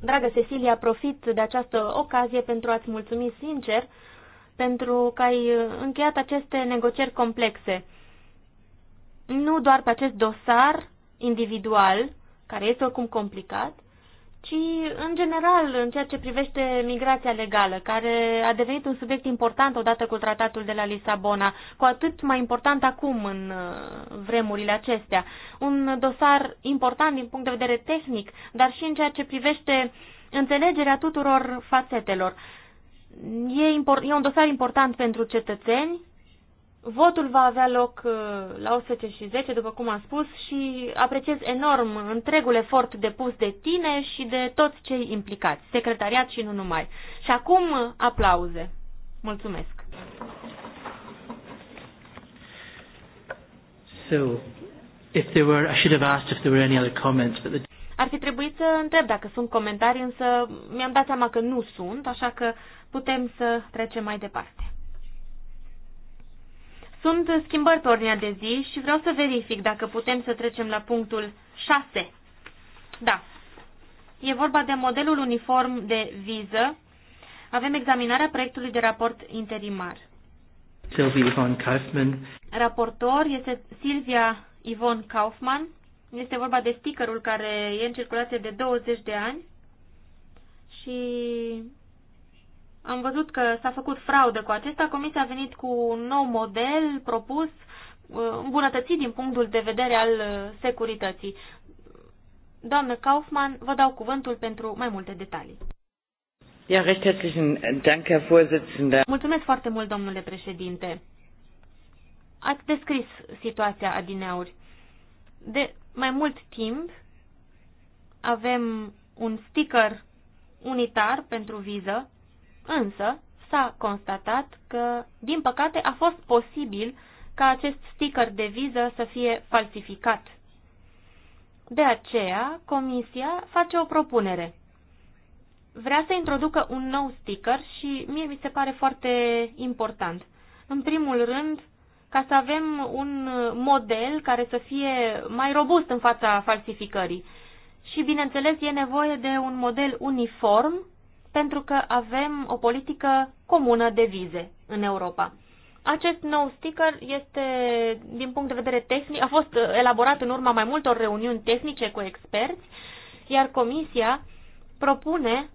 Dragă Cecilia, profit de această ocazie pentru a-ți mulțumi sincer pentru că ai încheiat aceste negocieri complexe. Nu doar pe acest dosar individual, care este oricum complicat, ci în general în ceea ce privește migrația legală, care a devenit un subiect important odată cu tratatul de la Lisabona, cu atât mai important acum în uh, vremurile acestea. Un dosar important din punct de vedere tehnic, dar și în ceea ce privește înțelegerea tuturor fațetelor. E, import, e un dosar important pentru cetățeni, Votul va avea loc uh, la 11 și 10, după cum am spus, și apreciez enorm întregul efort depus de tine și de toți cei implicați, secretariat și nu numai. Și acum uh, aplauze. Mulțumesc. Ar fi trebuit să întreb dacă sunt comentarii, însă mi-am dat seama că nu sunt, așa că putem să trecem mai departe. Sunt schimbări pe ordinea de zi și vreau să verific dacă putem să trecem la punctul 6. Da. E vorba de modelul uniform de viză. Avem examinarea proiectului de raport interimar. Sylvia Yvonne Kaufman. Raportor este Silvia Yvonne Kaufman. Este vorba de stickerul care e în circulație de 20 de ani și am văzut că s-a făcut fraudă cu acesta. Comisia a venit cu un nou model propus, uh, îmbunătățit din punctul de vedere al uh, securității. Doamnă Kaufmann, vă dau cuvântul pentru mai multe detalii. Ja, recht herzlichen Dank, Herr Vorsitzender. Mulțumesc foarte mult, domnule președinte. Ați descris situația adineauri. De mai mult timp avem un sticker unitar pentru viză Însă, s-a constatat că, din păcate, a fost posibil ca acest sticker de viză să fie falsificat. De aceea, Comisia face o propunere. Vrea să introducă un nou sticker și mie mi se pare foarte important. În primul rând, ca să avem un model care să fie mai robust în fața falsificării. Și, bineînțeles, e nevoie de un model uniform pentru că avem o politică comună de vize în Europa. Acest nou sticker este, din punct de vedere tehnic, a fost elaborat în urma mai multor reuniuni tehnice cu experți, iar Comisia propune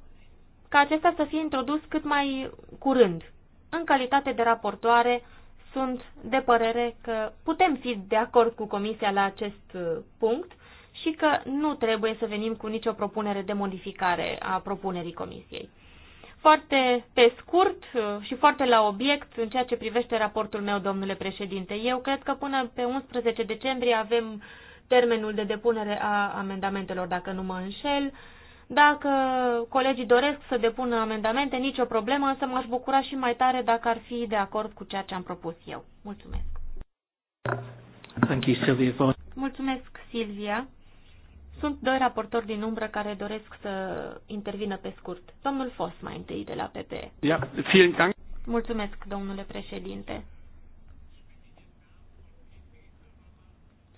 ca acesta să fie introdus cât mai curând. În calitate de raportoare, sunt de părere că putem fi de acord cu Comisia la acest uh, punct, și că nu trebuie să venim cu nicio propunere de modificare a propunerii Comisiei. Foarte pe scurt uh, și foarte la obiect în ceea ce privește raportul meu, domnule președinte. Eu cred că până pe 11 decembrie avem termenul de depunere a amendamentelor, dacă nu mă înșel. Dacă colegii doresc să depună amendamente, nicio problemă, însă m-aș bucura și mai tare dacă ar fi de acord cu ceea ce am propus eu. Mulțumesc! Thank you, Mulțumesc, Silvia. Sunt doi raportori din umbră care doresc să intervină pe scurt. Domnul Fos mai întâi de la PPE. Ja, vielen Dank. Mulțumesc, domnule președinte.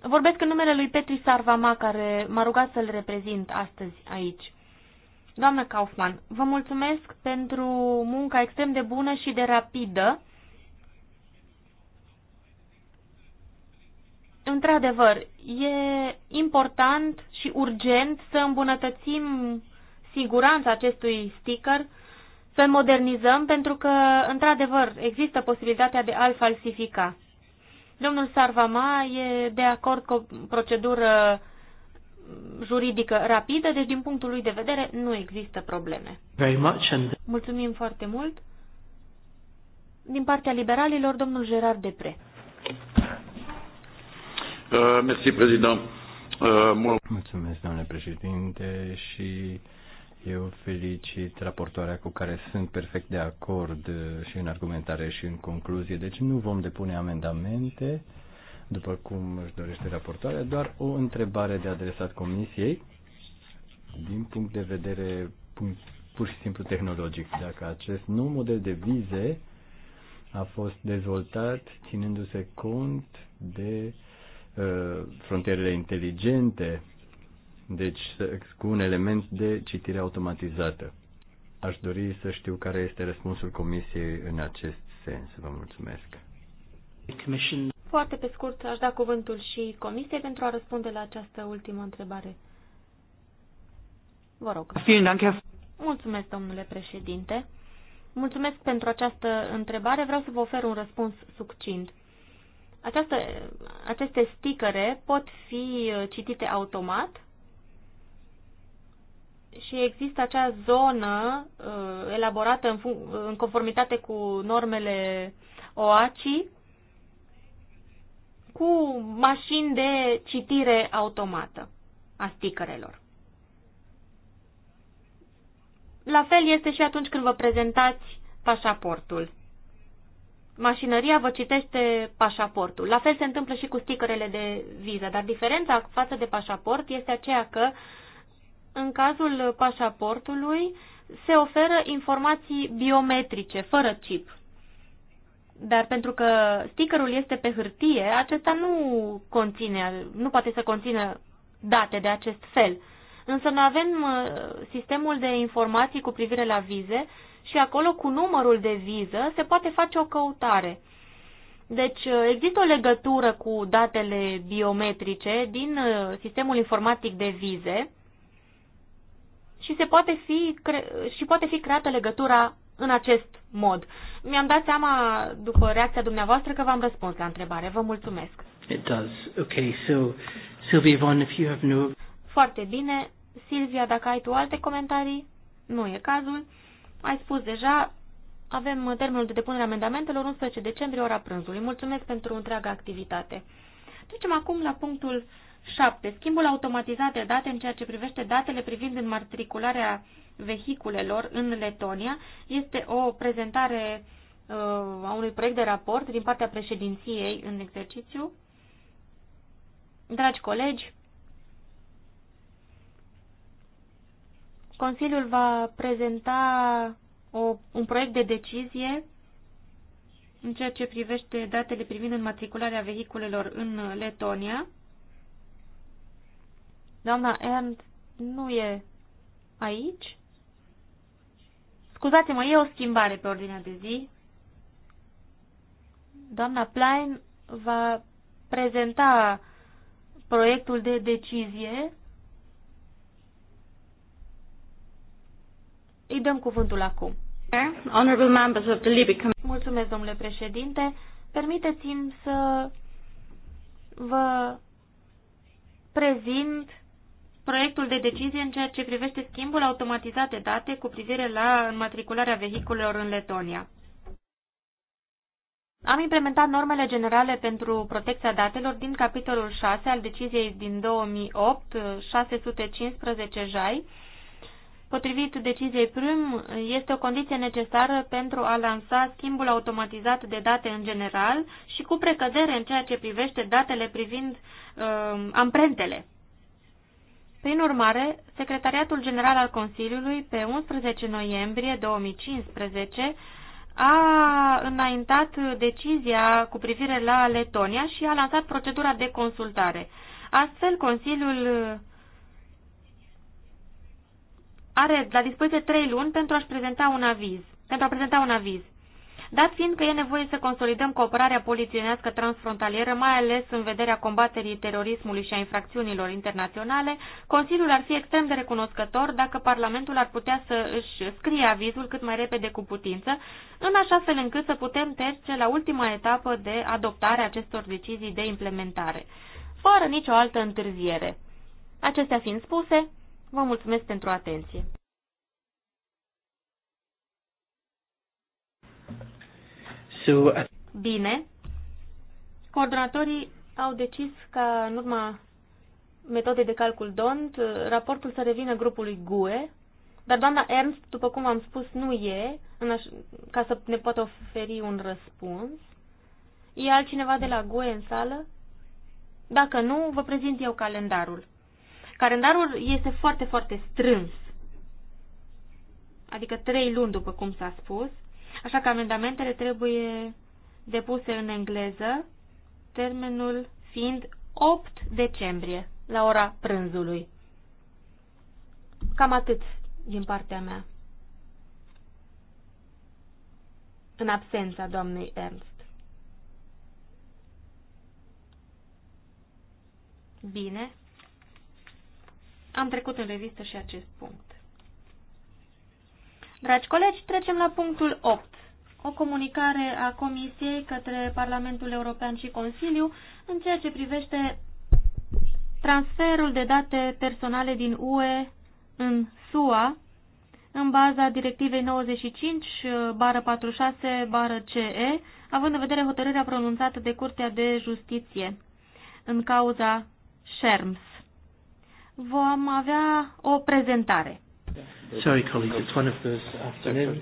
Vorbesc în numele lui Petri Sarvama, care m-a rugat să-l reprezint astăzi aici. Doamnă Kaufman, vă mulțumesc pentru munca extrem de bună și de rapidă într-adevăr, e important și urgent să îmbunătățim siguranța acestui sticker, să modernizăm, pentru că, într-adevăr, există posibilitatea de a-l falsifica. Domnul Sarvama e de acord cu o procedură juridică rapidă, deci din punctul lui de vedere nu există probleme. Very much and... Mulțumim foarte mult. Din partea liberalilor, domnul Gerard Depre. Mersi, prezident. Uh, uh Mulțumesc, domnule președinte, și eu felicit raportoarea cu care sunt perfect de acord uh, și în argumentare și în concluzie. Deci nu vom depune amendamente, după cum își dorește raportoarea, doar o întrebare de adresat comisiei din punct de vedere pur și simplu tehnologic. Dacă acest nou model de vize a fost dezvoltat ținându-se cont de uh, Uh, frontierele inteligente, deci cu un element de citire automatizată. Aș dori să știu care este răspunsul Comisiei în acest sens. Vă mulțumesc. Foarte pe scurt, aș da cuvântul și Comisiei pentru a răspunde la această ultimă întrebare. Vă rog. Mulțumesc, domnule președinte. Mulțumesc pentru această întrebare. Vreau să vă ofer un răspuns succint. Această, aceste sticăre pot fi uh, citite automat și există acea zonă uh, elaborată în, în conformitate cu normele OACI cu mașini de citire automată a sticărelor. La fel este și atunci când vă prezentați pașaportul mașinăria vă citește pașaportul. La fel se întâmplă și cu sticărele de viză, dar diferența față de pașaport este aceea că în cazul pașaportului se oferă informații biometrice, fără chip. Dar pentru că stickerul este pe hârtie, acesta nu conține, nu poate să conțină date de acest fel însă noi avem uh, sistemul de informații cu privire la vize și acolo cu numărul de viză se poate face o căutare. Deci uh, există o legătură cu datele biometrice din uh, sistemul informatic de vize și, se poate fi și poate fi creată legătura în acest mod. Mi-am dat seama după reacția dumneavoastră că v-am răspuns la întrebare. Vă mulțumesc. It does. Okay, so Sylvia if you have no... Foarte bine. Silvia, dacă ai tu alte comentarii, nu e cazul. Ai spus deja, avem termenul de depunere a amendamentelor 11 decembrie, ora prânzului. Mulțumesc pentru întreaga activitate. Trecem acum la punctul 7. Schimbul automatizat de date în ceea ce privește datele privind înmatricularea vehiculelor în Letonia este o prezentare uh, a unui proiect de raport din partea președinției în exercițiu. Dragi colegi, Consiliul va prezenta o, un proiect de decizie în ceea ce privește datele privind înmatricularea vehiculelor în Letonia. Doamna Ernst nu e aici. Scuzați-mă, e o schimbare pe ordinea de zi. Doamna Plain va prezenta proiectul de decizie Îi dăm cuvântul acum. Mulțumesc, domnule președinte. Permiteți-mi să vă prezint proiectul de decizie în ceea ce privește schimbul automatizat de date cu privire la înmatricularea vehiculelor în Letonia. Am implementat normele generale pentru protecția datelor din capitolul 6 al deciziei din 2008, 615 JAI, Potrivit deciziei PRIM, este o condiție necesară pentru a lansa schimbul automatizat de date în general și cu precădere în ceea ce privește datele privind uh, amprentele. Prin urmare, Secretariatul General al Consiliului, pe 11 noiembrie 2015, a înaintat decizia cu privire la Letonia și a lansat procedura de consultare. Astfel, Consiliul are la dispoziție trei luni pentru a-și prezenta un aviz, pentru a prezenta un aviz. Dat fiind că e nevoie să consolidăm cooperarea polițienească transfrontalieră, mai ales în vederea combaterii terorismului și a infracțiunilor internaționale, Consiliul ar fi extrem de recunoscător dacă Parlamentul ar putea să își scrie avizul cât mai repede cu putință, în așa fel încât să putem trece la ultima etapă de adoptare a acestor decizii de implementare, fără nicio altă întârziere. Acestea fiind spuse, Vă mulțumesc pentru atenție. Uh, Bine. Coordonatorii au decis ca în urma metodei de calcul DONT uh, raportul să revină grupului GUE, dar doamna Ernst, după cum am spus, nu e, în aș- ca să ne poată oferi un răspuns. E altcineva de la GUE în sală? Dacă nu, vă prezint eu calendarul. Calendarul este foarte, foarte strâns, adică trei luni, după cum s-a spus, așa că amendamentele trebuie depuse în engleză, termenul fiind 8 decembrie, la ora prânzului. Cam atât din partea mea. În absența doamnei Ernst. Bine. Am trecut în revistă și acest punct. Dragi colegi, trecem la punctul 8. O comunicare a Comisiei către Parlamentul European și Consiliu în ceea ce privește transferul de date personale din UE în SUA în baza directivei 95 46 CE, având în vedere hotărârea pronunțată de Curtea de Justiție în cauza Sherms vom avea o prezentare. Sorry, colleagues, it's one of those afternoons.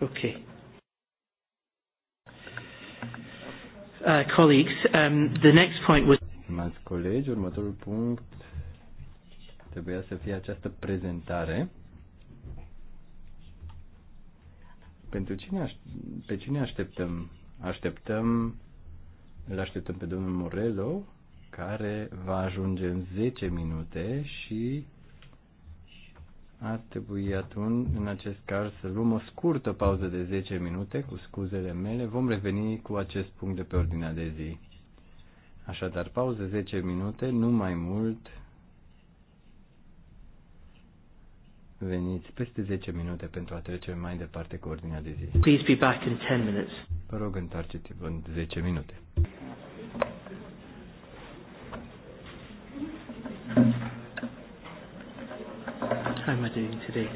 Okay. Uh, colleagues, um, the next point was. Mas colegi, următorul punct Trebuia să fie această prezentare. Pentru cine, pe cine așteptăm? Așteptăm, îl așteptăm pe domnul Morello, care va ajunge în 10 minute și ar trebui atunci, în acest caz, să luăm o scurtă pauză de 10 minute, cu scuzele mele, vom reveni cu acest punct de pe ordinea de zi. Așadar, pauză 10 minute, nu mai mult, veniți peste 10 minute pentru a trece mai departe cu ordinea de zi. Please be back in 10 minutes. Vă rog, întoarceți-vă în 10 minute. How am I doing today?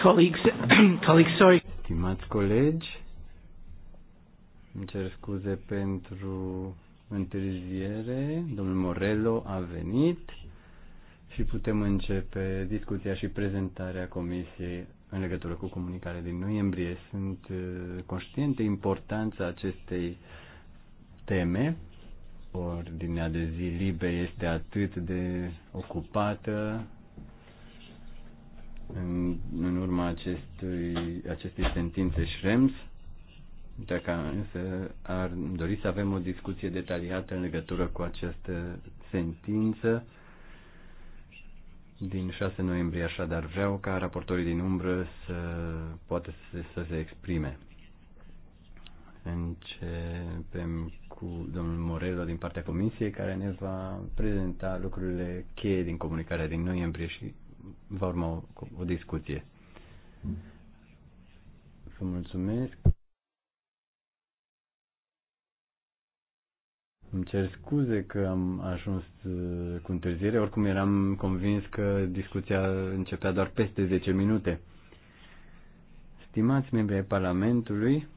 Colleagues, colleagues, sorry. Stimați colegi, îmi cer scuze pentru întârziere. Domnul Morello a venit și putem începe discuția și prezentarea comisiei în legătură cu comunicarea din noiembrie. Sunt uh, conștient de importanța acestei teme. Ordinea de zi libe este atât de ocupată în, în urma acestui, acestei sentințe Schrems, dacă însă ar dori să avem o discuție detaliată în legătură cu această sentință din 6 noiembrie, așadar vreau ca raportorii din umbră să poată să, să se exprime. Începem cu domnul Morello din partea comisiei care ne va prezenta lucrurile cheie din comunicarea din noiembrie și va urma o, o discuție. Vă mulțumesc. Îmi cer scuze că am ajuns uh, cu întârziere, oricum eram convins că discuția începea doar peste 10 minute. Stimați membrii Parlamentului,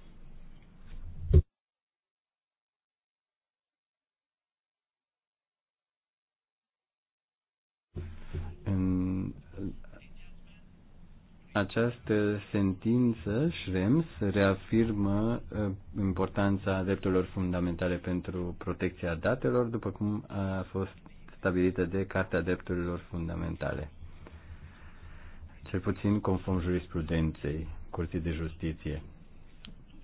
Această sentință, Schrems, reafirmă uh, importanța drepturilor fundamentale pentru protecția datelor, după cum a fost stabilită de Cartea Drepturilor Fundamentale, cel puțin conform jurisprudenței Curții de Justiție.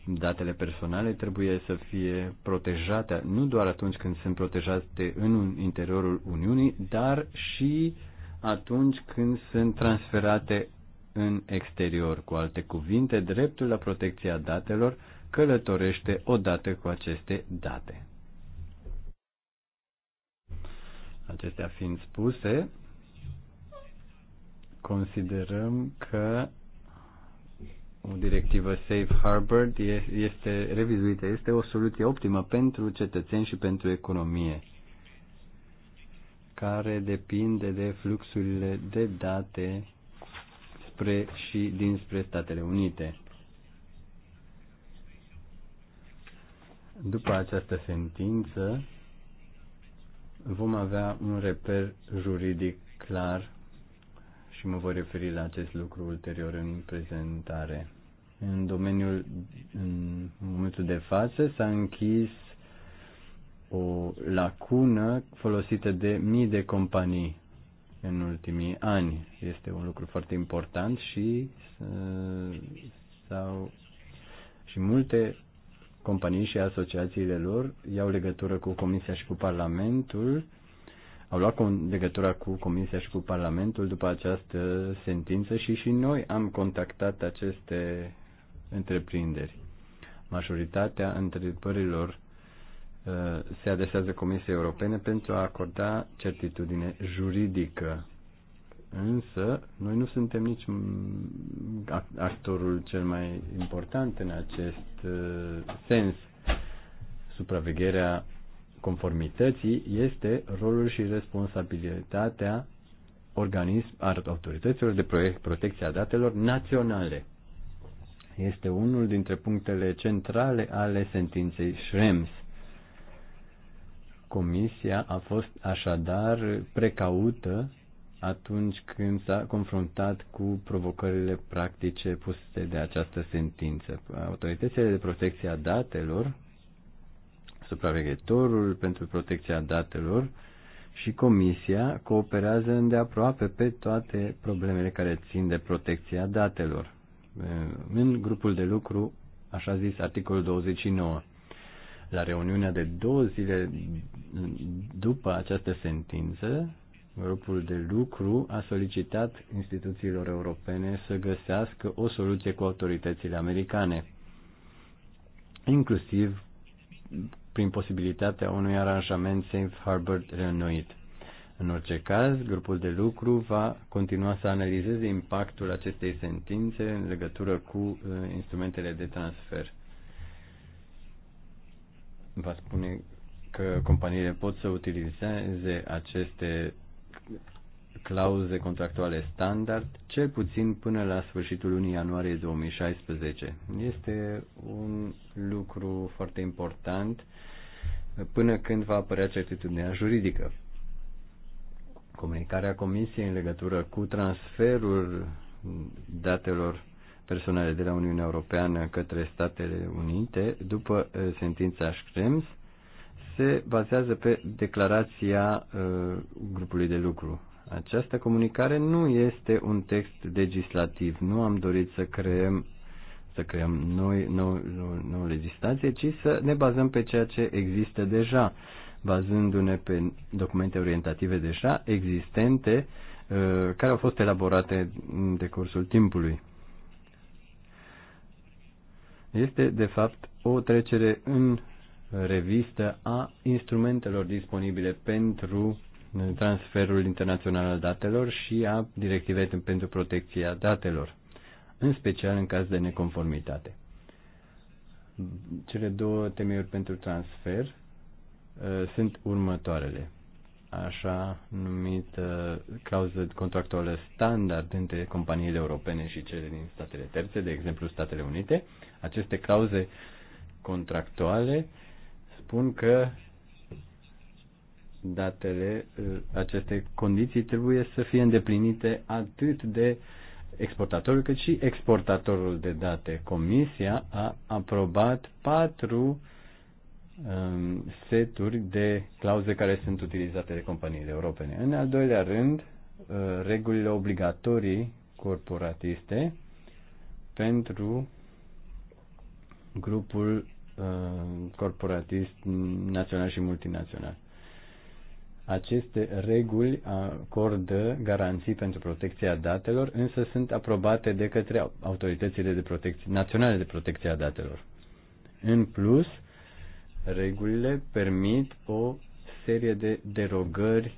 Datele personale trebuie să fie protejate nu doar atunci când sunt protejate în interiorul Uniunii, dar și atunci când sunt transferate în exterior. Cu alte cuvinte, dreptul la protecția datelor călătorește odată cu aceste date. Acestea fiind spuse, considerăm că o directivă Safe Harbor este revizuită, este o soluție optimă pentru cetățeni și pentru economie, care depinde de fluxurile de date spre și dinspre Statele Unite. După această sentință, vom avea un reper juridic clar și mă voi referi la acest lucru ulterior în prezentare. În domeniul, în momentul de față, s-a închis o lacună folosită de mii de companii în ultimii ani. Este un lucru foarte important și uh, sau și multe companii și asociațiile lor iau legătură cu Comisia și cu Parlamentul, au luat legătura cu Comisia și cu Parlamentul după această sentință și și noi am contactat aceste întreprinderi. Majoritatea întrebărilor Uh, se adresează Comisiei Europene pentru a acorda certitudine juridică. Însă, noi nu suntem nici actorul cel mai important în acest uh, sens. Supravegherea conformității este rolul și responsabilitatea organism, autorităților de proiect, protecție a datelor naționale. Este unul dintre punctele centrale ale sentinței Schrems Comisia a fost așadar precaută atunci când s-a confruntat cu provocările practice puse de această sentință. Autoritățile de protecție a datelor, supraveghetorul pentru protecția datelor și Comisia cooperează îndeaproape pe toate problemele care țin de protecția datelor. În grupul de lucru, așa zis, articolul 29. La reuniunea de două zile după această sentință, grupul de lucru a solicitat instituțiilor europene să găsească o soluție cu autoritățile americane, inclusiv prin posibilitatea unui aranjament Safe Harbor reînnoit. În orice caz, grupul de lucru va continua să analizeze impactul acestei sentințe în legătură cu uh, instrumentele de transfer va spune că companiile pot să utilizeze aceste clauze contractuale standard cel puțin până la sfârșitul lunii ianuarie 2016. Este un lucru foarte important până când va apărea certitudinea juridică. Comunicarea Comisiei în legătură cu transferul datelor persoanele de la Uniunea Europeană către Statele Unite, după eh, sentința Schrems, se bazează pe declarația eh, grupului de lucru. Această comunicare nu este un text legislativ. Nu am dorit să creăm să creăm noi, nou, legislație, ci să ne bazăm pe ceea ce există deja, bazându-ne pe documente orientative deja existente, eh, care au fost elaborate în decursul timpului este de fapt o trecere în revistă a instrumentelor disponibile pentru transferul internațional al datelor și a directivei pentru protecția datelor, în special în caz de neconformitate. Cele două temeiuri pentru transfer uh, sunt următoarele. Așa numită clauză contractuală standard între companiile europene și cele din statele terțe, de exemplu Statele Unite, uh, aceste clauze contractuale spun că datele, aceste condiții trebuie să fie îndeplinite atât de exportatorul cât și exportatorul de date. Comisia a aprobat patru um, seturi de clauze care sunt utilizate de companiile europene. În al doilea rând, uh, regulile obligatorii corporatiste pentru grupul uh, corporatist național și multinațional. Aceste reguli acordă garanții pentru protecția datelor, însă sunt aprobate de către autoritățile de protecție, naționale de protecție a datelor. În plus, regulile permit o serie de derogări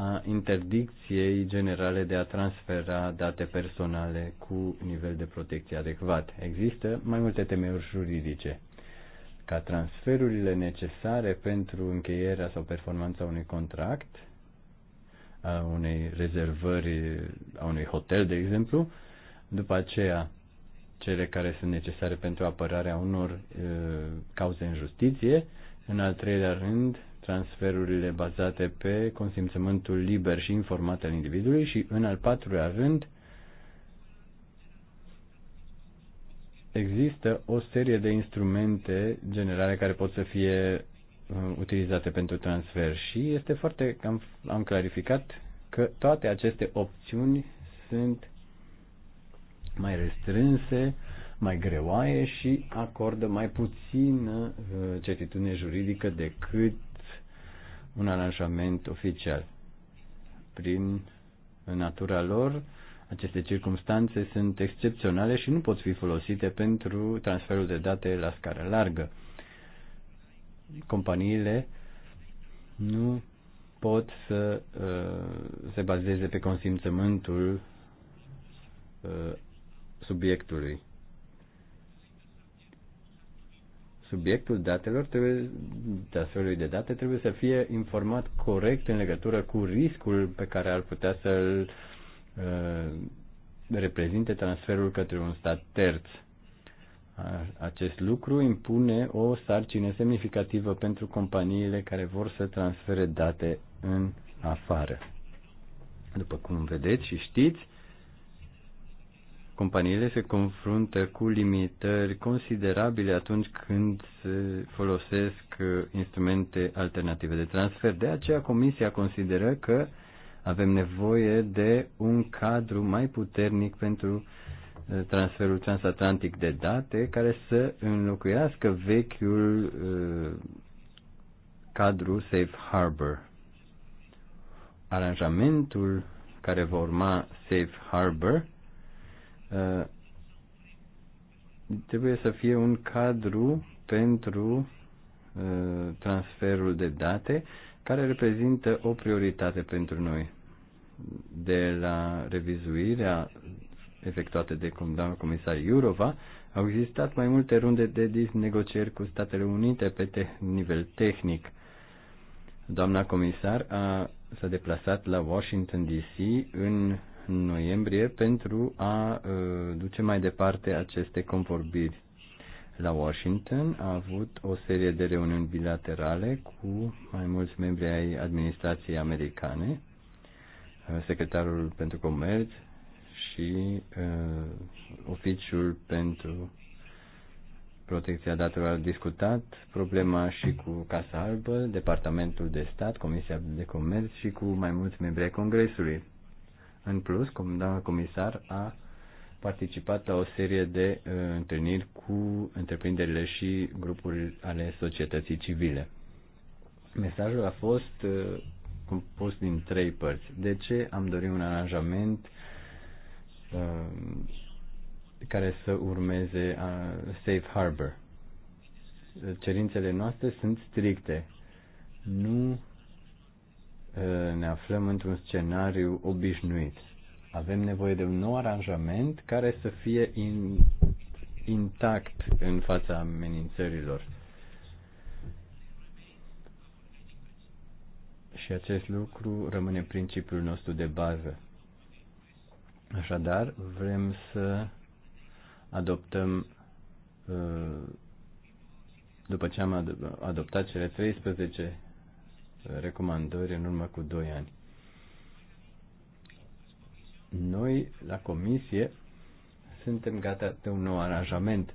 a interdicției generale de a transfera date personale cu nivel de protecție adecvat. Există mai multe temeuri juridice. Ca transferurile necesare pentru încheierea sau performanța unui contract, a unei rezervări, a unui hotel, de exemplu, după aceea cele care sunt necesare pentru apărarea unor e, cauze în justiție, în al treilea rând transferurile bazate pe consimțământul liber și informat al individului și, în al patrulea rând, există o serie de instrumente generale care pot să fie uh, utilizate pentru transfer și este foarte am, am clarificat că toate aceste opțiuni sunt mai restrânse, mai greoaie și acordă mai puțină uh, certitudine juridică decât un aranjament oficial. Prin natura lor, aceste circumstanțe sunt excepționale și nu pot fi folosite pentru transferul de date la scară largă. Companiile nu pot să uh, se bazeze pe consimțământul uh, subiectului. subiectul datelor trebuie, datelor de date trebuie să fie informat corect în legătură cu riscul pe care ar putea să-l uh, reprezinte transferul către un stat terț. Acest lucru impune o sarcină semnificativă pentru companiile care vor să transfere date în afară. După cum vedeți și știți, companiile se confruntă cu limitări considerabile atunci când se folosesc uh, instrumente alternative de transfer. De aceea Comisia consideră că avem nevoie de un cadru mai puternic pentru uh, transferul transatlantic de date care să înlocuiască vechiul uh, cadru Safe Harbor. Aranjamentul care va urma Safe Harbor Uh, trebuie să fie un cadru pentru uh, transferul de date care reprezintă o prioritate pentru noi. De la revizuirea efectuată de doamna comisar Iurova, au existat mai multe runde de negocieri cu Statele Unite pe te- nivel tehnic. Doamna comisar a, s-a deplasat la Washington DC în noiembrie pentru a uh, duce mai departe aceste convorbiri. La Washington a avut o serie de reuniuni bilaterale cu mai mulți membri ai administrației americane, uh, secretarul pentru comerț și uh, oficiul pentru protecția datelor a discutat problema și cu Casa Albă, Departamentul de Stat, Comisia de Comerț și cu mai mulți membri ai Congresului. În plus, doamna comisar a participat la o serie de uh, întâlniri cu întreprinderile și grupuri ale societății civile. Mesajul a fost uh, compus din trei părți. De ce am dorit un aranjament uh, care să urmeze uh, Safe Harbor? Cerințele noastre sunt stricte. Nu Eh, ne aflăm într-un scenariu obișnuit. Avem nevoie de un nou aranjament care să fie in, intact în fața amenințărilor. Și acest lucru rămâne principiul nostru de bază. Așadar, vrem să adoptăm, eh, după ce am adoptat cele 13 recomandări în urmă cu 2 ani. Noi, la comisie, suntem gata de un nou aranjament,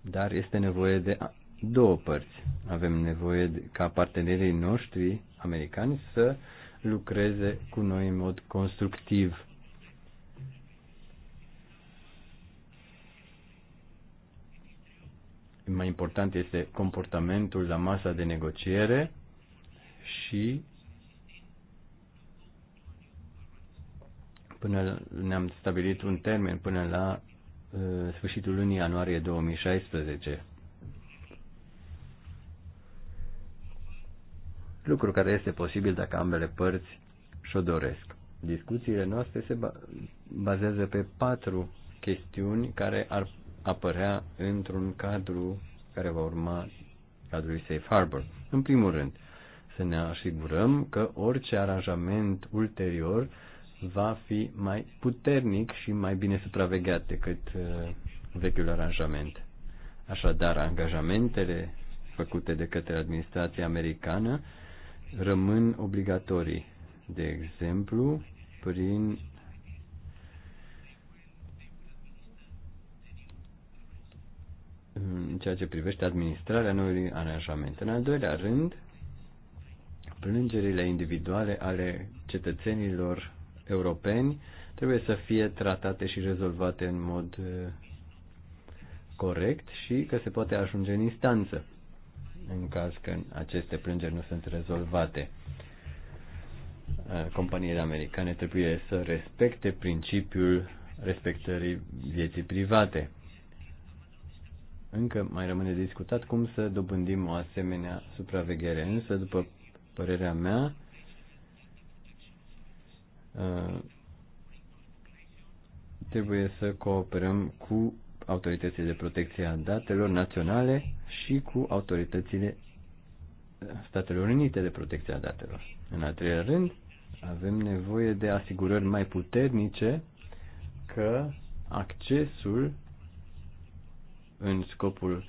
dar este nevoie de două părți. Avem nevoie de, ca partenerii noștri americani să lucreze cu noi în mod constructiv mai important este comportamentul la masa de negociere și până ne-am stabilit un termen până la uh, sfârșitul lunii ianuarie 2016. Lucru care este posibil dacă ambele părți și-o doresc. Discuțiile noastre se bazează pe patru chestiuni care ar apărea într-un cadru care va urma cadrului Safe Harbor. În primul rând, să ne asigurăm că orice aranjament ulterior va fi mai puternic și mai bine supravegheat decât uh, vechiul aranjament. Așadar, angajamentele făcute de către administrația americană rămân obligatorii, de exemplu, prin în ceea ce privește administrarea noului aranjament. În al doilea rând, plângerile individuale ale cetățenilor europeni trebuie să fie tratate și rezolvate în mod uh, corect și că se poate ajunge în instanță în caz că aceste plângeri nu sunt rezolvate. Uh, companiile americane trebuie să respecte principiul respectării vieții private încă mai rămâne discutat cum să dobândim o asemenea supraveghere. Însă, după părerea mea, uh, trebuie să cooperăm cu autoritățile de protecție a datelor naționale și cu autoritățile uh, Statelor Unite de protecție a datelor. În al treilea rând, avem nevoie de asigurări mai puternice că accesul în scopul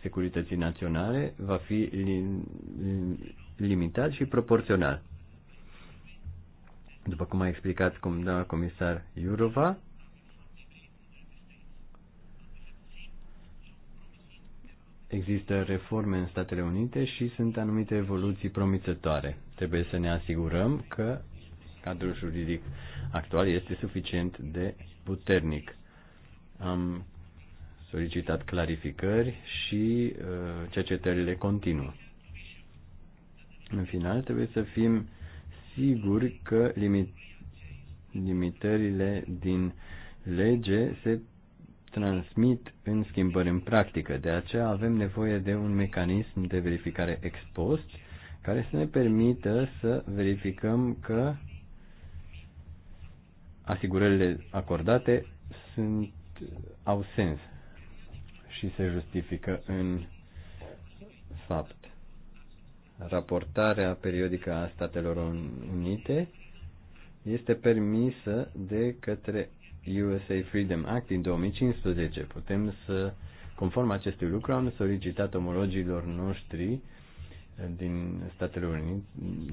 securității naționale va fi limitat și proporțional. După cum a explicat cum doamna comisar Iurova, există reforme în Statele Unite și sunt anumite evoluții promițătoare. Trebuie să ne asigurăm că cadrul juridic actual este suficient de puternic. Am solicitat clarificări și uh, cercetările continuă. În final, trebuie să fim siguri că limitările din lege se transmit în schimbări în practică. De aceea avem nevoie de un mecanism de verificare ex post care să ne permită să verificăm că asigurările acordate sunt, au sens și se justifică în fapt. Raportarea periodică a Statelor Unite este permisă de către USA Freedom Act din 2015. Putem să, conform acestui lucru, am solicitat omologilor noștri din Statele Unite,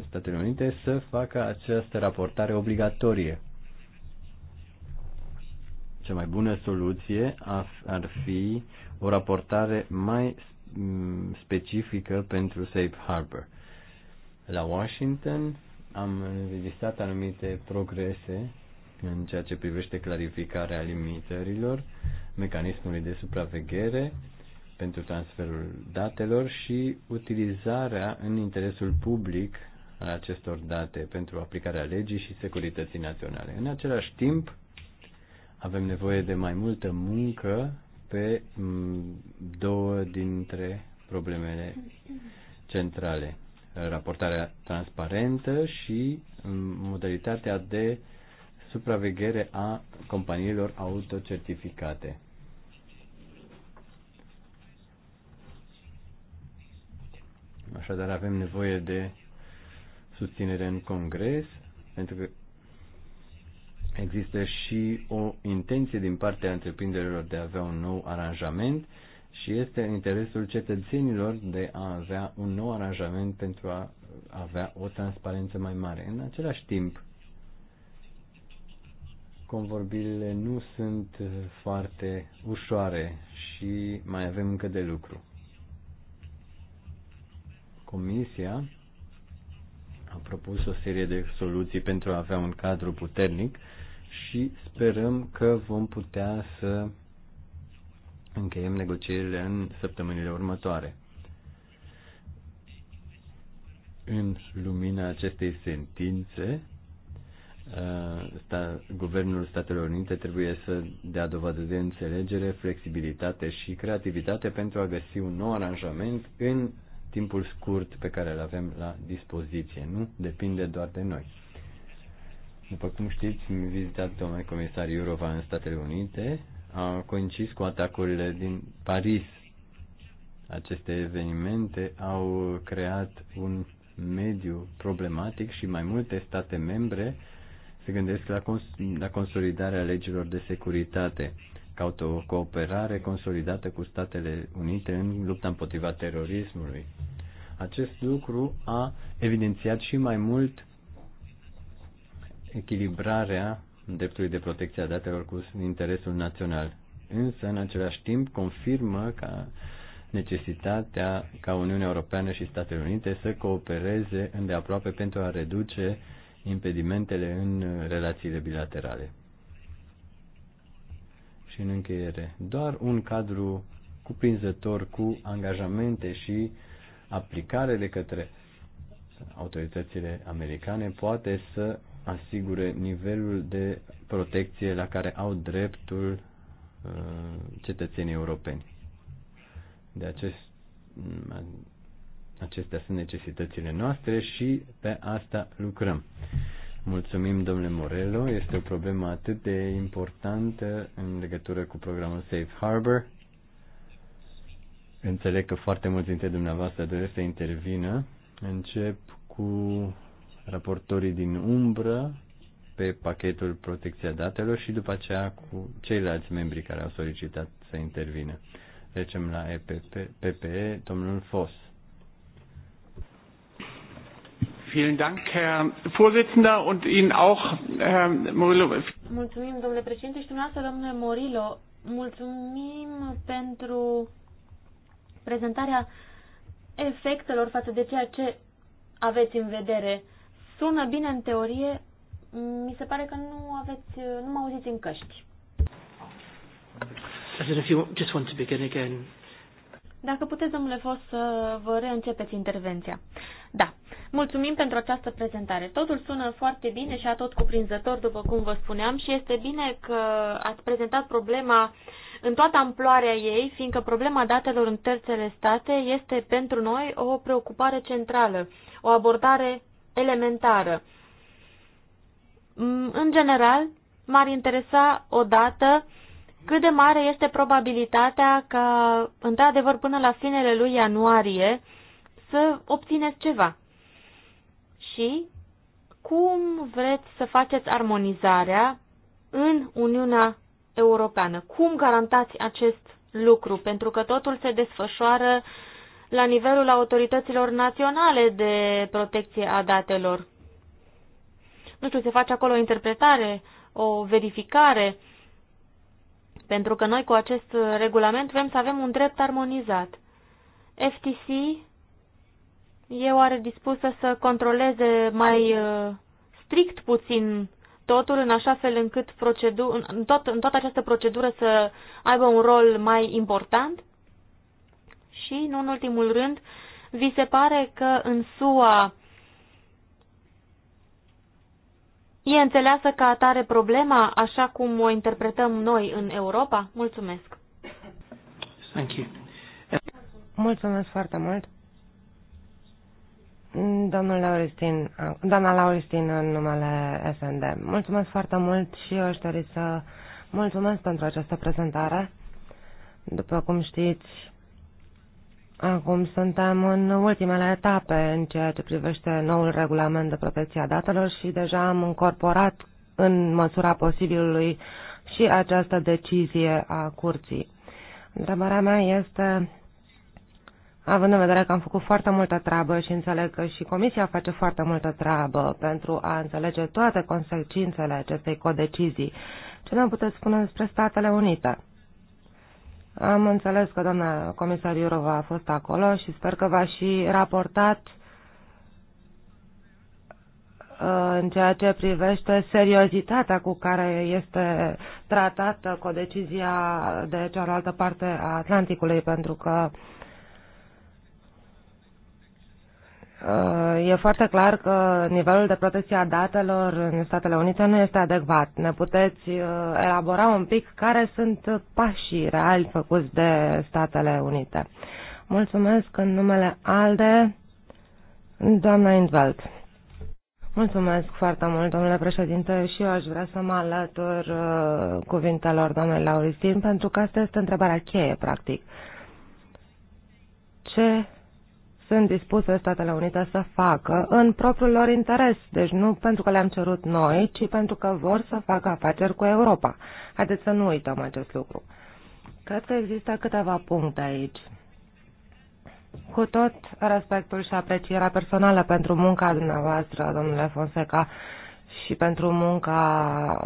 Statele Unite să facă această raportare obligatorie. Cea mai bună soluție ar fi o raportare mai specifică pentru Safe Harbor. La Washington am înregistrat anumite progrese în ceea ce privește clarificarea limitărilor, mecanismului de supraveghere pentru transferul datelor și utilizarea în interesul public al acestor date pentru aplicarea legii și securității naționale. În același timp, avem nevoie de mai multă muncă pe mm, două dintre problemele centrale. Raportarea transparentă și mm, modalitatea de supraveghere a companiilor autocertificate. Așadar avem nevoie de susținere în Congres, pentru că Există și o intenție din partea întreprinderilor de a avea un nou aranjament și este în interesul cetățenilor de a avea un nou aranjament pentru a avea o transparență mai mare. În același timp, convorbirile nu sunt foarte ușoare și mai avem încă de lucru. Comisia a propus o serie de soluții pentru a avea un cadru puternic și sperăm că vom putea să încheiem negocierile în săptămânile următoare. În lumina acestei sentințe, uh, sta, Guvernul Statelor Unite trebuie să dea dovadă de înțelegere, flexibilitate și creativitate pentru a găsi un nou aranjament în timpul scurt pe care îl avem la dispoziție. Nu depinde doar de noi. După cum știți, am vizitat domnul comisar Iurova în Statele Unite. A coincis cu atacurile din Paris. Aceste evenimente au creat un mediu problematic și mai multe state membre se gândesc la, cons- la consolidarea legilor de securitate, caută o cooperare consolidată cu Statele Unite în lupta împotriva terorismului. Acest lucru a evidențiat și mai mult echilibrarea dreptului de protecție a datelor cu interesul național. Însă, în același timp, confirmă ca necesitatea ca Uniunea Europeană și Statele Unite să coopereze îndeaproape pentru a reduce impedimentele în relațiile bilaterale. Și în încheiere, doar un cadru cuprinzător cu angajamente și aplicare de către autoritățile americane poate să asigure nivelul de protecție la care au dreptul uh, cetățenii europeni. De acest, mm, acestea sunt necesitățile noastre și pe asta lucrăm. Mulțumim, domnule Morello. Este o problemă atât de importantă în legătură cu programul Safe Harbor. Înțeleg că foarte mulți dintre dumneavoastră doresc să intervină. Încep cu raportorii din umbră pe pachetul protecția datelor și după aceea cu ceilalți membri care au solicitat să intervină. Trecem la EPP, PPE, domnul Foss. Vielen Dank, Herr Vorsitzender, und Ihnen auch, Herr Mulțumim, domnule președinte, și dumneavoastră, domnule Morillo, mulțumim pentru prezentarea efectelor față de ceea ce aveți în vedere sună bine în teorie, mi se pare că nu aveți, nu mă auziți în căști. Dacă puteți, domnule Fos, să vă reîncepeți intervenția. Da, mulțumim pentru această prezentare. Totul sună foarte bine și tot cuprinzător, după cum vă spuneam, și este bine că ați prezentat problema în toată amploarea ei, fiindcă problema datelor în terțele state este pentru noi o preocupare centrală, o abordare elementară. Mm, în general, m-ar interesa odată cât de mare este probabilitatea ca, într-adevăr, până la finele lui ianuarie să obțineți ceva. Și cum vreți să faceți armonizarea în Uniunea Europeană? Cum garantați acest lucru? Pentru că totul se desfășoară uh, la nivelul autorităților naționale de protecție a datelor. Nu știu, se face acolo o interpretare, o verificare, pentru că noi cu acest regulament vrem să avem un drept armonizat. FTC e oare dispusă să controleze mai uh, strict puțin totul în așa fel încât procedu- în, tot, în toată această procedură să aibă un rol mai important? și, nu în ultimul rând, vi se pare că în SUA e înțeleasă ca atare problema așa cum o interpretăm noi în Europa? Mulțumesc! Thank you. Mulțumesc foarte mult! Domnul Lauristin, doamna Lauristin în numele SND. Mulțumesc foarte mult și eu aș dori să mulțumesc pentru această prezentare. După cum știți, Acum suntem în ultimele etape în ceea ce privește noul regulament de protecție a datelor și deja am incorporat în măsura posibilului și această decizie a curții. Întrebarea mea este, având în vedere că am făcut foarte multă treabă și înțeleg că și Comisia face foarte multă treabă pentru a înțelege toate consecințele acestei codecizii, ce ne puteți spune despre Statele Unite? Am înțeles că doamna comisar Iurova a fost acolo și sper că va și raportat uh, în ceea ce privește seriozitatea cu care este tratată cu decizia de cealaltă parte a Atlanticului, pentru că uh, Uh, e foarte clar că nivelul de protecție a datelor în Statele Unite nu este adecvat. Ne puteți uh, elabora un pic care sunt pașii reali făcuți de Statele Unite. Mulțumesc în numele ALDE, doamna Indveld. Mulțumesc foarte mult, domnule președinte, și eu aș vrea să mă alătur uh, cuvintelor domnului Lauristin, pentru că asta este întrebarea cheie, practic. Ce sunt dispuse Statele Unite să facă în propriul lor interes, deci nu pentru că le-am cerut noi, ci pentru că vor să facă afaceri cu Europa. Haideți să nu uităm acest lucru. Cred că există câteva puncte aici. Cu tot respectul și aprecierea personală pentru munca dumneavoastră, domnule Fonseca, și pentru munca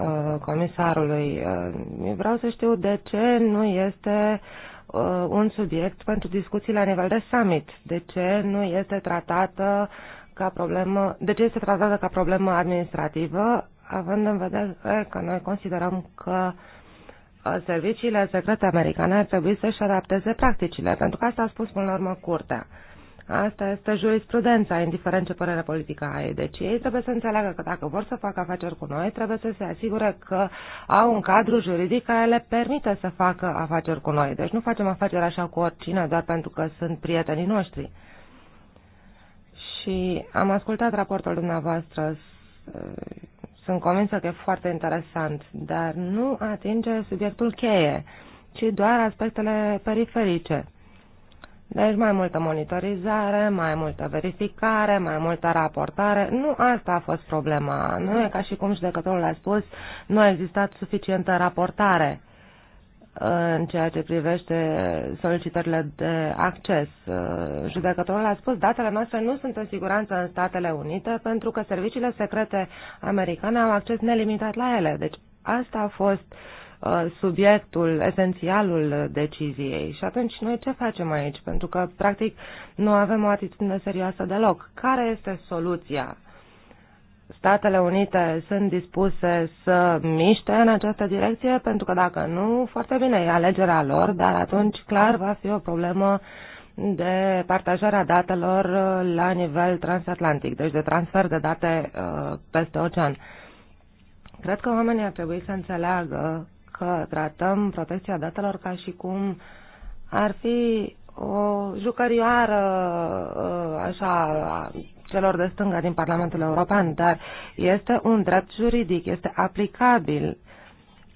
uh, comisarului, uh, vreau să știu de ce nu este uh, uh, un subiect pentru discuții la nivel de summit. De ce nu este tratată ca problemă, de ce este tratată ca problemă administrativă, având în vedere că noi considerăm că uh, serviciile secrete americane ar trebui să-și adapteze practicile, pentru că asta a spus până la urmă curtea. Uh, Asta este jurisprudența, indiferent ce părere politică ai. Deci ei trebuie să înțeleagă că dacă vor să facă afaceri cu noi, trebuie să se asigure că au un cadru juridic care le permite să facă afaceri cu noi. Deci nu facem afaceri așa cu oricine, doar pentru că sunt prietenii noștri. Și am ascultat raportul dumneavoastră. Sunt convinsă că e foarte interesant, dar nu atinge subiectul cheie, ci doar aspectele periferice deci mai multă monitorizare, mai multă verificare, mai multă raportare. Nu asta a fost problema. Nu e ca și cum judecătorul a spus, nu a existat suficientă raportare în ceea ce privește solicitările de acces. Judecătorul a spus, datele noastre nu sunt în siguranță în Statele Unite pentru că serviciile secrete americane au acces nelimitat la ele. Deci asta a fost uh, Uh, subiectul, esențialul deciziei. Și atunci noi ce facem aici? Pentru că, practic, nu avem o atitudine serioasă deloc. Care este soluția? Statele Unite sunt dispuse să miște în această direcție, pentru că dacă nu, foarte bine, e alegerea lor, dar atunci clar va fi o problemă de partajarea datelor uh, la nivel transatlantic, deci de transfer de date uh, peste ocean. Cred că oamenii ar trebui să înțeleagă că tratăm protecția datelor ca și cum ar fi o jucărioară uh, așa celor de stânga din Parlamentul European, dar este un drept juridic, este aplicabil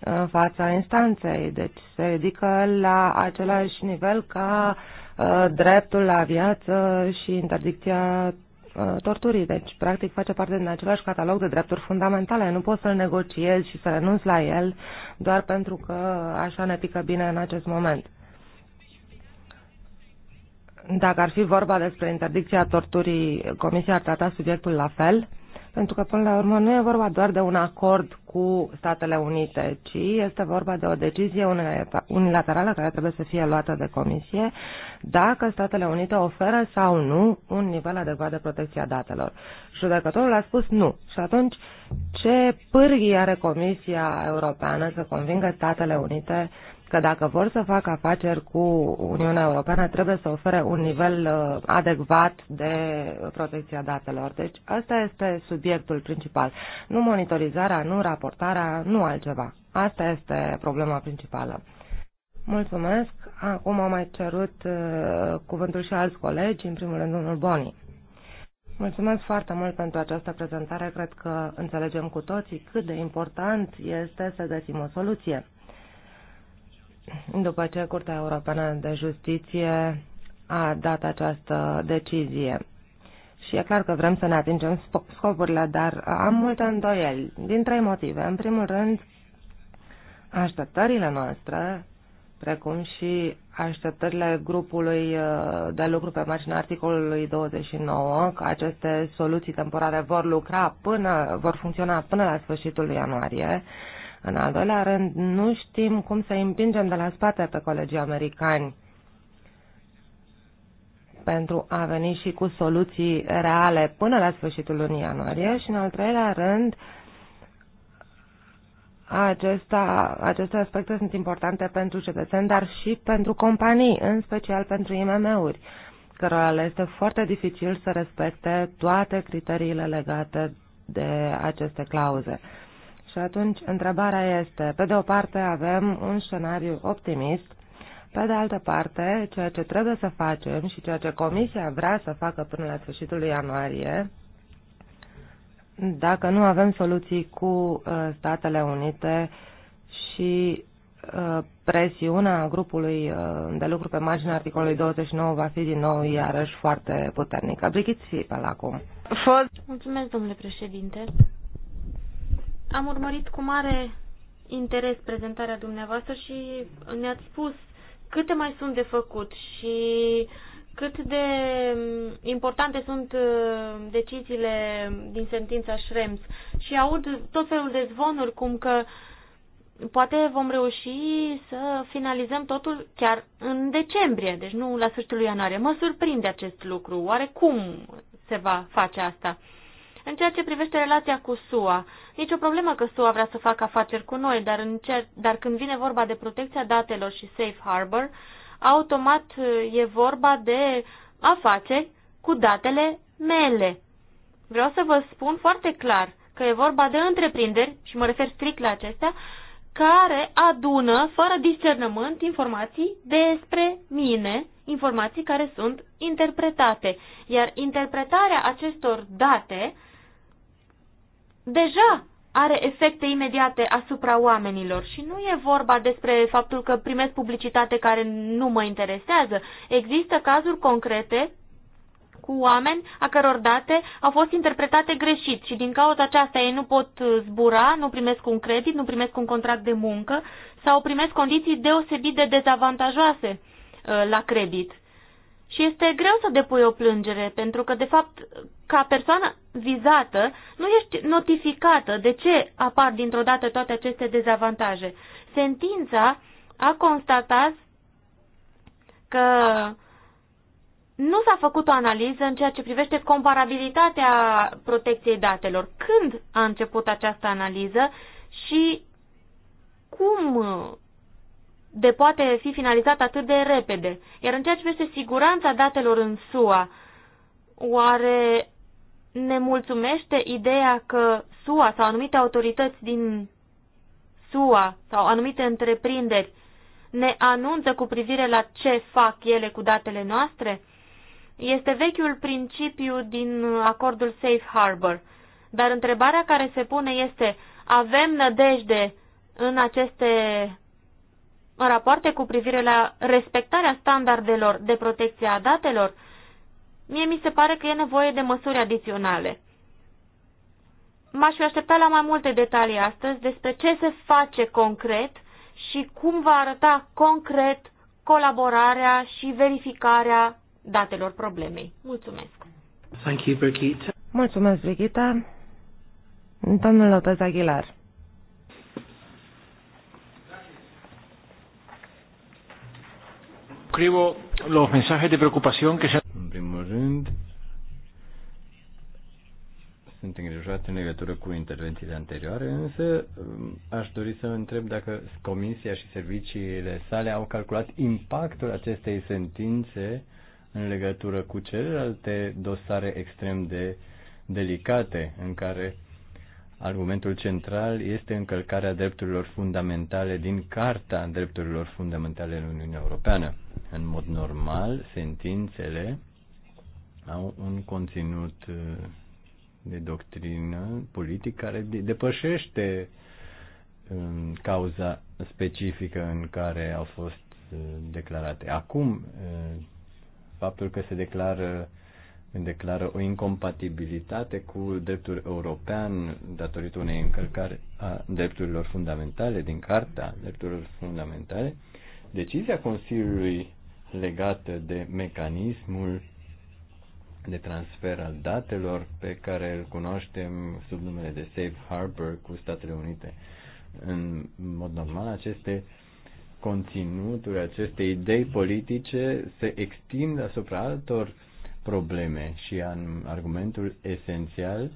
în fața instanței, deci se ridică la același nivel ca uh, dreptul la viață și interdicția Uh, torturii. Deci, practic, face parte din același catalog de drepturi fundamentale. Nu poți să-l negociezi și să renunți la el doar pentru că așa ne pică bine în acest moment. Dacă ar fi vorba despre interdicția torturii, Comisia ar trata subiectul la fel pentru că până la urmă nu e vorba doar de un acord cu Statele Unite, ci este vorba de o decizie unilaterală care trebuie să fie luată de Comisie dacă Statele Unite oferă sau nu un nivel adecvat de protecție a datelor. Judecătorul a spus nu. Și atunci, ce pârghii are Comisia Europeană să convingă Statele Unite că dacă vor să facă afaceri cu Uniunea Europeană, trebuie să ofere un nivel uh, adecvat de protecție datelor. Deci asta este subiectul principal. Nu monitorizarea, nu raportarea, nu altceva. Asta este problema principală. Mulțumesc. Acum am mai cerut uh, cuvântul și alți colegi, în primul rând domnul Boni. Mulțumesc foarte mult pentru această prezentare. Cred că înțelegem cu toții cât de important este să găsim o soluție după ce Curtea Europeană de Justiție a dat această decizie. Și e clar că vrem să ne atingem scopurile, dar am mhm. multe îndoieli, din trei motive. În primul rând, așteptările noastre, precum și așteptările grupului uh, de lucru pe marginea articolului 29, că aceste soluții temporare vor lucra până, vor funcționa până la sfârșitul ianuarie, în al doilea rând, nu știm cum să împingem de la spate pe colegii americani pentru a veni și cu soluții reale până la sfârșitul lunii ianuarie și, în al treilea rând, acesta, aceste aspecte sunt importante pentru cetățeni, dar și pentru companii, în special pentru IMM-uri, cărora le este foarte dificil să respecte toate criteriile legate de aceste clauze. Și atunci, întrebarea este, pe de o parte avem un scenariu optimist, pe de altă parte, ceea ce trebuie să facem și ceea ce Comisia vrea să facă până la sfârșitul ianuarie, dacă nu avem soluții cu uh, Statele Unite și uh, presiunea grupului uh, de lucru pe marginea articolului 29 va fi din nou iarăși foarte puternică. Brigitte la acum. Mulțumesc, domnule președinte. Am urmărit cu mare interes prezentarea dumneavoastră și ne-ați spus câte mai sunt de făcut și cât de mm, importante sunt uh, deciziile din sentința Schrems. Și aud tot felul de zvonuri cum că poate vom reuși să finalizăm totul chiar în decembrie, deci nu la sfârșitul lui ianuarie. Mă surprinde acest lucru. Oare cum se va face asta? În ceea ce privește relația cu SUA, nici o problemă că SUA vrea să facă afaceri cu noi, dar, în cer, dar când vine vorba de protecția datelor și safe harbor, automat uh, e vorba de afaceri cu datele mele. Vreau să vă spun foarte clar că e vorba de întreprinderi, și mă refer strict la acestea, care adună, fără discernământ, informații despre mine, informații care sunt interpretate. Iar interpretarea acestor date deja are efecte imediate asupra oamenilor și nu e vorba despre faptul că primesc publicitate care nu mă interesează. Există cazuri concrete cu oameni a căror date au fost interpretate greșit și din cauza aceasta ei nu pot zbura, nu primesc un credit, nu primesc un contract de muncă sau primesc condiții deosebit de dezavantajoase uh, la credit. Și este greu să depui o plângere, pentru că, de fapt, ca persoană vizată, nu ești notificată de ce apar dintr-o dată toate aceste dezavantaje. Sentința a constatat că nu s-a făcut o analiză în ceea ce privește comparabilitatea protecției datelor. Când a început această analiză și cum de poate fi finalizat atât de repede. Iar în ceea ce este siguranța datelor în SUA, oare ne mulțumește ideea că SUA sau anumite autorități din SUA sau anumite întreprinderi ne anunță cu privire la ce fac ele cu datele noastre? Este vechiul principiu din acordul Safe Harbor, dar întrebarea care se pune este avem nădejde în aceste în rapoarte cu privire la respectarea standardelor de protecție a datelor, mie mi se pare că e nevoie de măsuri adiționale. M-aș fi aștepta la mai multe detalii astăzi despre ce se face concret și cum va arăta concret colaborarea și verificarea datelor problemei. Mulțumesc! Thank you, Brigitte. Mulțumesc, Brigita. Domnul Lopez Aguilar. Scrivo los mensajes de preocupación que se... În primul rând, sunt îngrijorat în legătură cu intervențiile anterioare, însă um, aș dori să întreb dacă Comisia și serviciile sale au calculat impactul acestei sentințe în legătură cu celelalte dosare extrem de delicate în care Argumentul central este încălcarea drepturilor fundamentale din Carta Drepturilor Fundamentale în Uniunea Europeană. În mod normal, sentințele au un conținut uh, de doctrină politică care depășește um, cauza specifică în care au fost uh, declarate. Acum, uh, faptul că se declară declară o incompatibilitate cu dreptul european datorită unei încălcări a drepturilor fundamentale din Carta Drepturilor Fundamentale, decizia Consiliului legată de mecanismul de transfer al datelor pe care îl cunoaștem sub numele de Safe Harbor cu Statele Unite. În mod normal, aceste conținuturi, aceste idei politice se extind asupra altor probleme și argumentul esențial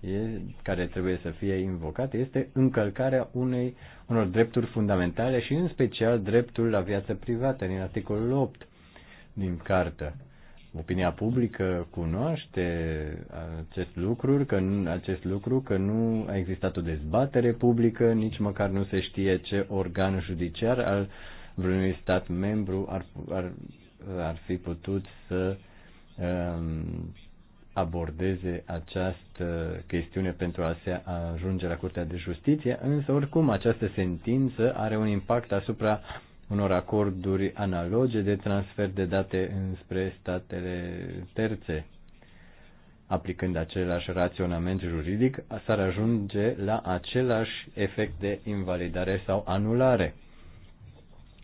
e, care trebuie să fie invocat este încălcarea unei, unor drepturi fundamentale și în special dreptul la viață privată din articolul 8 din cartă. Opinia publică cunoaște acest lucru, că nu, acest lucru, că nu a existat o dezbatere publică, nici măcar nu se știe ce organ judiciar al vreunui stat membru ar, ar, ar fi putut să uh, Um, abordeze această chestiune pentru a se ajunge la Curtea de Justiție, însă oricum această sentință are un impact asupra unor acorduri analoge de transfer de date înspre statele terțe. Aplicând același raționament juridic, s-ar ajunge la același efect de invalidare sau anulare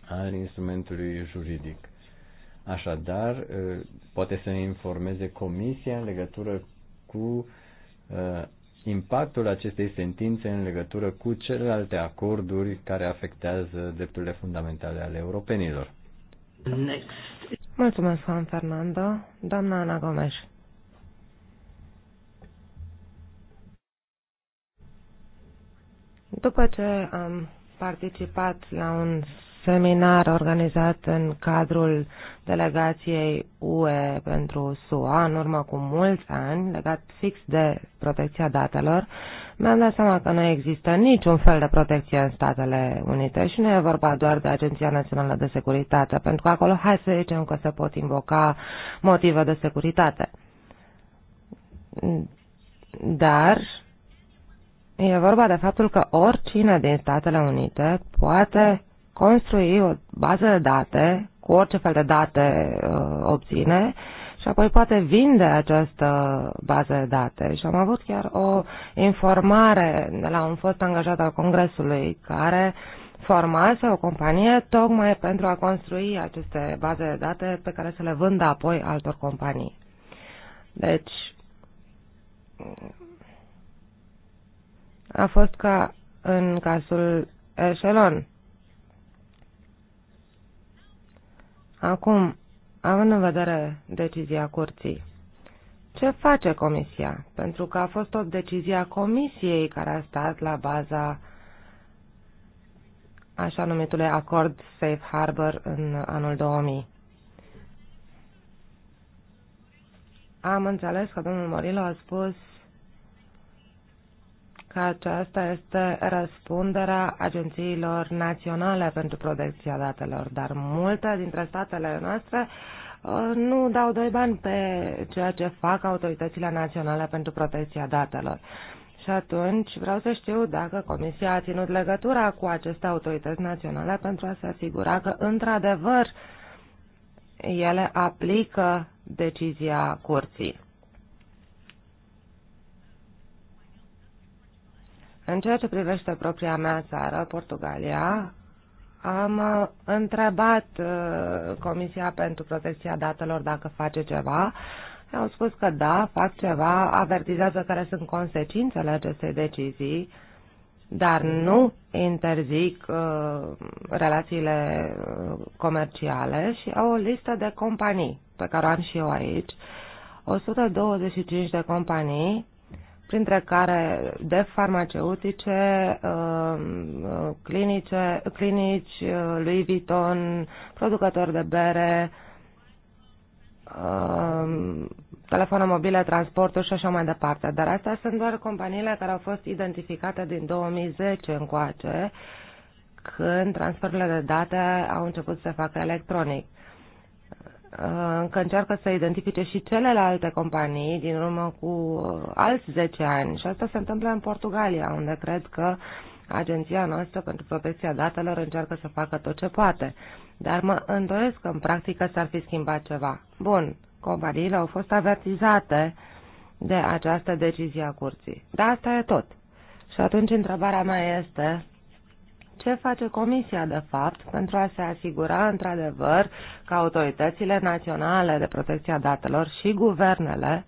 al instrumentului juridic. Așadar, eh, poate să ne informeze comisia în legătură cu eh, impactul acestei sentințe în legătură cu celelalte acorduri care afectează drepturile fundamentale ale europenilor. Next. Mulțumesc, Juan Fernando. Doamna Ana Gomes. După ce am participat la un seminar organizat în cadrul delegației UE pentru SUA în urmă cu mulți ani, legat fix de protecția datelor, mi-am dat seama că nu există niciun fel de protecție în Statele Unite și nu e vorba doar de Agenția Națională de Securitate, pentru că acolo, hai să zicem că se pot invoca motive de securitate. Dar E vorba de faptul că oricine din Statele Unite poate construi o bază de date cu orice fel de date uh, obține și apoi poate vinde această bază de date. Și am avut chiar o informare de la un fost angajat al Congresului care formase o companie tocmai pentru a construi aceste baze de date pe care să le vândă apoi altor companii. Deci, a fost ca în cazul Echelon, Acum, având în vedere decizia curții, ce face comisia? Pentru că a fost o decizie a comisiei care a stat la baza așa numitului acord Safe Harbor în anul 2000. Am înțeles că domnul Morilo a spus că aceasta este răspunderea agențiilor naționale pentru protecția datelor, dar multe dintre statele noastre uh, nu dau doi bani pe ceea ce fac autoritățile naționale pentru protecția datelor. Și atunci vreau să știu dacă Comisia a ținut legătura cu aceste autorități naționale pentru a se asigura că, într-adevăr, ele aplică decizia curții. În ceea ce privește propria mea țară, Portugalia, am uh, întrebat uh, Comisia pentru Protecția Datelor dacă face ceva. Au spus că da, fac ceva, avertizează care sunt consecințele acestei decizii, dar nu interzic uh, relațiile uh, comerciale și au o listă de companii pe care o am și eu aici. 125 de companii printre care de farmaceutice, um, clinice, clinici, uh, Louis Vuitton, producători de bere, um, telefoane mobile, transportul și așa mai departe. Dar astea sunt doar companiile care au fost identificate din 2010 încoace, când transferurile de date au început să se facă electronic încă uh, încearcă să identifice și celelalte companii din urmă cu uh, alți 10 ani și asta se întâmplă în Portugalia, unde cred că agenția noastră pentru protecția datelor încearcă să facă tot ce poate. Dar mă îndoiesc că în practică s-ar fi schimbat ceva. Bun, companiile au fost avertizate de această decizie a curții. Dar asta e tot. Și atunci întrebarea mea este ce face Comisia, de fapt, pentru a se asigura, într-adevăr, că autoritățile naționale de protecție a datelor și guvernele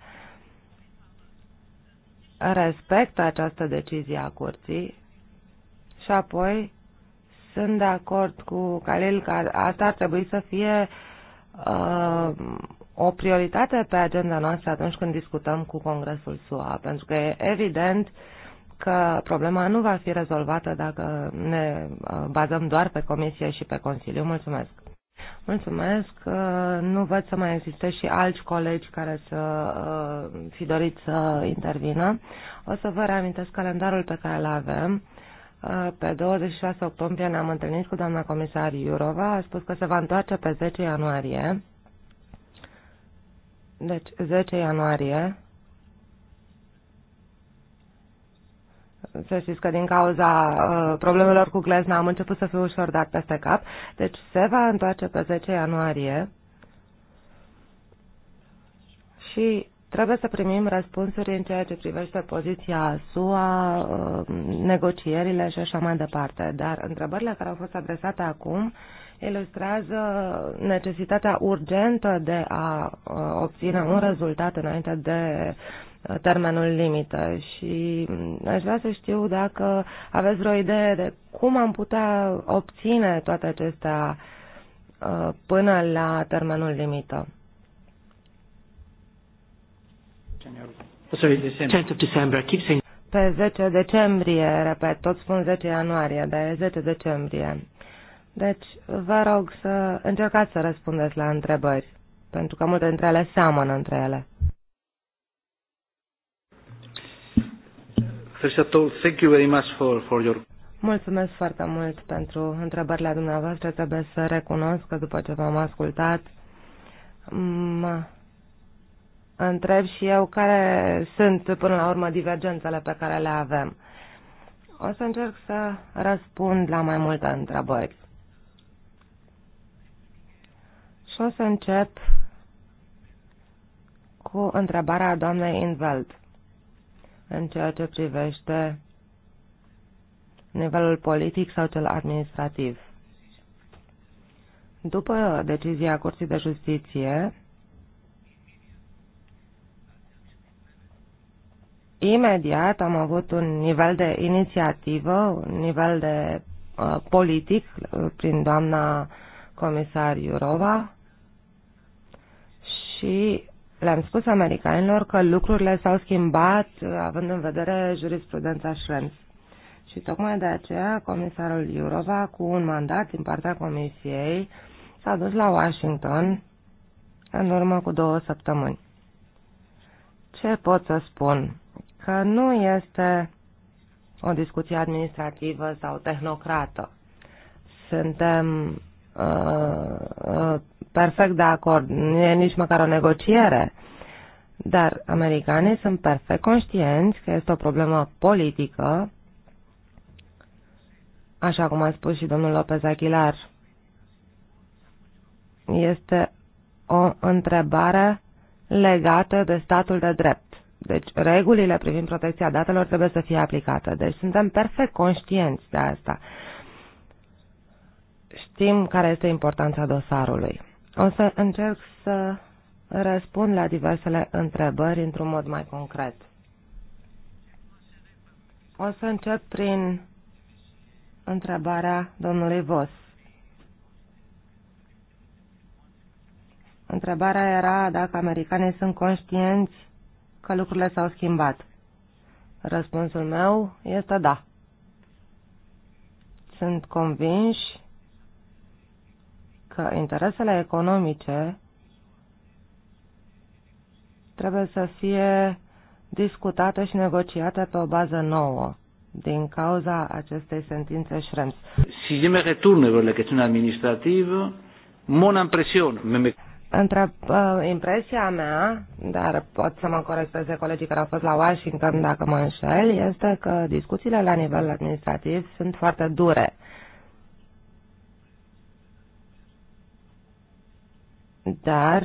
respectă această decizie a curții și apoi sunt de acord cu Calil că asta ar trebui să fie uh, o prioritate pe agenda noastră atunci când discutăm cu Congresul SUA, pentru că e evident uh, că problema nu va fi rezolvată dacă ne uh, bazăm doar pe Comisie și pe Consiliu. Mulțumesc! Mulțumesc! Uh, nu văd să mai existe și alți colegi care să uh, fi dorit să intervină. O să vă reamintesc calendarul pe care îl avem. Pe 26 octombrie ne-am întâlnit cu doamna comisar Iurova, a spus că se va întoarce pe 10 ianuarie. Deci 10 ianuarie să știți că din cauza uh, problemelor cu glezna am început să fiu ușor dat peste cap. Deci se va întoarce pe 10 ianuarie și trebuie să primim răspunsuri în ceea ce privește poziția SUA, uh, negocierile și așa mai departe. Dar întrebările care au fost adresate acum ilustrează necesitatea urgentă de a uh, obține un rezultat înainte de uh, termenul limită și mm, aș vrea să știu dacă aveți vreo idee de cum am putea obține toate acestea uh, până la termenul limită. decembrie, Pe 10 decembrie, repet, tot spun 10 ianuarie, dar e 10 decembrie. Deci, vă rog să încercați să răspundeți la întrebări, pentru că multe dintre ele seamănă între ele. thank you very much for, for your... Mulțumesc foarte mult pentru întrebările dumneavoastră. Trebuie să recunosc că după ce v-am ascultat, mă întreb și eu care sunt până la urmă divergențele pe care le avem. O să încerc să răspund la mai multe întrebări. Și o să încep cu întrebarea doamnei Inveld în ceea ce privește nivelul politic sau cel administrativ. După decizia Curții de Justiție, imediat am avut un nivel de inițiativă, un nivel de uh, politic uh, prin doamna comisar Iurova și le-am spus americanilor că lucrurile s-au schimbat având în vedere jurisprudența Schrems. Și tocmai de aceea comisarul Iurova, cu un mandat din partea comisiei, s-a dus la Washington în urmă cu două săptămâni. Ce pot să spun? Că nu este o discuție administrativă sau tehnocrată. Suntem Uh, uh, perfect de acord, nu e nici măcar o negociere. Dar americanii sunt perfect conștienți că este o problemă politică, așa cum a spus și domnul Lopez Aguilar. Este o întrebare legată de statul de drept. Deci regulile privind protecția datelor trebuie să fie aplicate. Deci suntem perfect conștienți de asta știm care este importanța dosarului. O să încerc să răspund la diversele întrebări într-un mod mai concret. O să încep prin întrebarea domnului Vos. Întrebarea era dacă americanii sunt conștienți că lucrurile s-au schimbat. Răspunsul meu este da. Sunt convinși că interesele economice trebuie să fie discutate și negociate pe o bază nouă din cauza acestei sentințe Schrems. Si je me retourne vers la question administrativă, mon impression, me... Între uh, impresia mea, dar pot să mă corecteze colegii care au fost la Washington dacă mă înșel, este că discuțiile la nivel administrativ sunt foarte dure dar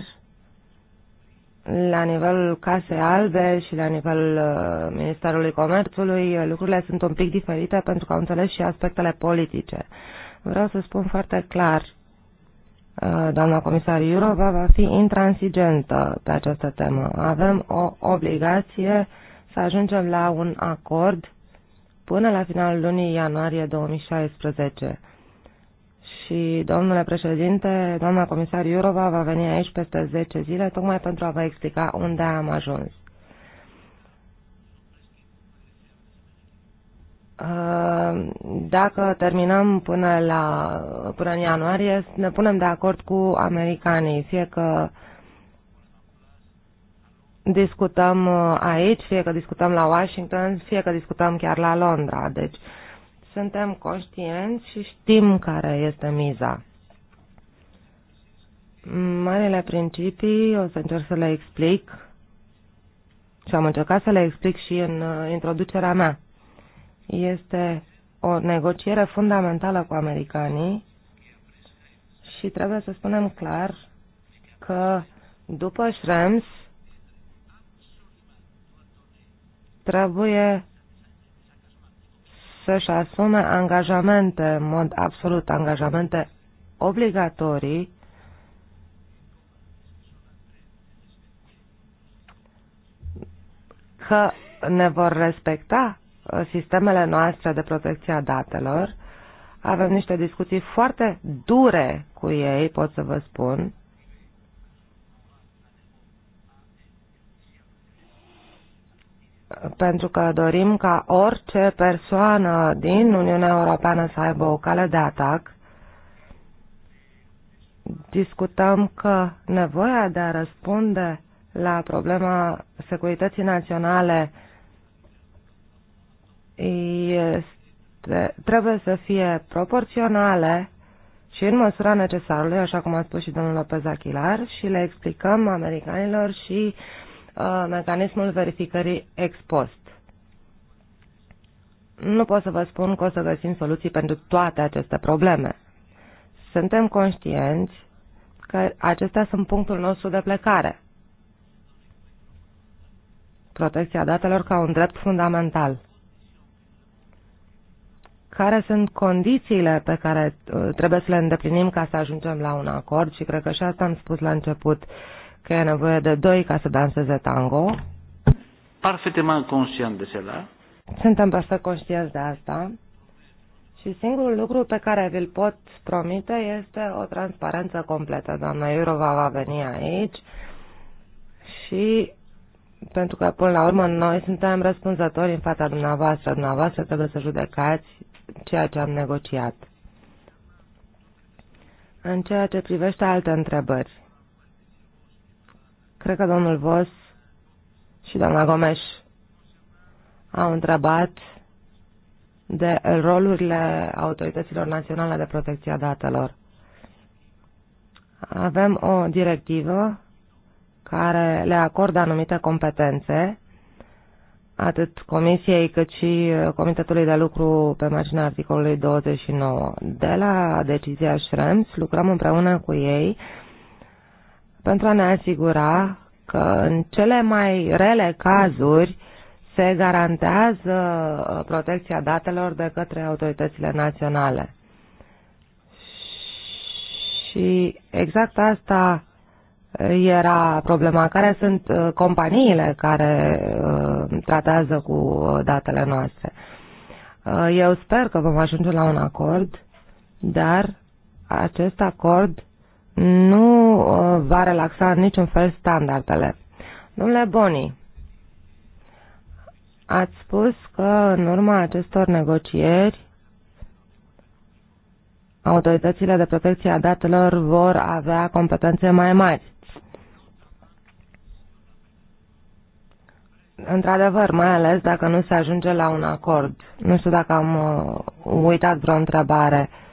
la nivelul Casei Albe și la nivelul uh, Ministerului Comerțului uh, lucrurile sunt un pic diferite pentru că au înțeles și aspectele politice. Vreau să spun foarte clar, uh, doamna comisar Iurova va fi intransigentă pe această temă. Avem o obligație să ajungem la un acord până la finalul lunii ianuarie 2016 și domnule președinte, doamna comisar Iurova va veni aici peste 10 zile tocmai pentru a vă explica unde am ajuns. Uh, dacă terminăm până, la, până în ianuarie, ne punem de acord cu americanii, fie că discutăm uh, aici, fie că discutăm la Washington, fie că discutăm chiar la Londra. Deci, uh, suntem conștienți și știm care este miza. Marele principii o să încerc să le explic și am încercat să le explic și în uh, introducerea mea. Este o negociere fundamentală cu americanii și trebuie să spunem clar că după Schrems trebuie să-și asume angajamente, în mod absolut angajamente obligatorii că ne vor respecta uh, sistemele noastre de protecție a datelor. Avem niște discuții foarte dure cu ei, pot să vă spun, pentru că dorim ca orice persoană din Uniunea Europeană să aibă o cale de atac, discutăm că nevoia de a răspunde la problema securității naționale este, trebuie să fie proporționale și în măsura necesarului, așa cum a spus și domnul Lopez Achilar, și le explicăm americanilor și Uh, mecanismul verificării ex post. Nu pot să vă spun că o să găsim soluții pentru toate aceste probleme. Suntem conștienți că acestea sunt punctul nostru de plecare. Protecția datelor ca un drept fundamental care sunt condițiile pe care uh, trebuie să le îndeplinim ca să ajungem la un acord și cred că și asta am spus la început că e nevoie de doi ca să danseze tango. Parfaitement conștient de cela. Suntem perfect conștienți de asta. Și singurul lucru pe care vi-l pot promite este o transparență completă. Doamna Iurova va veni aici și pentru că până la urmă noi suntem răspunzători în fața dumneavoastră. Dumneavoastră trebuie să judecați ceea ce am negociat. În ceea ce privește alte întrebări, Cred că domnul Vos și doamna Gomes au întrebat de rolurile autorităților naționale de protecție a datelor. Avem o directivă care le acordă anumite competențe, atât Comisiei cât și Comitetului de Lucru pe marginea articolului 29. De la decizia Schrems lucrăm împreună cu ei pentru a ne asigura că în cele mai rele cazuri se garantează uh, protecția datelor de către autoritățile naționale. Și exact asta era problema. Care sunt uh, companiile care uh, tratează cu datele noastre? Eu sper că vom ajunge la un acord, dar acest acord nu uh, va relaxa în niciun fel standardele. Domnule Boni, ați spus că în urma acestor negocieri autoritățile de protecție a datelor vor avea competențe mai mari. Într-adevăr, mai ales dacă nu se ajunge la un acord. Nu știu dacă am uh, uitat vreo întrebare. Uh,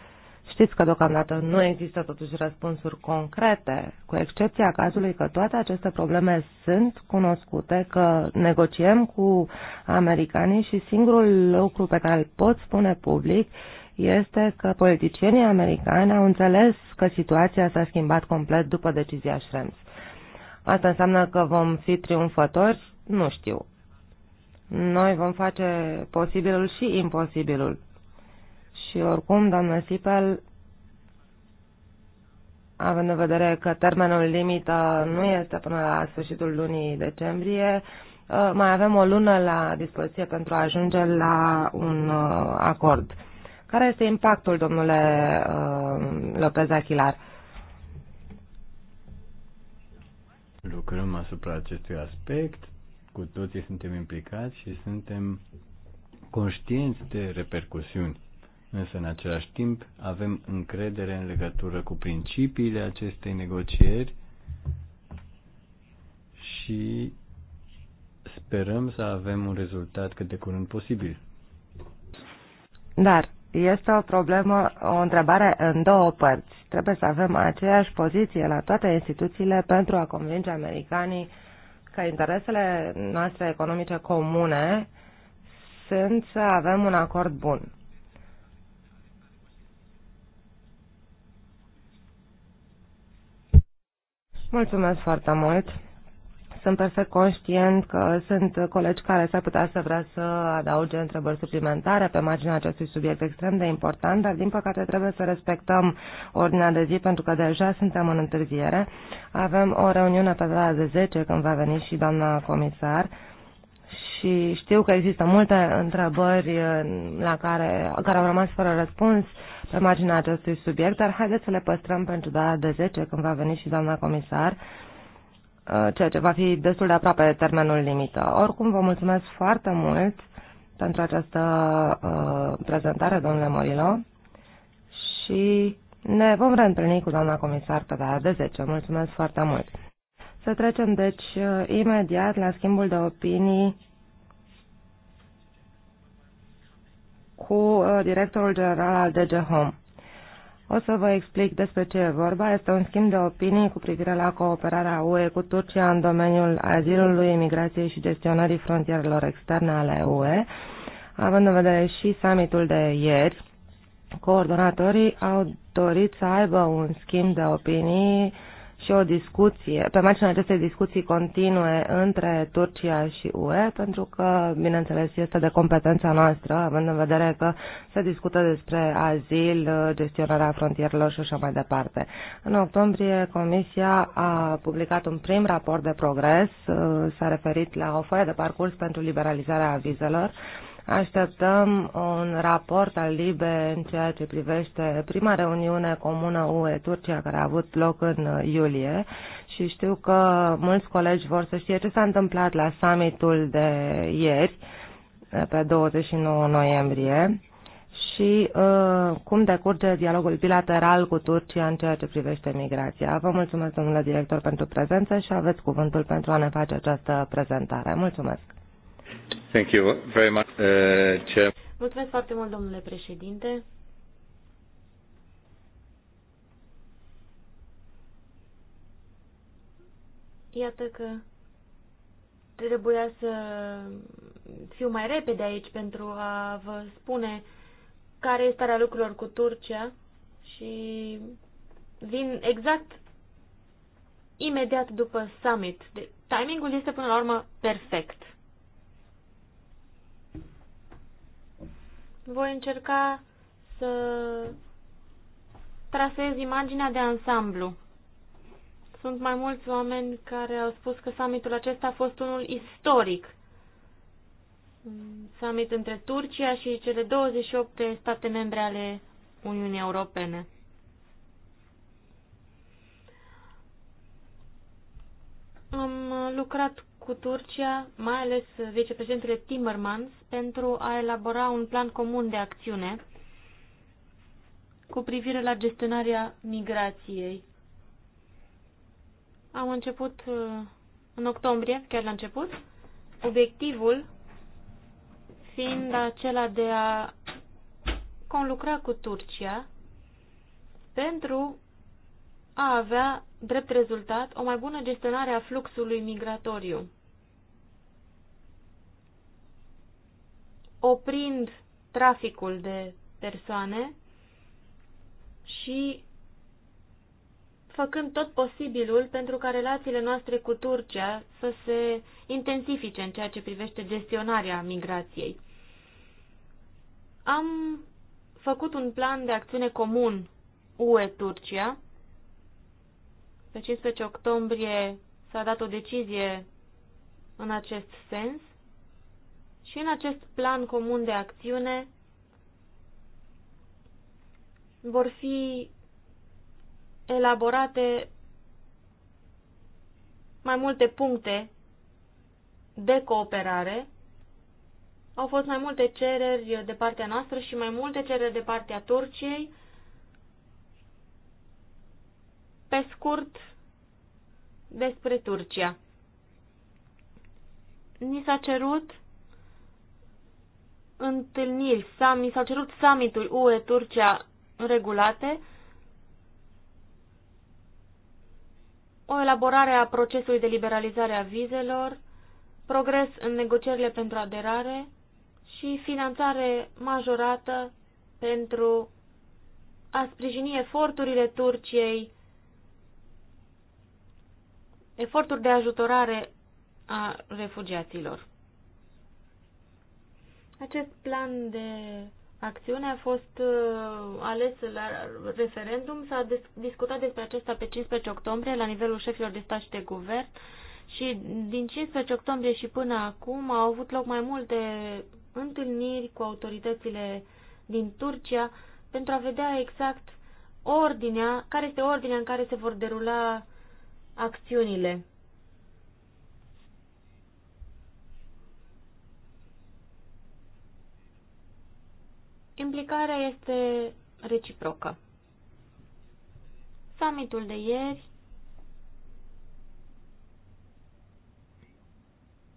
Știți că deocamdată nu există totuși răspunsuri concrete, cu excepția cazului că toate aceste probleme sunt cunoscute, că negociem cu americanii și singurul lucru pe care îl pot spune public este că politicienii americani au înțeles că situația s-a schimbat complet după decizia Schrems. Asta înseamnă că vom fi triumfători? Nu știu. Noi vom face posibilul și imposibilul și oricum, doamnă Sipel, având în vedere că termenul limită nu este până la sfârșitul lunii decembrie, ă, mai avem o lună la dispoziție pentru a ajunge la un ă, acord. Care este impactul, domnule ă, Lopez Achilar? Lucrăm asupra acestui aspect, cu toții suntem implicați și suntem conștienți de repercusiuni. Însă, în același timp, avem încredere în legătură cu principiile acestei negocieri și sperăm să avem un rezultat cât de curând posibil. Dar este o problemă, o întrebare în două părți. Trebuie să avem aceeași poziție la toate instituțiile pentru a convinge americanii că interesele noastre economice comune sunt să avem un acord bun. Mulțumesc foarte mult. Sunt perfect conștient că sunt colegi care s-ar putea să vrea să adauge întrebări suplimentare pe marginea acestui subiect extrem de important, dar din păcate trebuie să respectăm ordinea de zi pentru că deja suntem în întârziere. Avem o reuniune pe data de 10 când va veni și doamna comisar și știu că există multe întrebări uh, la care, care au rămas fără răspuns pe marginea acestui subiect, dar haideți să le păstrăm pentru data de 10, când va veni și doamna comisar, uh, ceea ce va fi destul de aproape de termenul limită. Oricum, vă mulțumesc foarte mult pentru această uh, prezentare, domnule Morilo, și ne vom reîntâlni cu doamna comisar pe data de 10. Mulțumesc foarte mult! Să trecem, deci, uh, imediat la schimbul de opinii cu uh, directorul general al DG Home. O să vă explic despre ce e vorba. Este un schimb de opinii cu privire la cooperarea UE cu Turcia în domeniul azilului, imigrației și gestionării frontierelor externe ale UE, având în vedere și summitul de ieri. Coordonatorii au dorit să aibă un schimb de opinii și o discuție, pe marginea acestei discuții continue între Turcia și UE, pentru că, bineînțeles, este de competența noastră, având în vedere că se discută despre azil, gestionarea frontierelor și așa mai departe. În octombrie, Comisia a publicat un prim raport de progres, s-a referit la o foaie de parcurs pentru liberalizarea vizelor Așteptăm un raport al LIBE în ceea ce privește prima reuniune comună UE-Turcia care a avut loc în uh, iulie și știu că mulți colegi vor să știe ce s-a întâmplat la summitul de ieri, uh, pe 29 noiembrie, și uh, cum decurge dialogul bilateral cu Turcia în ceea ce privește migrația. Vă mulțumesc, domnule director, pentru prezență și aveți cuvântul pentru a ne face această prezentare. Mulțumesc! Thank you very much, uh, Chair. Mulțumesc foarte mult, domnule președinte. Iată că trebuia să fiu mai repede aici pentru a vă spune care este starea lucrurilor cu Turcia și vin exact imediat după summit. De, deci, timingul este până la urmă perfect. voi încerca să trasez imaginea de ansamblu. Sunt mai mulți oameni care au spus că summitul acesta a fost unul istoric. Summit între Turcia și cele 28 de state membre ale Uniunii Europene. Am lucrat cu Turcia, mai ales vicepreședintele Timmermans, pentru a elabora un plan comun de acțiune cu privire la gestionarea migrației. Am început uh, în octombrie, chiar la început, obiectivul fiind acela de a conlucra cu Turcia pentru a avea drept rezultat o mai bună gestionare a fluxului migratoriu, oprind traficul de persoane și făcând tot posibilul pentru ca relațiile noastre cu Turcia să se intensifice în ceea ce privește gestionarea migrației. Am făcut un plan de acțiune comun UE-Turcia pe 15 octombrie s-a dat o decizie în acest sens și în acest plan comun de acțiune vor fi elaborate mai multe puncte de cooperare. Au fost mai multe cereri de partea noastră și mai multe cereri de partea Turciei Pe scurt, despre Turcia. Ni s-a cerut întâlniri, mi s a cerut summitul UE-Turcia regulate, o elaborare a procesului de liberalizare a vizelor, progres în negocierile pentru aderare și finanțare majorată pentru a sprijini eforturile Turciei eforturi de ajutorare a refugiaților. Acest plan de acțiune a fost uh, ales la referendum, s-a discutat despre acesta pe 15 octombrie la nivelul șefilor de stat și de guvern și din 15 octombrie și până acum au avut loc mai multe întâlniri cu autoritățile din Turcia pentru a vedea exact ordinea, care este ordinea în care se vor derula acțiunile. Implicarea este reciprocă. Summitul de ieri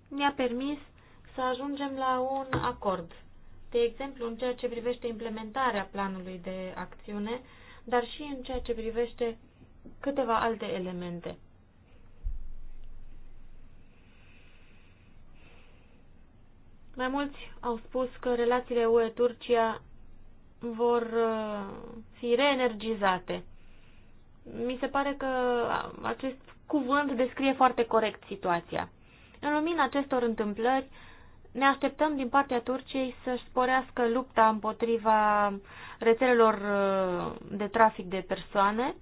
ne-a permis să ajungem la un acord. De exemplu, în ceea ce privește implementarea planului de acțiune, dar și în ceea ce privește câteva alte elemente. Mai mulți au spus că relațiile UE-Turcia vor uh, fi reenergizate. Mi se pare că acest cuvânt descrie foarte corect situația. În lumina acestor întâmplări, ne așteptăm din partea Turciei să-și sporească lupta împotriva rețelelor uh, de trafic de persoane.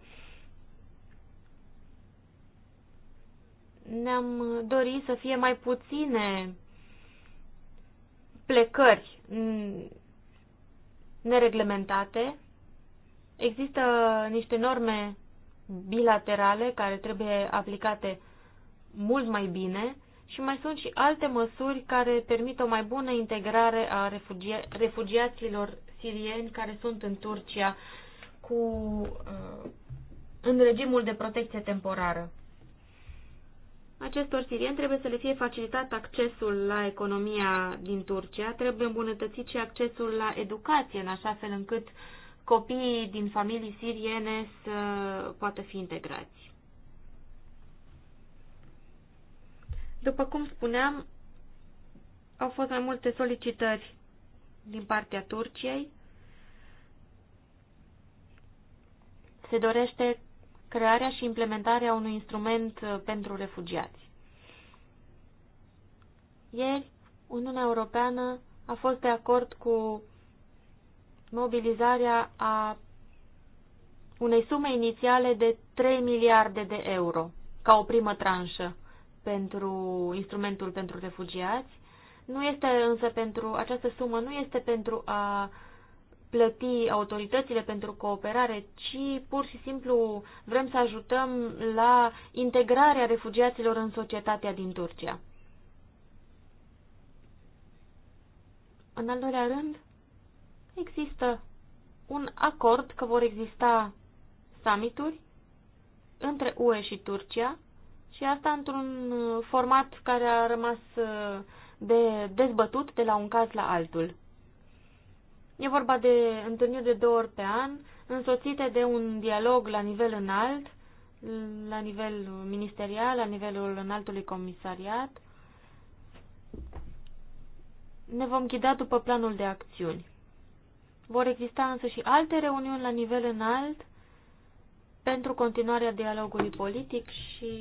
Ne-am dorit să fie mai puține plecări nereglementate, există niște norme bilaterale care trebuie aplicate mult mai bine și mai sunt și alte măsuri care permit o mai bună integrare a refugia refugiaților sirieni care sunt în Turcia cu, uh, în regimul de protecție temporară. Acestor sirieni trebuie să le fie facilitat accesul la economia din Turcia, trebuie îmbunătățit și accesul la educație, în așa fel încât copiii din familii siriene să poată fi integrați. După cum spuneam, au fost mai multe solicitări din partea Turciei. Se dorește crearea și implementarea unui instrument uh, pentru refugiați. Ieri, Uniunea Europeană a fost de acord cu mobilizarea a unei sume inițiale de 3 miliarde de euro ca o primă tranșă pentru instrumentul pentru refugiați. Nu este însă pentru această sumă nu este pentru a uh, plăti autoritățile pentru cooperare, ci pur și simplu vrem să ajutăm la integrarea refugiaților în societatea din Turcia. În al doilea rând, există un acord că vor exista summituri între UE și Turcia și asta într-un format care a rămas uh, de dezbătut de la un caz la altul. E vorba de întâlniri de două ori pe an, însoțite de un dialog la nivel înalt, la nivel ministerial, la nivelul înaltului comisariat. Ne vom ghida după planul de acțiuni. Vor exista însă și alte reuniuni la nivel înalt pentru continuarea dialogului politic și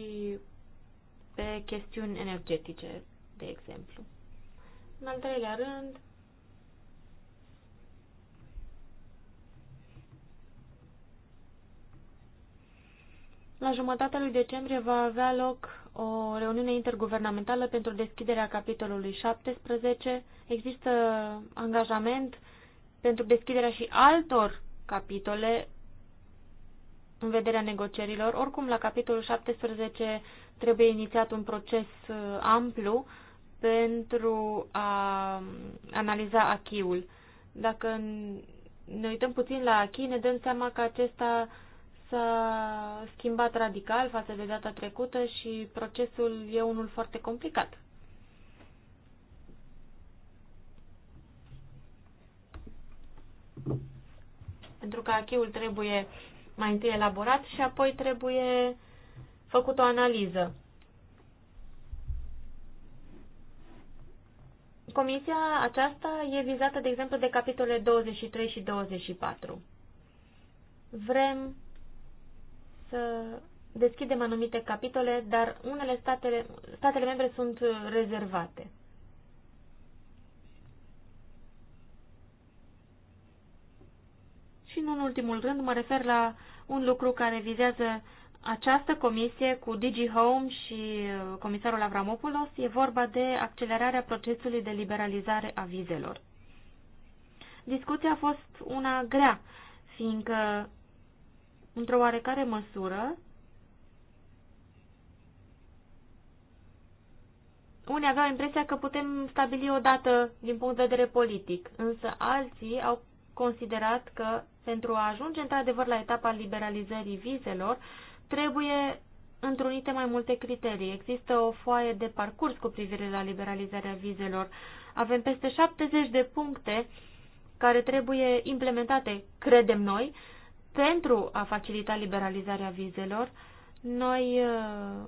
pe chestiuni energetice, de exemplu. În al treilea rând, La jumătatea lui decembrie va avea loc o reuniune interguvernamentală pentru deschiderea capitolului 17. Există angajament pentru deschiderea și altor capitole în vederea negocierilor. Oricum, la capitolul 17 trebuie inițiat un proces uh, amplu pentru a um, analiza achiul. Dacă ne uităm puțin la achii, ne dăm seama că acesta uh, s-a schimbat radical față de data trecută și procesul e unul foarte complicat. Pentru că acheul trebuie mai întâi elaborat și apoi trebuie făcut o analiză. Comisia aceasta e vizată, de exemplu, de capitole 23 și 24. Vrem să deschidem anumite capitole, dar unele statele, statele membre sunt rezervate. Și, în ultimul rând, mă refer la un lucru care vizează această comisie cu Digi Home și uh, comisarul Avramopoulos. E vorba de accelerarea procesului de liberalizare a vizelor. Discuția a fost una grea, fiindcă într-o oarecare măsură, unii aveau impresia că putem stabili o dată din punct de vedere politic, însă alții au considerat că pentru a ajunge într-adevăr la etapa liberalizării vizelor, trebuie întrunite mai multe criterii. Există o foaie de parcurs cu privire la liberalizarea vizelor. Avem peste 70 de puncte care trebuie implementate, credem noi, pentru a facilita liberalizarea vizelor, noi uh,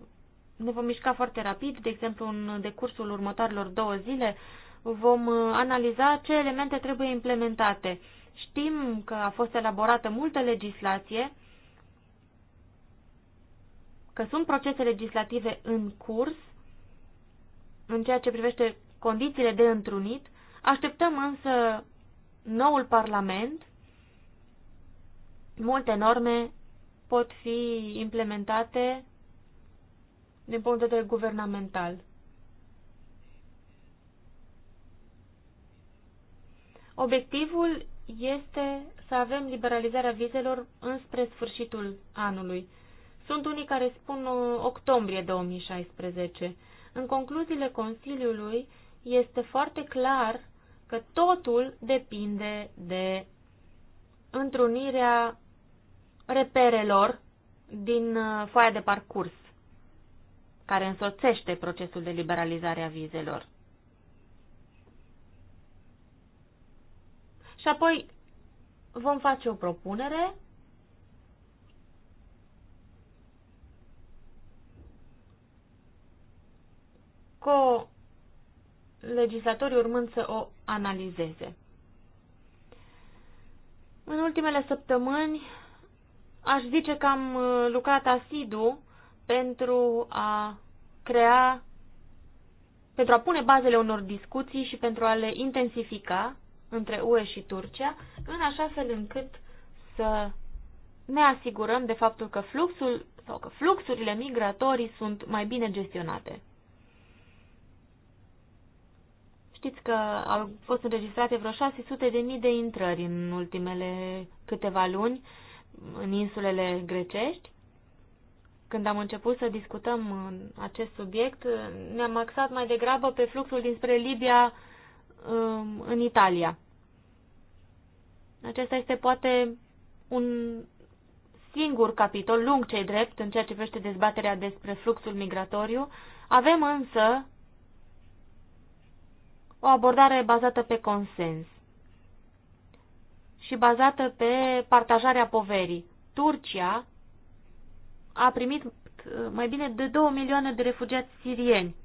ne vom mișca foarte rapid, de exemplu în decursul următoarelor două zile vom uh, analiza ce elemente trebuie implementate. Știm că a fost elaborată multă legislație, că sunt procese legislative în curs în ceea ce privește condițiile de întrunit, așteptăm însă noul Parlament multe norme pot fi implementate din punct de vedere guvernamental. Obiectivul este să avem liberalizarea vizelor înspre sfârșitul anului. Sunt unii care spun uh, octombrie 2016. În concluziile Consiliului este foarte clar că totul depinde de întrunirea reperelor din uh, foaia de parcurs care însoțește procesul de liberalizare a vizelor. Și apoi vom face o propunere cu legislatorii urmând să o analizeze. În ultimele săptămâni Aș zice că am uh, lucrat asidu pentru a crea, pentru a pune bazele unor discuții și pentru a le intensifica între UE și Turcia, în așa fel încât să ne asigurăm de faptul că fluxul sau că fluxurile migratorii sunt mai bine gestionate. Știți că au fost înregistrate vreo 600 de mii de intrări în ultimele câteva luni în insulele grecești. Când am început să discutăm uh, acest subiect, uh, ne-am axat mai degrabă pe fluxul dinspre Libia um, în Italia. Acesta este poate un singur capitol, lung cei drept, în ceea ce privește dezbaterea despre fluxul migratoriu. Avem însă o abordare bazată pe consens și bazată pe partajarea poverii. Turcia a primit uh, mai bine de 2 milioane de refugiați sirieni.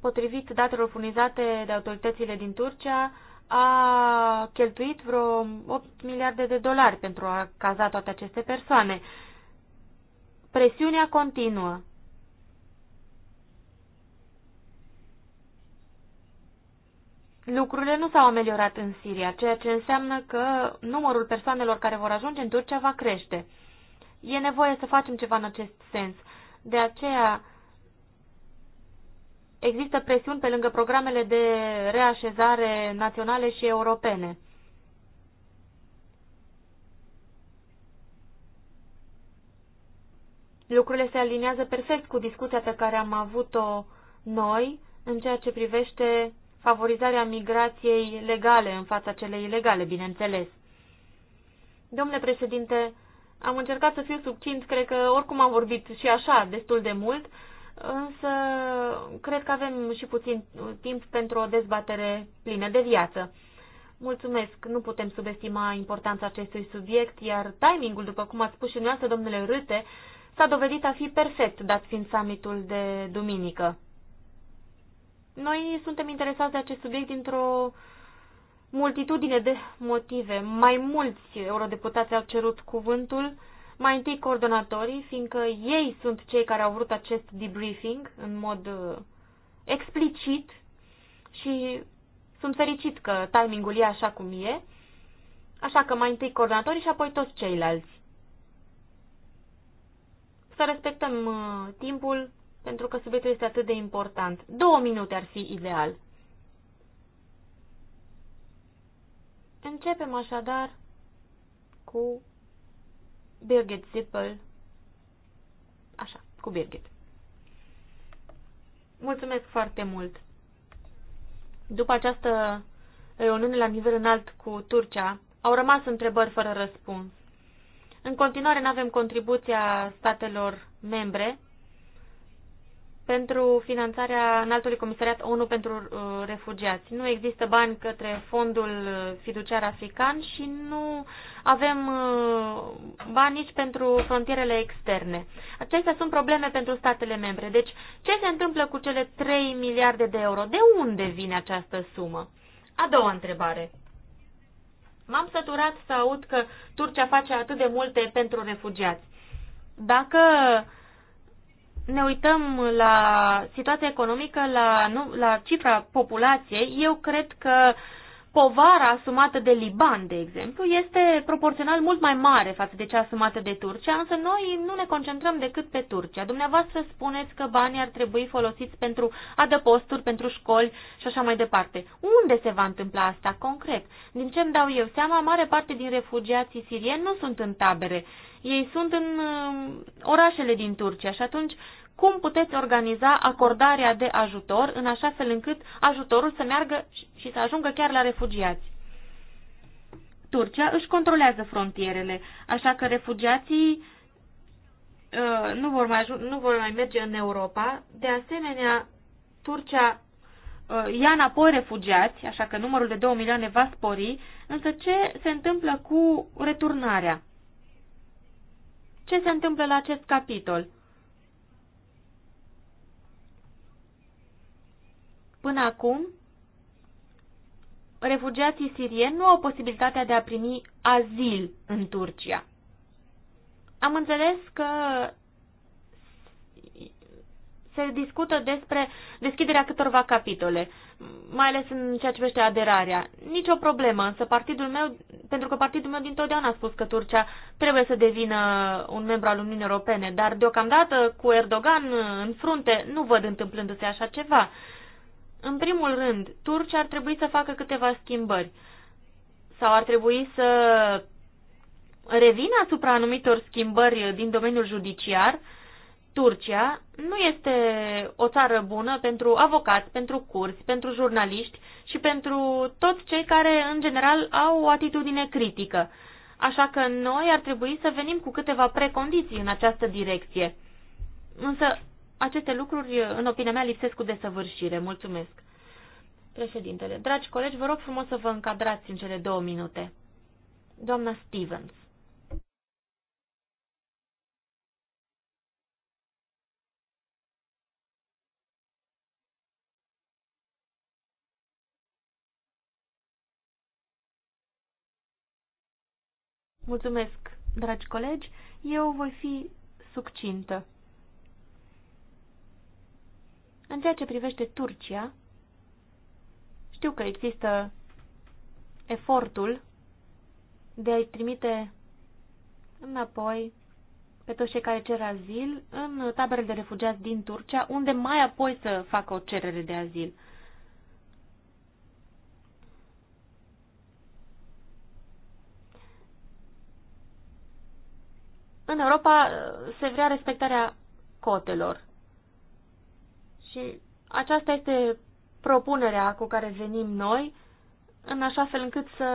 Potrivit datelor furnizate de autoritățile din Turcia, a cheltuit vreo 8 miliarde de dolari pentru a caza toate aceste persoane. Presiunea continuă. lucrurile nu s-au ameliorat în Siria, ceea ce înseamnă că numărul persoanelor care vor ajunge în Turcia va crește. E nevoie să facem ceva în acest sens. De aceea există presiuni pe lângă programele de reașezare naționale și europene. Lucrurile se aliniază perfect cu discuția pe care am avut-o noi în ceea ce privește favorizarea migrației legale în fața celei ilegale, bineînțeles. Domnule președinte, am încercat să fiu subțint, cred că oricum am vorbit și așa destul de mult, însă cred că avem și puțin timp pentru o dezbatere plină de viață. Mulțumesc, nu putem subestima importanța acestui subiect, iar timingul, după cum ați spus și dumneavoastră, domnule Râte, s-a dovedit a fi perfect, dat fiind summitul de duminică. Noi suntem interesați de acest subiect dintr-o multitudine de motive. Mai mulți eurodeputați au cerut cuvântul, mai întâi coordonatorii, fiindcă ei sunt cei care au vrut acest debriefing în mod uh, explicit și sunt fericit că timingul e așa cum e, așa că mai întâi coordonatorii și apoi toți ceilalți. Să respectăm uh, timpul pentru că subiectul este atât de important. Două minute ar fi ideal. Începem așadar cu Birgit Zippel. Așa, cu Birgit. Mulțumesc foarte mult! După această reuniune la nivel înalt cu Turcia, au rămas întrebări fără răspuns. În continuare nu avem contribuția statelor membre pentru finanțarea înaltului comisariat ONU pentru uh, refugiați. Nu există bani către fondul fiduciar african și nu avem uh, bani nici pentru frontierele externe. Acestea sunt probleme pentru statele membre. Deci, ce se întâmplă cu cele 3 miliarde de euro? De unde vine această sumă? A doua întrebare. M-am săturat să aud că Turcia face atât de multe pentru refugiați. Dacă uh, ne uităm la situația economică, la, nu, la cifra populației, eu cred că povara asumată de Liban, de exemplu, este proporțional mult mai mare față de cea asumată de Turcia, însă noi nu ne concentrăm decât pe Turcia. Dumneavoastră spuneți că banii ar trebui folosiți pentru adăposturi, pentru școli și așa mai departe. Unde se va întâmpla asta concret? Din ce îmi dau eu seama, mare parte din refugiații sirieni nu sunt în tabere ei sunt în um, orașele din Turcia și atunci cum puteți organiza acordarea de ajutor în așa fel încât ajutorul să meargă și să ajungă chiar la refugiați? Turcia își controlează frontierele, așa că refugiații uh, nu, vor mai nu vor mai merge în Europa. De asemenea, Turcia uh, ia înapoi refugiați, așa că numărul de 2 milioane va spori, însă ce se întâmplă cu returnarea? Ce se întâmplă la acest capitol? Până acum, refugiații sirieni nu au posibilitatea de a primi azil în Turcia. Am înțeles că se discută despre deschiderea câtorva capitole mai ales în ceea ce privește aderarea. Nici o problemă, însă partidul meu, pentru că partidul meu dintotdeauna a spus că Turcia trebuie să devină un membru al Uniunii Europene, dar deocamdată cu Erdogan în frunte nu văd întâmplându-se așa ceva. În primul rând, Turcia ar trebui să facă câteva schimbări sau ar trebui să revină asupra anumitor schimbări din domeniul judiciar, uh, Turcia nu este o țară bună pentru avocați, pentru curți, pentru jurnaliști și pentru toți cei care, în general, au o atitudine critică. Așa că noi ar trebui să venim cu câteva precondiții în această direcție. Însă aceste lucruri, în opinia mea, lipsesc cu desăvârșire. Mulțumesc. Președintele, dragi colegi, vă rog frumos să vă încadrați în cele două minute. Doamna Stevens. Mulțumesc, dragi colegi. Eu voi fi succintă. În ceea ce privește Turcia, știu că există efortul de a-i trimite înapoi pe toți cei care cer azil în taberele de refugiați din Turcia, unde mai apoi să facă o cerere de azil. în Europa uh, se vrea respectarea cotelor. Și aceasta este propunerea cu care venim noi, în așa fel încât să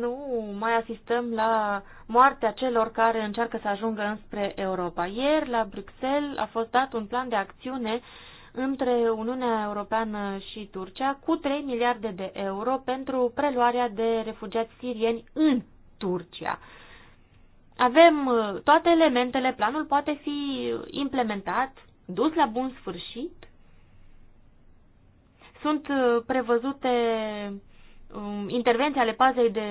nu mai asistăm la moartea celor care încearcă să ajungă înspre Europa. Ieri, la Bruxelles, a fost dat un plan de acțiune între Uniunea Europeană și Turcia cu 3 miliarde de euro pentru preluarea de refugiați sirieni în Turcia. Avem uh, toate elementele, planul poate fi implementat, dus la bun sfârșit. Sunt uh, prevăzute um, intervenții ale pazei de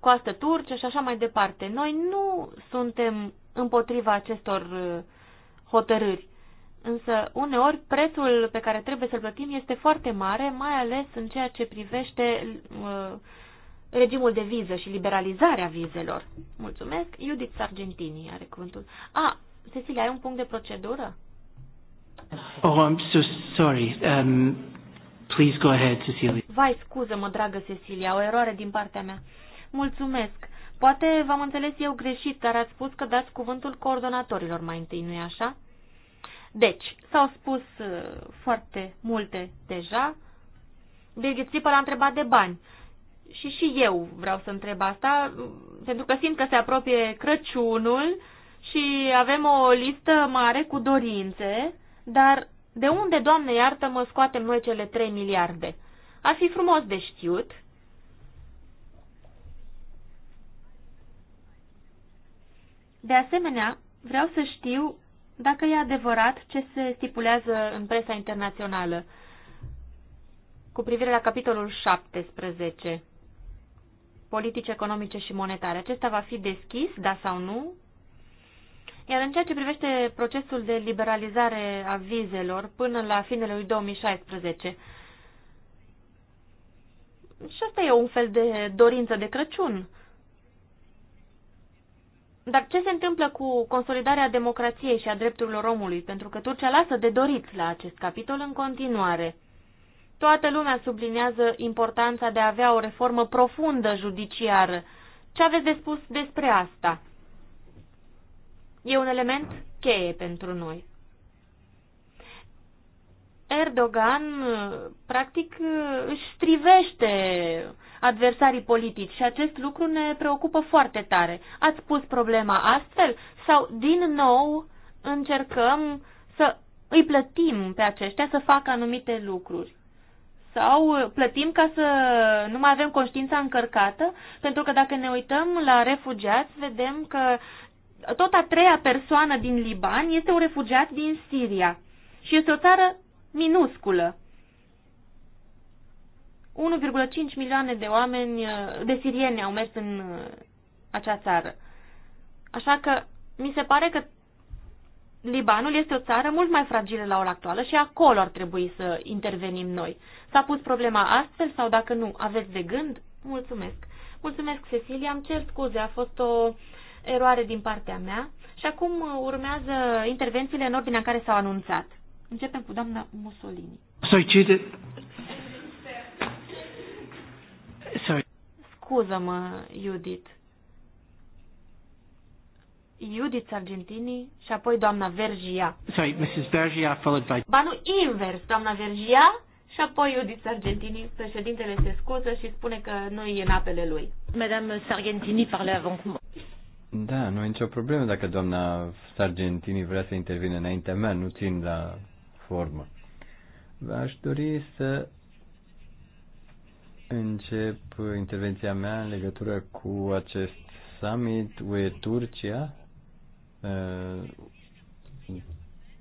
coastă turce și așa mai departe. Noi nu suntem împotriva acestor uh, hotărâri. Însă, uneori, prețul pe care trebuie să-l plătim este foarte mare, mai ales în ceea ce privește regimul de viză și liberalizarea vizelor. Mulțumesc. Judith Sargentini are cuvântul. A, Cecilia, ai un punct de procedură? Oh, I'm so sorry. Um, please go ahead, Cecilia. Vai, scuză-mă, dragă Cecilia, o eroare din partea mea. Mulțumesc. Poate v-am înțeles eu greșit, dar ați spus că dați cuvântul coordonatorilor mai întâi, nu-i așa? Deci, s-au spus uh, foarte multe deja. Birgit Sipăl a întrebat de bani și și eu vreau să întreb asta, pentru că simt că se apropie Crăciunul și avem o listă mare cu dorințe, dar de unde, Doamne, iartă-mă, scoatem noi cele 3 miliarde? Ar fi frumos de știut. De asemenea, vreau să știu dacă e adevărat ce se stipulează în presa internațională cu privire la capitolul 17 politici economice și monetare. Acesta va fi deschis, da sau nu? Iar în ceea ce privește procesul de liberalizare a vizelor până la finele lui 2016, și asta e un fel de dorință de Crăciun. Dar ce se întâmplă cu consolidarea democrației și a drepturilor omului? Pentru că Turcia lasă de dorit la acest capitol în continuare. Toată lumea subliniază importanța de a avea o reformă profundă judiciară. Ce aveți de spus despre asta? E un element cheie pentru noi. Erdogan practic își strivește adversarii politici și acest lucru ne preocupă foarte tare. Ați pus problema astfel sau din nou încercăm să îi plătim pe aceștia să facă anumite lucruri? sau uh, plătim ca să nu mai avem conștiința încărcată, pentru că dacă ne uităm la refugiați, vedem că tot a treia persoană din Liban este un refugiat din Siria și este o țară minusculă. 1,5 milioane de oameni, uh, de sirieni au mers în uh, acea țară. Așa că mi se pare că Libanul este o țară mult mai fragilă la ora actuală și acolo ar trebui să intervenim noi. S-a pus problema astfel sau dacă nu, aveți de gând? Mulțumesc. Mulțumesc, Cecilia. Am cer scuze, a fost o eroare din partea mea. Și acum urmează intervențiile în ordinea în care s-au anunțat. Începem cu doamna Mussolini. Sorry, Judith. Sorry. Scuză-mă, Judith. Judith Argentini și apoi doamna Vergia. Sorry, Mrs. Vergia followed by... Ba nu, invers, doamna Vergia și apoi Judith Argentini, președintele se scuză și spune că nu e în apele lui. Madame Sargentini parle avant cum... Da, nu e nicio problemă dacă doamna Sargentini vrea să intervine înaintea mea, nu țin la formă. Aș dori să încep intervenția mea în legătură cu acest summit UE Turcia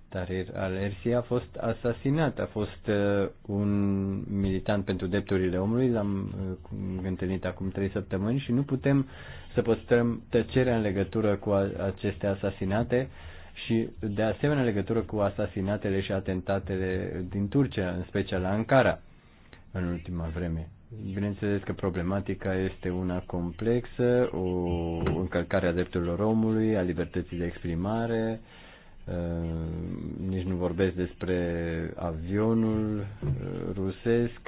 dar uh, al-Ersi a fost asasinat, a fost uh, un militant pentru drepturile omului, l-am uh, întâlnit acum trei săptămâni și nu putem să păstrăm tăcerea în legătură cu aceste asasinate și de asemenea legătură cu asasinatele și atentatele din Turcia, în special la Ankara, în ultima vreme. Bineînțeles că problematica este una complexă, o încălcare a drepturilor omului, a libertății de exprimare, uh, nici nu vorbesc despre avionul uh, rusesc,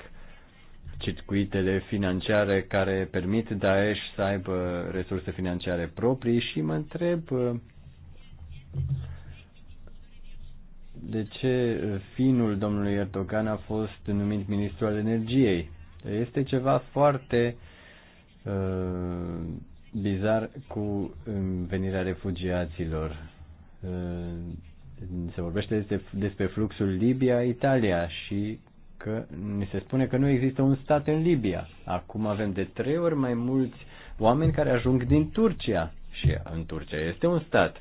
circuitele financiare care permit Daesh să aibă resurse financiare proprii și mă întreb uh, de ce finul domnului Erdogan a fost numit ministru al energiei este ceva foarte uh, bizar cu um, venirea refugiaților. Uh, se vorbește despre, despre fluxul Libia-Italia și că ni se spune că nu există un stat în Libia. Acum avem de trei ori mai mulți oameni care ajung din Turcia și în Turcia este un stat.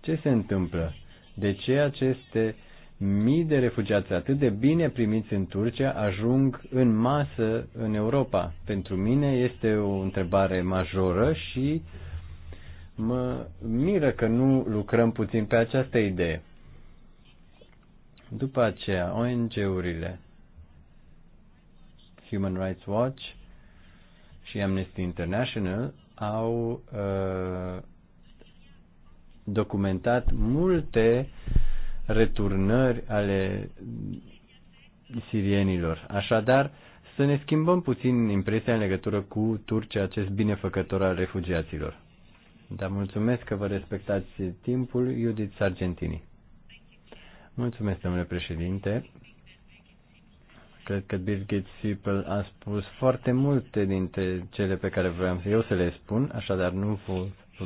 Ce se întâmplă? De ce aceste uh, Mii de refugiați atât de bine primiți în Turcia ajung în masă în Europa. Pentru mine este o întrebare majoră și mă miră că nu lucrăm puțin pe această idee. După aceea, ONG-urile, Human Rights Watch și Amnesty International au uh, documentat multe uh, returnări ale sirienilor. Așadar, să ne schimbăm puțin impresia în legătură cu Turcia, acest binefăcător al refugiaților. Dar mulțumesc că vă respectați timpul, Judith Sargentini. Mulțumesc, domnule președinte. Cred că Birgit Sipel a spus foarte multe dintre cele pe care vreau eu să le spun, așadar nu,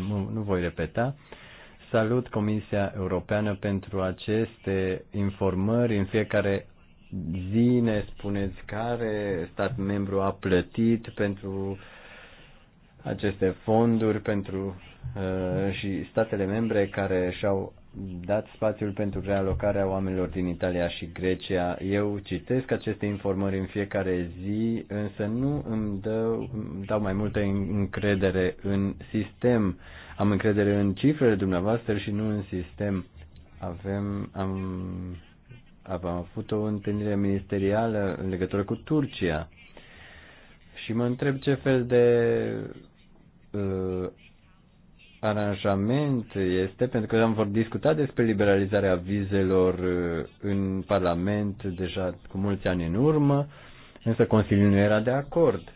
nu, nu voi repeta. Salut Comisia Europeană pentru aceste informări. În fiecare zi ne spuneți care stat membru a plătit pentru aceste fonduri pentru, uh, și statele membre care și-au dat spațiul pentru realocarea oamenilor din Italia și Grecia. Eu citesc aceste informări în fiecare zi, însă nu îmi, dă, îmi dau mai multă încredere în sistem. Uh, am încredere în cifrele dumneavoastră și nu în sistem. Avem, am, am avut o întâlnire ministerială în legătură cu Turcia și mă întreb ce fel de uh, aranjament este, pentru că am vor discuta despre liberalizarea vizelor uh, în Parlament deja cu mulți ani în urmă, însă Consiliul nu era de acord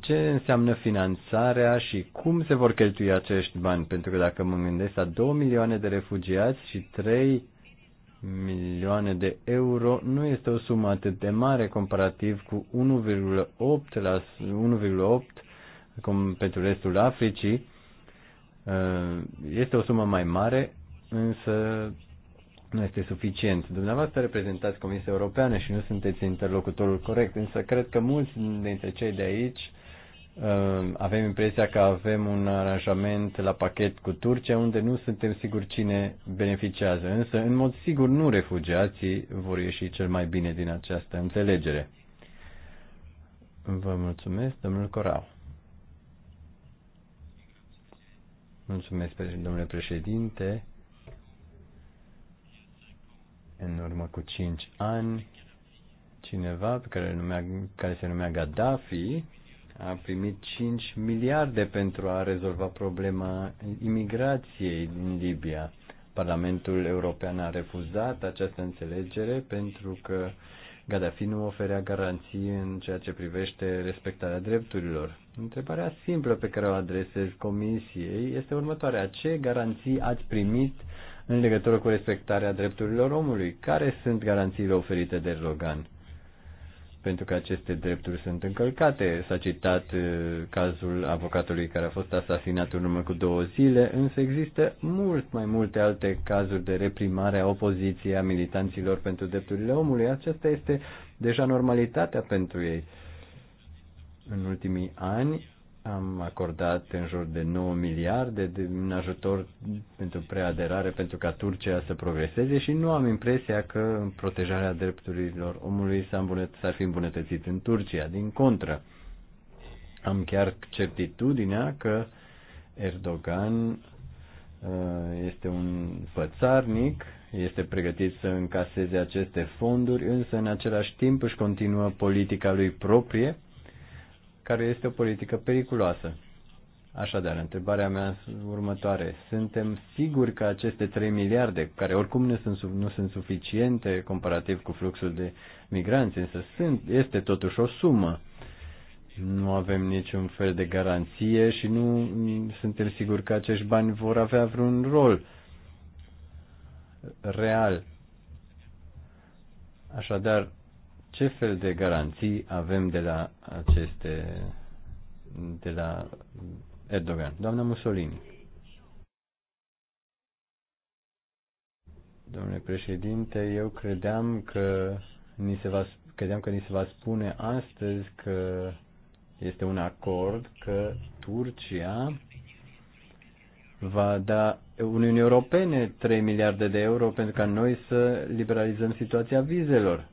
ce înseamnă finanțarea și cum se vor cheltui acești bani. Pentru că dacă mă gândesc la 2 milioane de refugiați și 3 milioane de euro, nu este o sumă atât de mare comparativ cu 1,8 la 1,8 cum pentru restul Africii. Ă, este o sumă mai mare, însă nu este suficient. Dumneavoastră reprezentați Comisia Europeană și nu sunteți interlocutorul corect, însă cred că mulți dintre cei de aici um, avem impresia că avem un aranjament la pachet cu Turcia unde nu suntem siguri cine beneficiază, însă în mod sigur nu refugiații vor ieși cel mai bine din această înțelegere. Vă mulțumesc, domnul Corau. Mulțumesc, domnule președinte în urmă cu cinci ani, cineva pe care, numea, care se numea Gaddafi a primit 5 miliarde pentru a rezolva problema imigrației din Libia. Parlamentul European a refuzat această înțelegere pentru că Gaddafi nu oferea garanții în ceea ce privește respectarea drepturilor. Întrebarea simplă pe care o adresez Comisiei este următoarea. Ce garanții ați primit în legătură cu respectarea drepturilor omului. Care sunt garanțiile oferite de Erdogan? Pentru că aceste drepturi sunt încălcate. S-a citat uh, cazul avocatului care a fost asasinat în urmă cu două zile, însă există mult mai multe alte cazuri de reprimare a opoziției, a militanților pentru drepturile omului. Aceasta este deja normalitatea pentru ei. În ultimii ani, am acordat în jur de 9 miliarde de, în ajutor pentru preaderare pentru ca Turcia să progreseze și nu am impresia că protejarea drepturilor omului s-ar fi îmbunătățit în Turcia. Din contră, am chiar certitudinea că Erdogan uh, este un pățarnic, este pregătit să încaseze aceste fonduri, însă în același timp își continuă politica lui proprie care este o politică periculoasă. Așadar, întrebarea mea următoare. Suntem siguri că aceste 3 miliarde, care oricum nu sunt, nu sunt suficiente comparativ cu fluxul de migranți, însă sunt, este totuși o sumă. Nu avem niciun fel de garanție și nu suntem siguri că acești bani vor avea vreun rol real. Așadar, ce fel de garanții avem de la aceste de la Erdogan. Doamna Mussolini. Domnule președinte, eu credeam că ni se va, credeam că ni se va spune astăzi că este un acord că Turcia va da Uniunii Europene 3 miliarde de euro pentru ca noi să liberalizăm situația vizelor.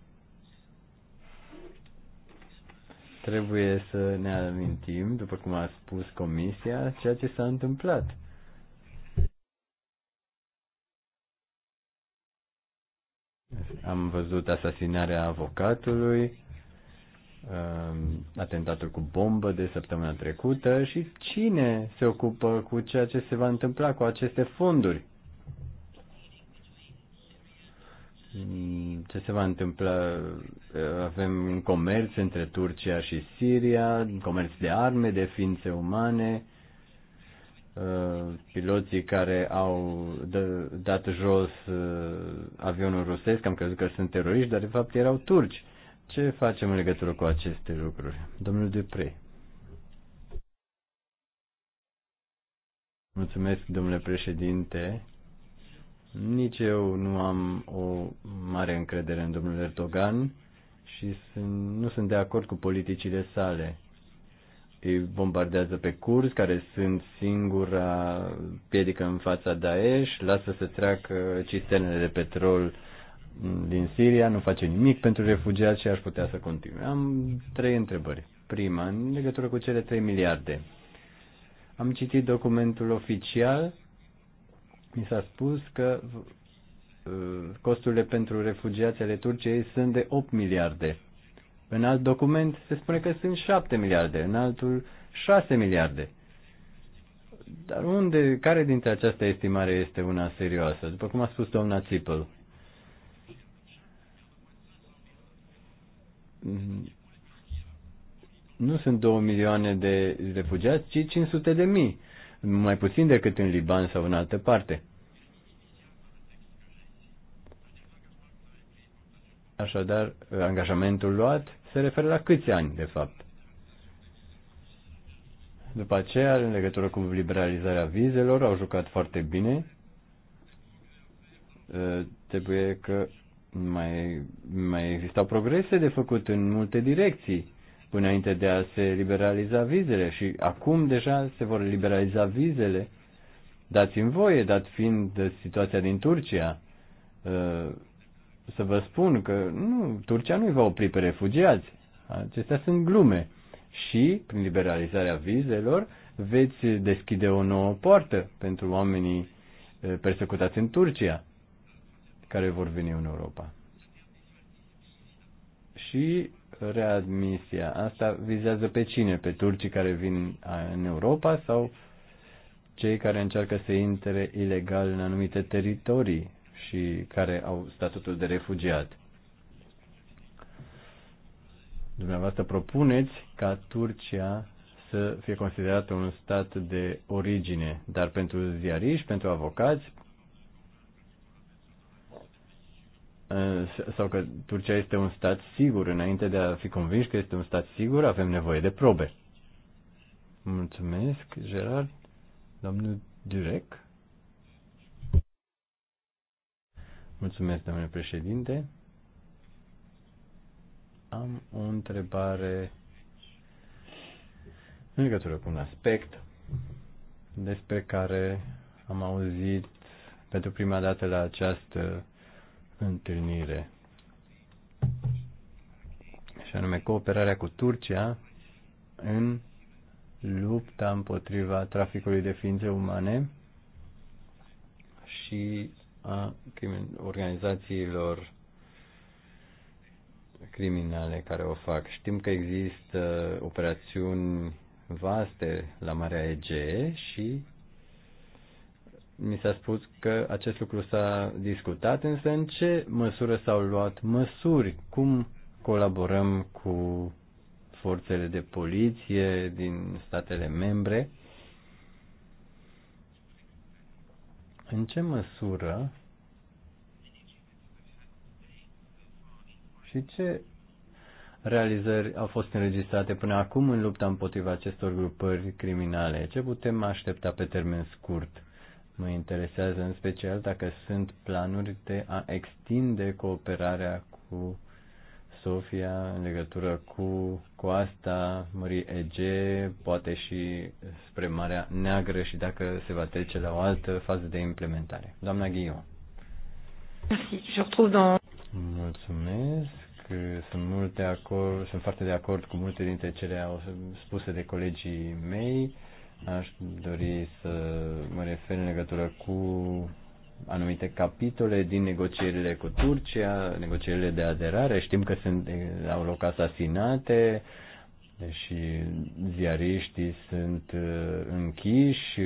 Trebuie să ne amintim, după cum a spus Comisia, ceea ce s-a întâmplat. Am văzut asasinarea avocatului, um, atentatul cu bombă de săptămâna trecută și cine se ocupă cu ceea ce se va întâmpla cu aceste fonduri. ce se va întâmpla? Avem un comerț între Turcia și Siria, comerț de arme, de ființe umane, uh, piloții care au dat jos uh, avionul rusesc, am crezut că sunt teroriști, dar de fapt erau turci. Ce facem în legătură cu aceste lucruri? Domnul Dupre. Mulțumesc, domnule președinte. Nici eu nu am o mare încredere în domnul Erdogan și sunt, nu sunt de acord cu politicile sale. Îi bombardează pe curs care sunt singura piedică în fața Daesh, lasă să treacă cisternele de petrol din Siria, nu face nimic pentru refugiați și aș putea să continue. Am trei întrebări. Prima, în legătură cu cele 3 miliarde. Am citit documentul oficial mi s-a spus că uh, costurile pentru refugiații ale Turciei sunt de 8 miliarde. În alt document se spune că sunt 7 miliarde, în altul 6 miliarde. Dar unde, care dintre această estimare este una serioasă? După cum a spus doamna Țipăl, nu sunt 2 milioane de refugiați, ci 500 de mii mai puțin decât în Liban sau în altă parte. Așadar, angajamentul luat se referă la câți ani, de fapt. După aceea, în legătură cu liberalizarea vizelor, au jucat foarte bine. Ă, trebuie că mai, mai existau progrese de făcut în multe direcții înainte de a se liberaliza vizele și acum deja se vor liberaliza vizele. Dați-mi voie, dat fiind situația din Turcia, uh, să vă spun că nu, Turcia nu-i va opri pe refugiați. Acestea sunt glume. Și, prin liberalizarea vizelor, veți deschide o nouă poartă pentru oamenii uh, persecutați în Turcia, care vor veni în Europa. Și readmisia. Asta vizează pe cine? Pe turcii care vin în Europa sau cei care încearcă să intre ilegal în anumite teritorii și care au statutul de refugiat? Dumneavoastră propuneți ca Turcia să fie considerată un stat de origine, dar pentru ziariști, pentru avocați, Eh, sau că Turcia este un stat sigur. Înainte de a fi convinși că este un stat sigur, avem nevoie de probe. Mulțumesc, Gerard. Domnul Durek. Mulțumesc, domnule președinte. Am o întrebare în legătură cu un aspect despre care am auzit pentru prima dată la această întâlnire, și anume cooperarea cu Turcia în lupta împotriva traficului de ființe umane și a organizațiilor criminale care o fac. Știm că există operațiuni vaste la Marea Egee și mi s-a spus că acest lucru s-a discutat, însă în ce măsură s-au luat măsuri? Cum colaborăm cu forțele de poliție din statele membre? În ce măsură și ce realizări au fost înregistrate până acum în lupta împotriva acestor grupări criminale? Ce putem aștepta pe termen scurt? Mă interesează în special dacă sunt planuri de a extinde cooperarea cu Sofia în legătură cu coasta Mării Ege, poate și spre Marea Neagră și dacă se va trece la o altă fază de implementare. Doamna Ghiu. Mulțumesc. Sunt, multe acord, sunt foarte de acord cu multe dintre cele spuse de colegii mei Aș dori să mă refer în legătură cu anumite capitole din negocierile cu Turcia, negocierile de aderare. Știm că sunt, au loc asasinate și ziariștii sunt uh, închiși, uh,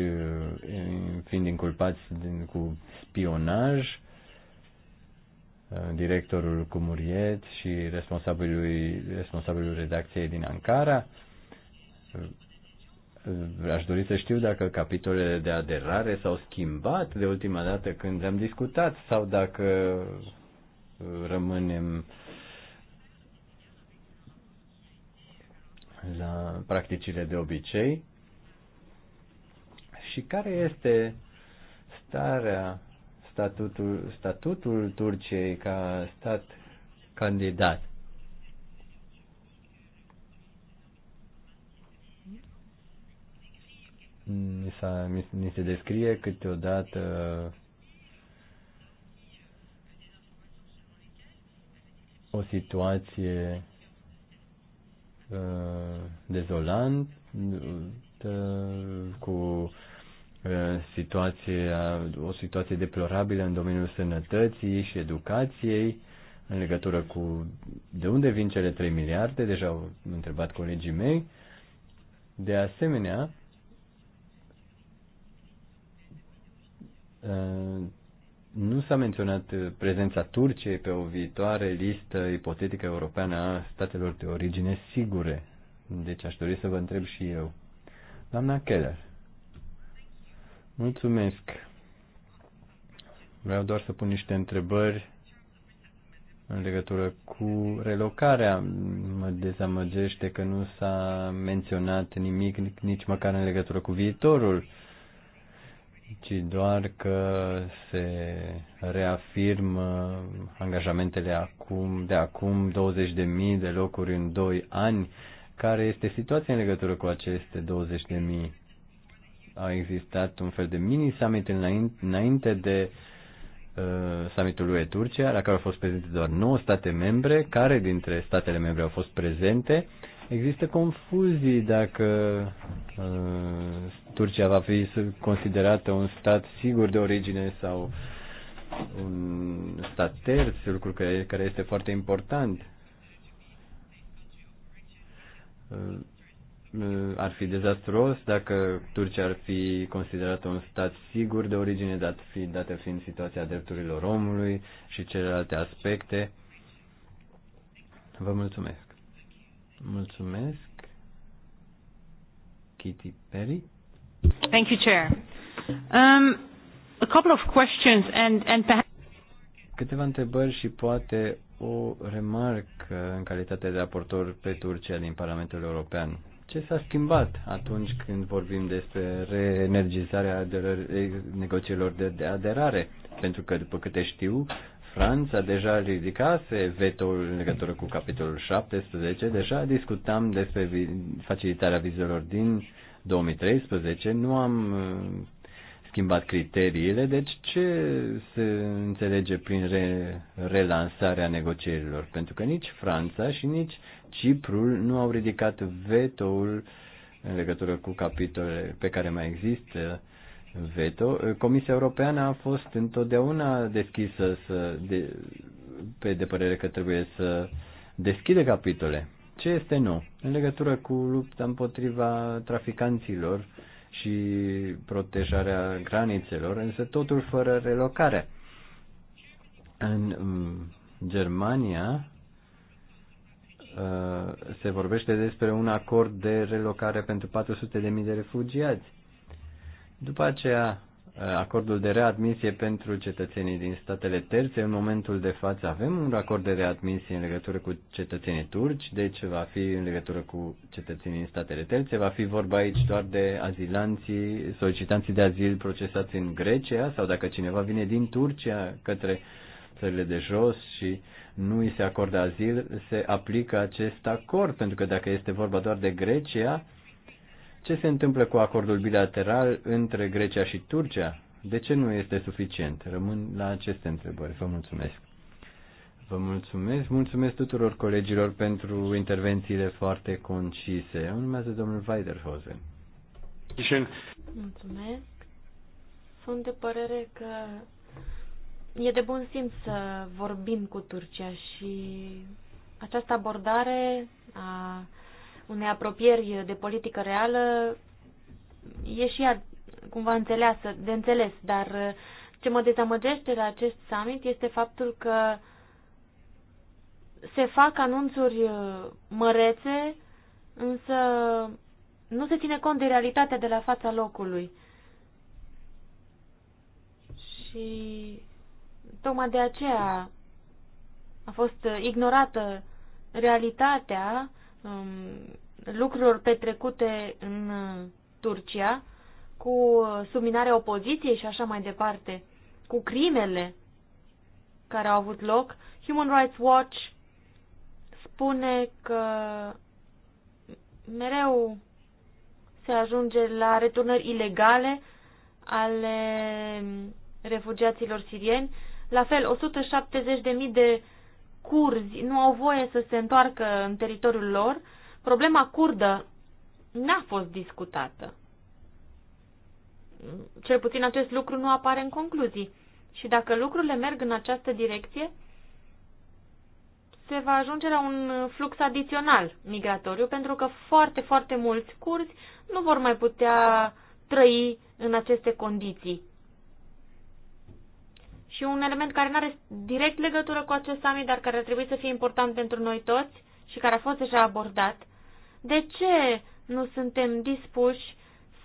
fiind inculpați din, cu spionaj. Uh, directorul Cumuriet și responsabilul, responsabilul redacției din Ankara aș dori să știu dacă capitolele de aderare s-au schimbat de ultima dată când am discutat sau dacă uh, rămânem la practicile de obicei și care este starea, statutul, statutul Turciei ca stat candidat. ni, s-a, ni se descrie câteodată o situație dezolant, uh, dezolantă cu uh, situație, uh, o situație deplorabilă în domeniul sănătății și educației în legătură cu de unde vin cele 3 miliarde, deja au întrebat colegii mei. De asemenea, Uh, nu s-a menționat prezența Turciei pe o viitoare listă ipotetică europeană a statelor de origine sigure. Deci aș dori să vă întreb și eu. Doamna Keller, mulțumesc. Vreau doar să pun niște întrebări în legătură cu relocarea. Mă dezamăgește că nu s-a menționat nimic nici măcar în legătură cu viitorul ci doar că se reafirmă angajamentele acum, de acum 20.000 de locuri în 2 ani. Care este situația în legătură cu aceste 20.000? A existat un fel de mini-summit înainte de uh, summitul lui Turcia, la care au fost prezente doar 9 state membre, care dintre statele membre au fost prezente uh, Există confuzii dacă uh, Turcia va fi considerată un stat sigur de origine sau un stat terț, lucru care, care este foarte important. Uh, uh ar fi dezastruos dacă Turcia ar fi considerată un stat sigur de origine, dat fi, date fiind situația drepturilor omului și celelalte aspecte. Vă mulțumesc. Mulțumesc. Kitty Perry. Thank you, Chair. Um, a couple of questions and, and perhaps... Câteva întrebări și poate o remarcă în calitate de raportor pe Turcia din Parlamentul European. Ce s-a schimbat atunci când vorbim despre reenergizarea negocierilor de aderare? Pentru că, după câte știu, Franța deja ridicase veto în legătură cu capitolul 17, deja discutam despre facilitarea vizelor din 2013, nu am uh, schimbat criteriile, deci ce se înțelege prin re- relansarea negocierilor? Pentru că nici Franța și nici Ciprul nu au ridicat vetoul în legătură cu capitole pe care mai există veto. Comisia Europeană a fost întotdeauna deschisă să de, pe de părere că trebuie să deschide capitole. Ce este nou? În legătură cu lupta împotriva traficanților și protejarea granițelor, însă totul fără relocare. În Germania uh, se vorbește despre un acord de relocare pentru 400.000 de refugiați după aceea, acordul de readmisie pentru cetățenii din statele terțe. În momentul de față avem un acord de readmisie în legătură cu cetățenii turci, deci va fi în legătură cu cetățenii din statele terțe. Va fi vorba aici doar de azilanții, solicitanții de azil procesați în Grecia sau dacă cineva vine din Turcia către țările de jos și nu îi se acordă azil, se aplică acest acord, pentru că dacă este vorba doar de Grecia, ce se întâmplă cu acordul bilateral între Grecia și Turcia? De ce nu este suficient? Rămân la aceste întrebări. Vă mulțumesc. Vă mulțumesc. Mulțumesc tuturor colegilor pentru intervențiile foarte concise. Urmează domnul Weiderhausen. Mulțumesc. Sunt de părere că e de bun simț să vorbim cu Turcia și această abordare a unei apropieri de politică reală e și ea cumva înțeleasă, de înțeles, dar uh, ce mă dezamăgește la acest summit este faptul că se fac anunțuri uh, mărețe, însă nu se ține cont de realitatea de la fața locului. Și tocmai de aceea a fost ignorată realitatea um, lucruri petrecute în uh, Turcia, cu uh, subminarea opoziției și așa mai departe, cu crimele care au avut loc, Human Rights Watch spune că mereu se ajunge la returnări ilegale ale refugiaților sirieni. La fel, 170.000 de curzi nu au voie să se întoarcă în teritoriul lor, problema curdă n-a fost discutată. Cel puțin acest lucru nu apare în concluzii. Și dacă lucrurile merg în această direcție, se va ajunge la un flux adițional migratoriu, pentru că foarte, foarte mulți curzi nu vor mai putea trăi în aceste condiții și un element care nu are direct legătură cu acest summit, dar care ar trebui să fie important pentru noi toți și care a fost deja abordat. De ce nu suntem dispuși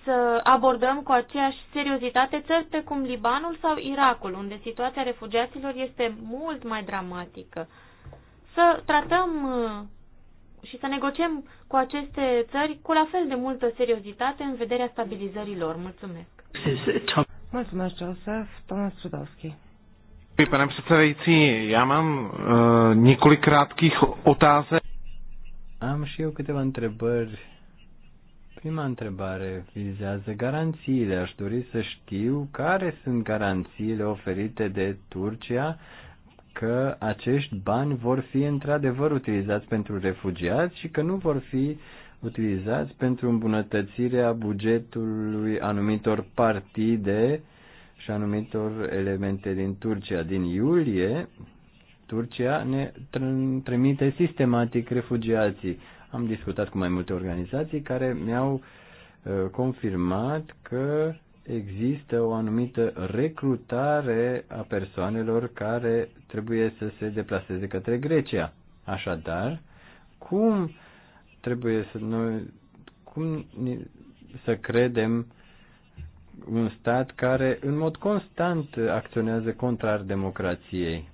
să abordăm cu aceeași seriozitate țări precum Libanul sau Irakul, unde situația refugiaților este mult mai dramatică? Să tratăm uh, și să negociem cu aceste țări cu la fel de multă seriozitate în vederea stabilizărilor Mulțumesc! Mulțumesc, Joseph. Thomas Trudovski. Pane předsedající, já mám uh, několik krátkých otázek. Am și eu câteva întrebări. Prima întrebare vizează garanțiile. Aș dori să știu care sunt garanțiile oferite de Turcia că acești bani vor fi într-adevăr utilizați pentru refugiați și că nu vor fi utilizați pentru îmbunătățirea bugetului anumitor partide uh, și anumitor elemente din Turcia. Din iulie, Turcia ne trimite sistematic refugiații. Am discutat cu mai multe organizații care mi-au uh, confirmat că există o anumită recrutare a persoanelor care trebuie să se deplaseze către Grecia. Așadar, cum trebuie să noi cum să credem un stat care în mod constant acționează contrar democrației.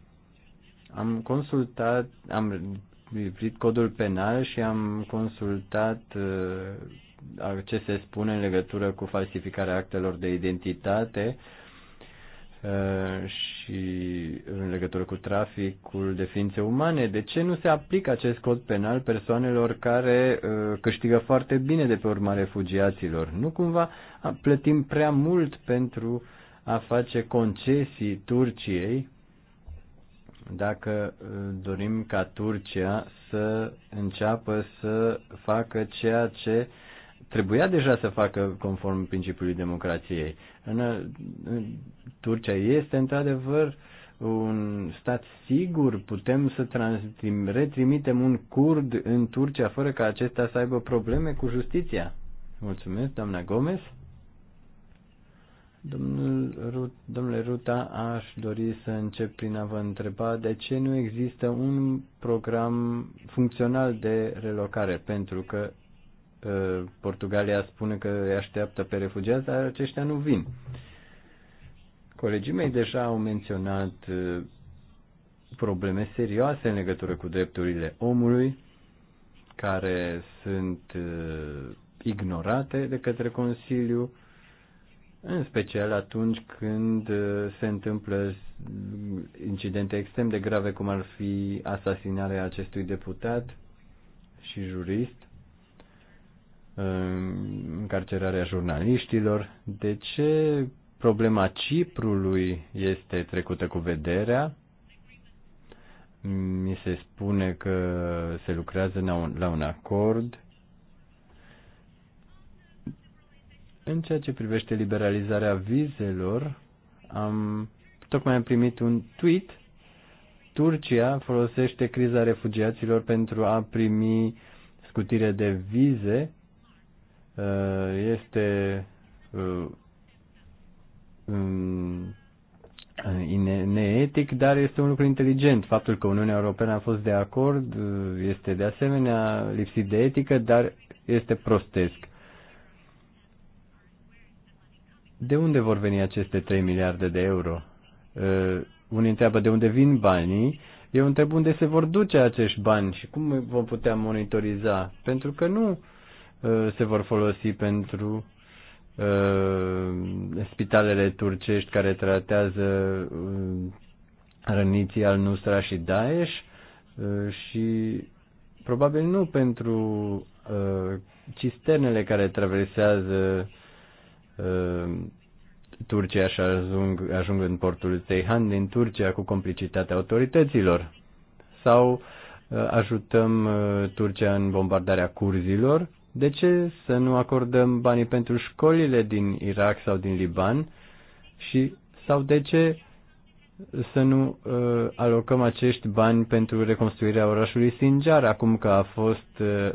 Am consultat, am privit codul penal și am consultat uh, ce se spune în legătură cu falsificarea actelor de identitate Uh, și în legătură cu traficul de ființe umane. De ce nu se aplică acest cod penal persoanelor care uh, câștigă foarte bine de pe urma refugiaților? Nu cumva plătim prea mult pentru a face concesii Turciei dacă uh, dorim ca Turcia să înceapă să facă ceea ce uh, trebuia deja să facă conform principiului democrației. În, în Turcia este într-adevăr un stat sigur, putem să transim, retrimitem un curd în Turcia fără ca acesta să aibă probleme cu justiția. Mulțumesc, doamna Gomez. Domnul, domnule Ruta, aș dori să încep prin a vă întreba de ce nu există un program funcțional de relocare, pentru că Ă, Portugalia spune că îi așteaptă pe refugiați, dar aceștia nu vin. Colegii mei deja au menționat ă, probleme serioase în legătură cu drepturile omului, care sunt ă, ignorate de către Consiliu, în special atunci când se întâmplă incidente extrem de grave, cum ar fi asasinarea acestui deputat și jurist, Uh, încarcerarea jurnaliștilor. De ce problema Ciprului este trecută cu vederea? Mi se spune că se lucrează la un, la un acord. În ceea ce privește liberalizarea vizelor, am tocmai am primit un tweet. Turcia folosește criza refugiaților pentru a primi scutire de vize Uh, este uh, um, uh, neetic, dar este un lucru inteligent. Faptul că Uniunea Europeană a fost de acord este de asemenea lipsit de etică, dar este prostesc. De unde vor veni aceste 3 miliarde de euro? Unii întreabă de unde vin banii, eu întreb unde se vor duce acești bani și cum vom putea monitoriza, pentru că nu Uh, se vor folosi pentru uh, spitalele turcești care tratează uh, răniții al Nusra și Daesh și probabil nu pentru cisternele care traversează Turcia și ajung, ajung în portul Ceyhan din Turcia cu complicitatea autorităților. Sau ajutăm Turcia în bombardarea curzilor de ce să nu acordăm banii pentru școlile din Irak sau din Liban? Și sau de ce să nu uh, alocăm acești bani pentru reconstruirea orașului Sinjar, acum că a fost uh,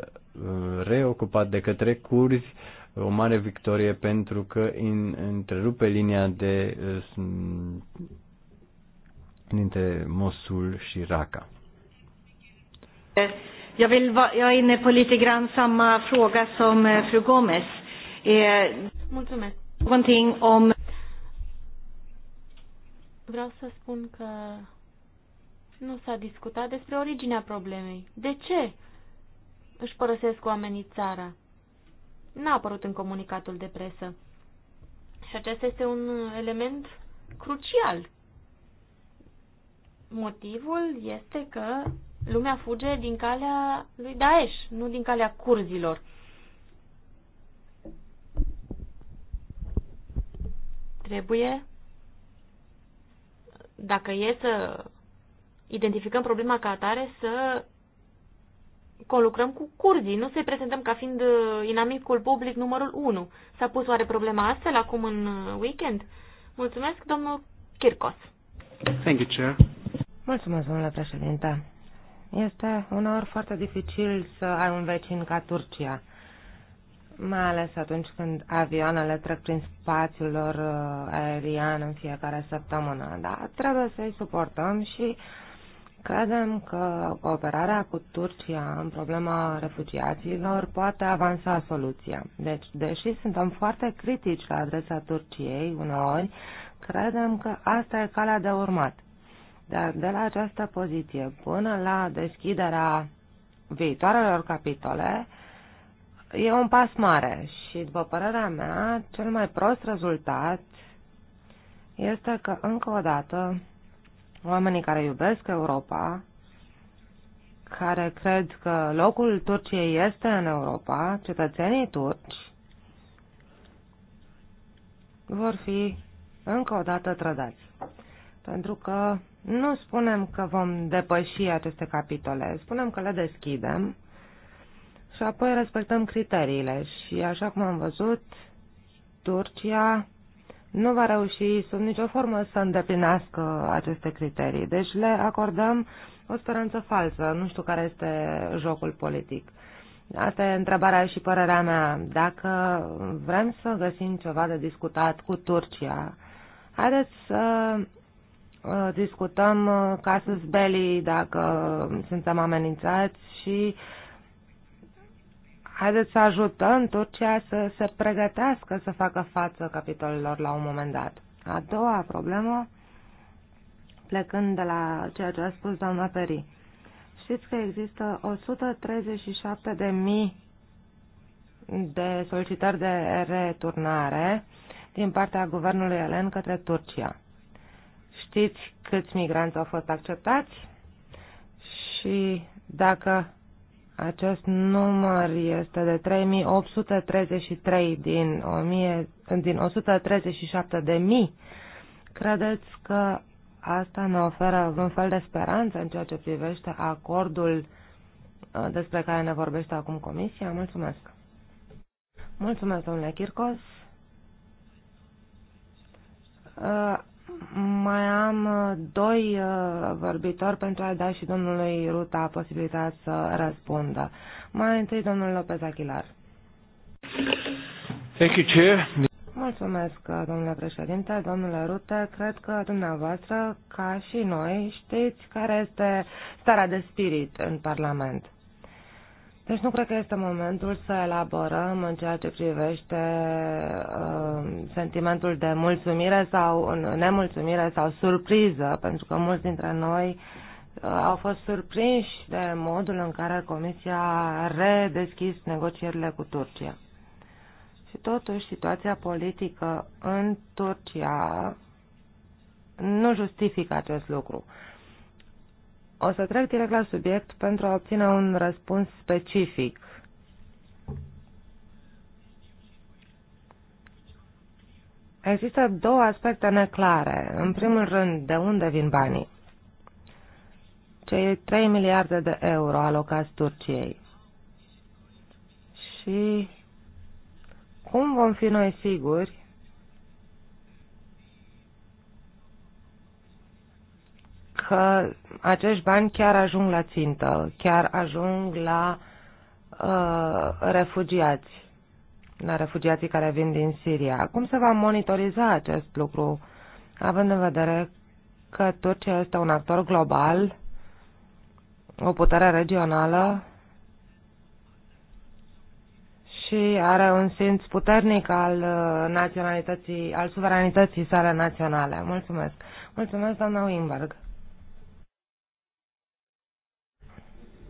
reocupat de către curzi, o mare victorie pentru că in, întrerupe linia de uh, dintre Mosul și Raqqa. Jag, vill, va, jag är inne på lite grann samma fråga som eh, fru Gomes. Eh, Mulțumesc. Någonting om... Vreau să spun că nu s-a discutat despre originea problemei. De ce își părăsesc oamenii țara? N-a apărut în comunicatul de presă. Și acesta este un element crucial. Motivul este că lumea fuge din calea lui Daesh, nu din calea curzilor. Trebuie, dacă e să identificăm problema ca atare, să conlucrăm cu curzii, nu să-i prezentăm ca fiind uh, inamicul public numărul 1. S-a pus oare problema astfel acum în uh, weekend? Mulțumesc, domnul Kirkos. Thank you, Chair. Mulțumesc, domnule președinte. Este uneori foarte dificil să ai un vecin ca Turcia, mai ales atunci când avioanele trec prin spațiul lor uh, aerian în fiecare săptămână, dar trebuie să-i suportăm și credem că cooperarea cu Turcia în problema refugiaților poate avansa soluția. Deci, deși suntem foarte critici la adresa Turciei uneori, credem că asta e calea de urmat dar de la această poziție până la deschiderea viitoarelor capitole, e un pas mare și, după părerea mea, cel mai prost rezultat este că, încă o dată, oamenii care iubesc Europa, care cred că locul Turciei este în Europa, cetățenii turci, vor fi încă o dată trădați. Pentru că nu spunem că vom depăși aceste capitole, spunem că le deschidem și apoi respectăm criteriile. Și așa cum am văzut, Turcia nu va reuși sub nicio formă să îndeplinească aceste criterii. Deci le acordăm o speranță falsă. Nu știu care este jocul politic. Asta e întrebarea și părerea mea. Dacă vrem să găsim ceva de discutat cu Turcia, haideți să Uh, discutăm uh, să belli dacă suntem amenințați și haideți să ajutăm Turcia să se pregătească să facă față capitolelor la un moment dat. A doua problemă, plecând de la ceea ce a spus doamna Peri, știți că există 137.000 de solicitări de returnare din partea guvernului elen către Turcia știți câți migranți au fost acceptați și dacă acest număr este de 3833 din, 1000, din 137 de mii. Credeți că asta ne oferă un fel de speranță în ceea ce privește acordul uh, despre care ne vorbește acum Comisia? Mulțumesc! Mulțumesc, domnule Chircos! Uh, mai am uh, doi uh, vorbitori pentru a da și domnului Ruta posibilitatea să răspundă. Mai întâi domnul Lopez Aguilar. Thank you, Chair. Mulțumesc, uh, domnule președinte, domnule Rute. Cred că dumneavoastră, ca și noi, știți care este starea de spirit în Parlament. Deci nu cred că este momentul să elaborăm în ceea ce privește uh, sentimentul de mulțumire sau nemulțumire sau surpriză, pentru că mulți dintre noi uh, au fost surprinși de modul în care Comisia a redeschis negocierile cu Turcia. Și totuși, situația politică în Turcia nu justifică acest lucru. Uh, o să trec direct la subiect pentru a obține un răspuns specific. Există două aspecte neclare. În primul rând, de unde vin banii? Cei 3 miliarde de euro alocați Turciei. Și cum vom fi noi siguri că acești bani chiar ajung la țintă, chiar ajung la uh, refugiați, la refugiații care vin din Siria. Cum se va monitoriza acest lucru, având în vedere că Turcia este un actor global, o putere regională și are un simț puternic al uh, naționalității, al suveranității sale naționale. Mulțumesc. Mulțumesc, doamna Wimberg.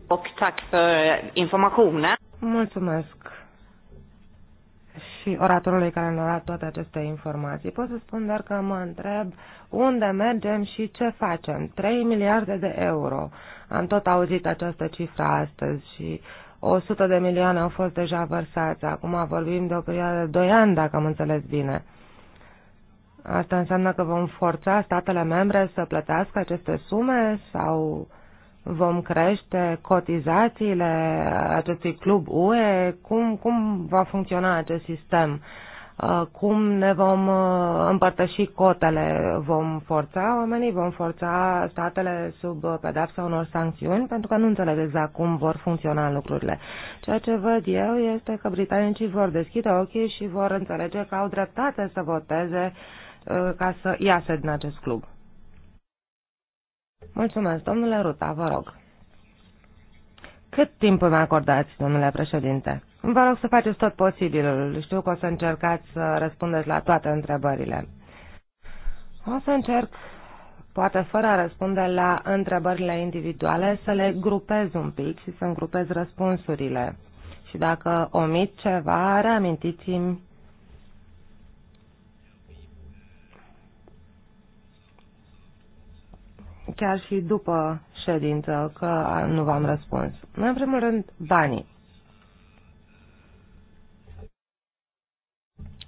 Och tack för informationen. Mulțumesc și oratorului care ne-a dat toate aceste informații. Pot să spun doar că mă întreb unde mergem și ce facem. 3 miliarde de euro. Am tot auzit această cifră astăzi și 100 de milioane au fost deja vărsați. Acum vorbim de o perioadă de 2 ani, dacă am înțeles bine. Asta înseamnă că vom forța statele membre să plătească aceste sume sau vom crește cotizațiile acestui club UE, cum, cum va funcționa acest sistem, uh, cum ne vom uh, împărtăși cotele, vom forța oamenii, vom forța statele sub pedapsa unor sancțiuni, pentru că nu înțeleg exact cum vor funcționa lucrurile. Ceea ce văd eu este că britanicii vor deschide ochii și vor înțelege că au dreptate să voteze uh, ca să iasă din acest club. Mulțumesc, domnule Ruta, vă rog. Cât timp îmi acordați, domnule președinte? Vă rog să faceți tot posibilul. Știu că o să încercați să răspundeți la toate întrebările. O să încerc, poate fără a răspunde la întrebările individuale, să le grupez un pic și să îngrupez răspunsurile. Și dacă omit ceva, reamintiți-mi chiar și după ședință, că nu v-am răspuns. În primul rând, banii.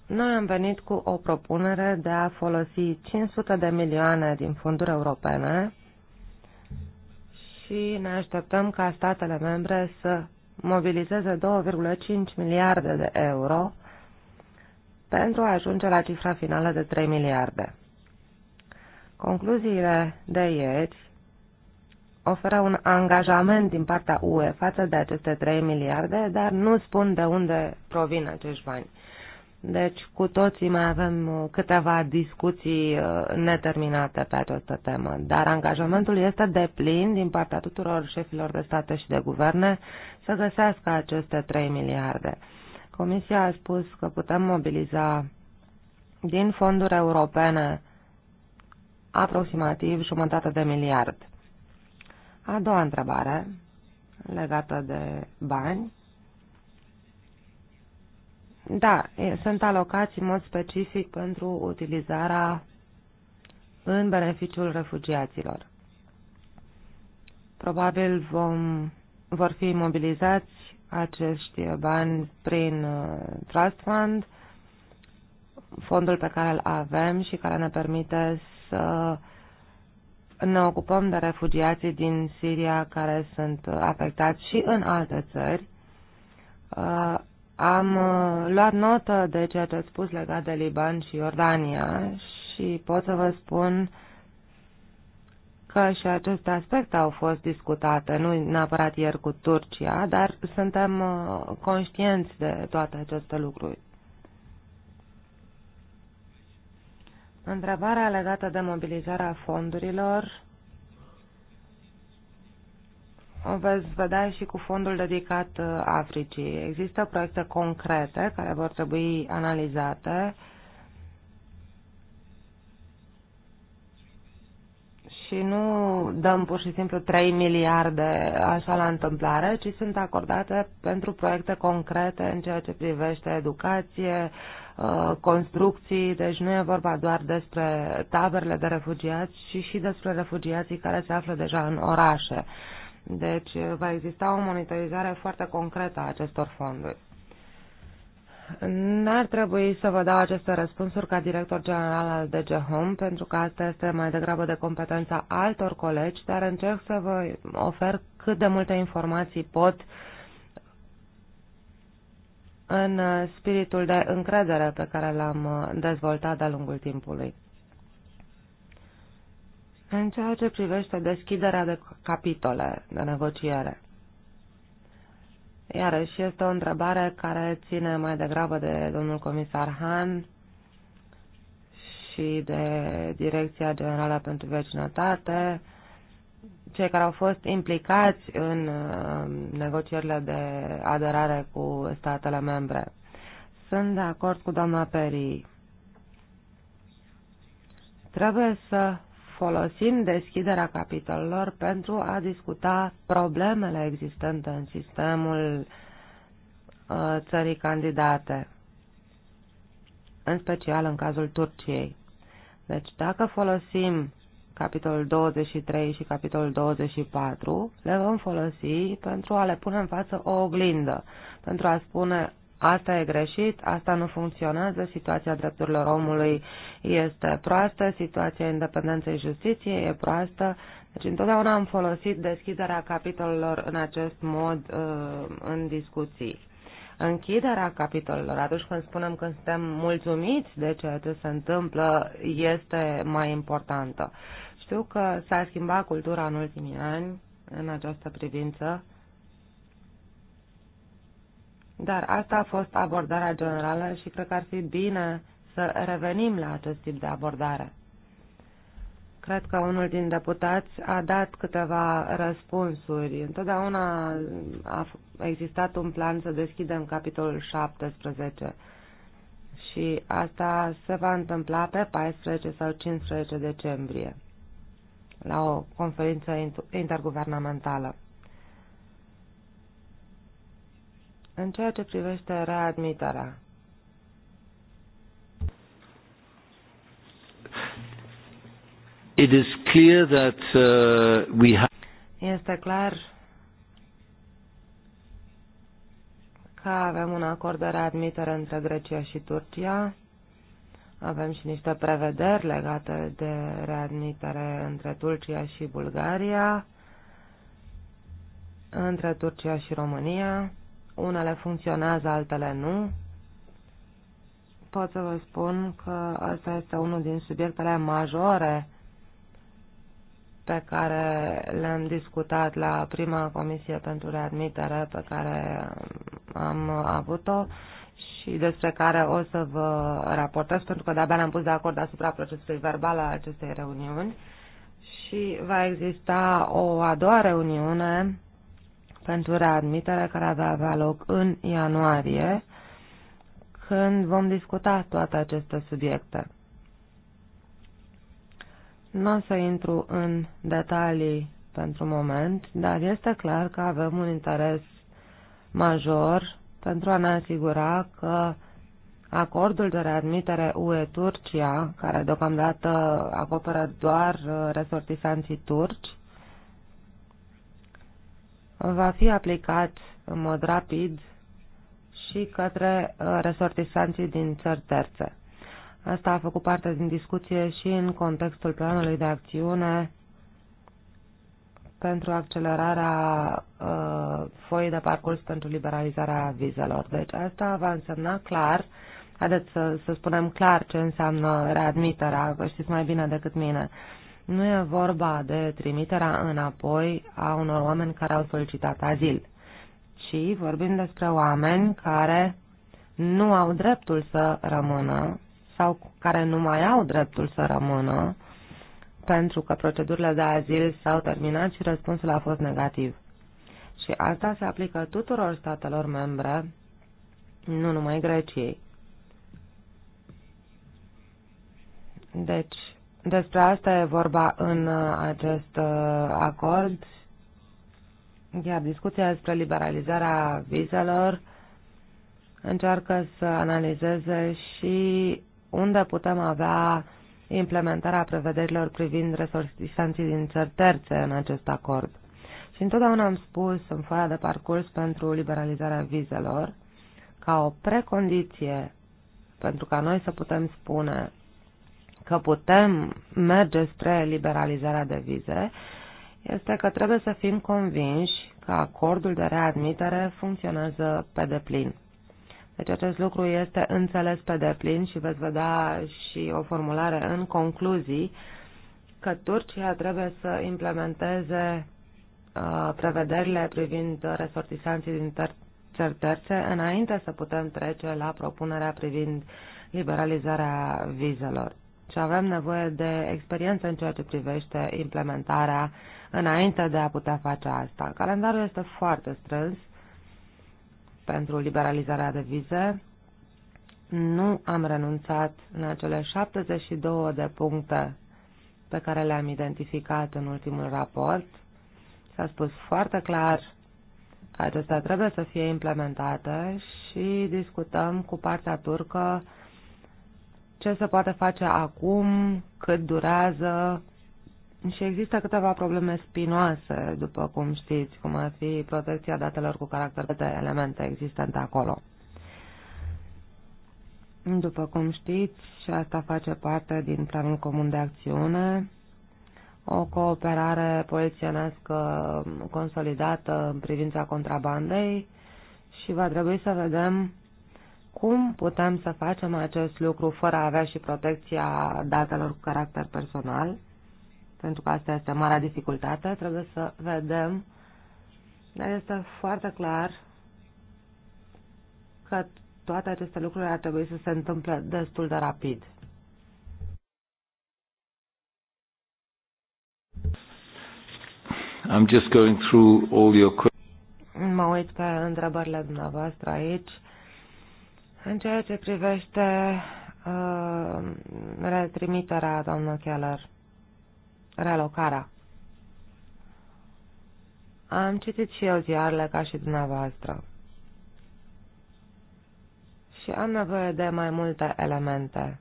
Noi am venit cu o propunere de a folosi 500 de milioane din fonduri europene și ne așteptăm ca statele membre să mobilizeze 2,5 miliarde de euro pentru a ajunge la cifra finală de 3 miliarde. Concluziile de ieri oferă un angajament din partea UE față de aceste 3 miliarde, dar nu spun de unde provin acești bani. Deci cu toții mai avem câteva discuții uh, neterminate pe această temă, dar angajamentul este de plin din partea tuturor șefilor de state și de guverne să găsească aceste 3 miliarde. Comisia a spus că putem mobiliza din fonduri europene aproximativ jumătate de miliard. A doua întrebare legată de bani. Da, sunt alocați în mod specific pentru utilizarea în beneficiul refugiaților. Probabil vom, vor fi mobilizați acești bani prin uh, Trust Fund, fondul pe care îl avem și care ne permite să ne ocupăm de refugiații din Siria care sunt uh, afectați și în alte țări. Uh, am uh, luat notă de ceea ce ați spus legat de Liban și Iordania și pot să vă spun că și aceste aspecte au fost discutate, nu neapărat ieri cu Turcia, dar suntem conștienți de toate aceste lucruri. Întrebarea legată de mobilizarea fondurilor o veți vedea și cu fondul dedicat uh, Africii. Există proiecte concrete care vor trebui analizate și nu dăm pur și simplu 3 miliarde așa la întâmplare, ci sunt acordate pentru proiecte concrete în ceea ce privește educație, Uh, construcții, deci nu e vorba doar despre taberele de refugiați, ci și despre refugiații care se află deja în orașe. Deci uh, va exista o monitorizare foarte concretă a acestor fonduri. N-ar trebui să vă dau aceste răspunsuri ca director general al DG Home, pentru că asta este mai degrabă de competența altor colegi, dar încerc să vă ofer cât de multe informații pot uh, în uh, spiritul de încredere pe care l-am uh, dezvoltat de-a lungul timpului. În ceea ce privește deschiderea de capitole de negociere, iarăși este o întrebare care ține mai degrabă de domnul comisar Han și de Direcția Generală pentru Vecinătate, cei care au fost implicați în uh, negocierile de aderare cu statele membre. Sunt de acord cu doamna Peri. Trebuie să folosim deschiderea capitolelor pentru a discuta problemele existente în sistemul uh, țării candidate, în special în cazul Turciei. Deci dacă folosim capitolul 23 și capitolul 24, le vom folosi pentru a le pune în față o oglindă, pentru a spune asta e greșit, asta nu funcționează, situația drepturilor omului este proastă, situația independenței justiției e proastă. Deci întotdeauna am folosit deschiderea capitolelor în acest mod uh, în discuții închiderea capitolelor. Atunci când spunem că suntem mulțumiți de ceea ce se întâmplă, este mai importantă. Știu că s-a schimbat cultura în ultimii ani în această privință, dar asta a fost abordarea generală și cred că ar fi bine să revenim la acest tip de abordare. Cred că unul din deputați a dat câteva răspunsuri. Întotdeauna a existat un plan să deschidem capitolul 17 și asta se va întâmpla pe 14 sau 15 decembrie la o conferință interguvernamentală. În ceea ce privește readmiterea, It is clear that uh, we have este clar că avem un acord de readmitere între Grecia și Turcia. Avem și niște prevederi legate de readmitere între Turcia și Bulgaria, între Turcia și România. Unele funcționează, altele nu. Pot să vă spun că asta este unul din subiectele majore pe care le-am discutat la prima comisie pentru readmitere pe care am avut-o și despre care o să vă raportez, pentru că de-abia am pus de acord asupra procesului verbal a acestei reuniuni. Și va exista o a doua reuniune pentru readmitere care va avea loc în ianuarie, când vom discuta toate aceste subiecte. Nu o să intru în detalii pentru moment, dar este clar că avem un interes major pentru a ne asigura că acordul de readmitere UE-Turcia, care deocamdată acoperă doar uh, resortisanții turci, va fi aplicat în mod rapid și către uh, resortisanții din țări terțe. Asta a făcut parte din discuție și în contextul planului de acțiune pentru accelerarea uh, foii de parcurs pentru liberalizarea vizelor. Deci asta va însemna clar, haideți să, să spunem clar ce înseamnă readmiterea, că știți mai bine decât mine. Nu e vorba de trimiterea înapoi a unor oameni care au solicitat azil, ci vorbim despre oameni care nu au dreptul să rămână sau care nu mai au dreptul să rămână pentru că procedurile de azil s-au terminat și răspunsul a fost negativ. Și asta se aplică tuturor statelor membre, nu numai Greciei. Deci, despre asta e vorba în uh, acest uh, acord, iar discuția despre liberalizarea vizelor încearcă să analizeze și unde putem avea implementarea prevederilor privind resortisanții din țări terțe în acest acord. Și întotdeauna am spus în foaia de parcurs pentru liberalizarea vizelor, ca o precondiție pentru ca noi să putem spune că putem merge spre liberalizarea de vize, este că trebuie să fim convinși că acordul de readmitere funcționează pe deplin. Deci acest lucru este înțeles pe deplin și veți vedea și o formulare în concluzii că Turcia trebuie să implementeze uh, prevederile privind resortisanții din țări terțe înainte să putem trece la propunerea privind liberalizarea vizelor. Și avem nevoie de experiență în ceea ce privește implementarea înainte de a putea face asta. Calendarul este foarte strâns pentru liberalizarea de vize. Nu am renunțat la cele 72 de puncte pe care le-am identificat în ultimul raport. S-a spus foarte clar că acestea trebuie să fie implementate și discutăm cu partea turcă ce se poate face acum, cât durează, și există câteva probleme spinoase, după cum știți, cum ar fi protecția datelor cu caracter de elemente existente acolo. După cum știți, și asta face parte din planul comun de acțiune, o cooperare polițienească consolidată în privința contrabandei și va trebui să vedem cum putem să facem acest lucru fără a avea și protecția datelor cu caracter personal pentru că asta este marea dificultate, trebuie să vedem, dar este foarte clar că toate aceste lucruri ar trebui să se întâmple destul de rapid. I'm just going through all your questions. Mă uit pe întrebările dumneavoastră aici. În ceea ce privește uh, retrimiterea, doamnă Keller, relocarea. Am citit și eu ziarele ca și dumneavoastră. Și am nevoie de mai multe elemente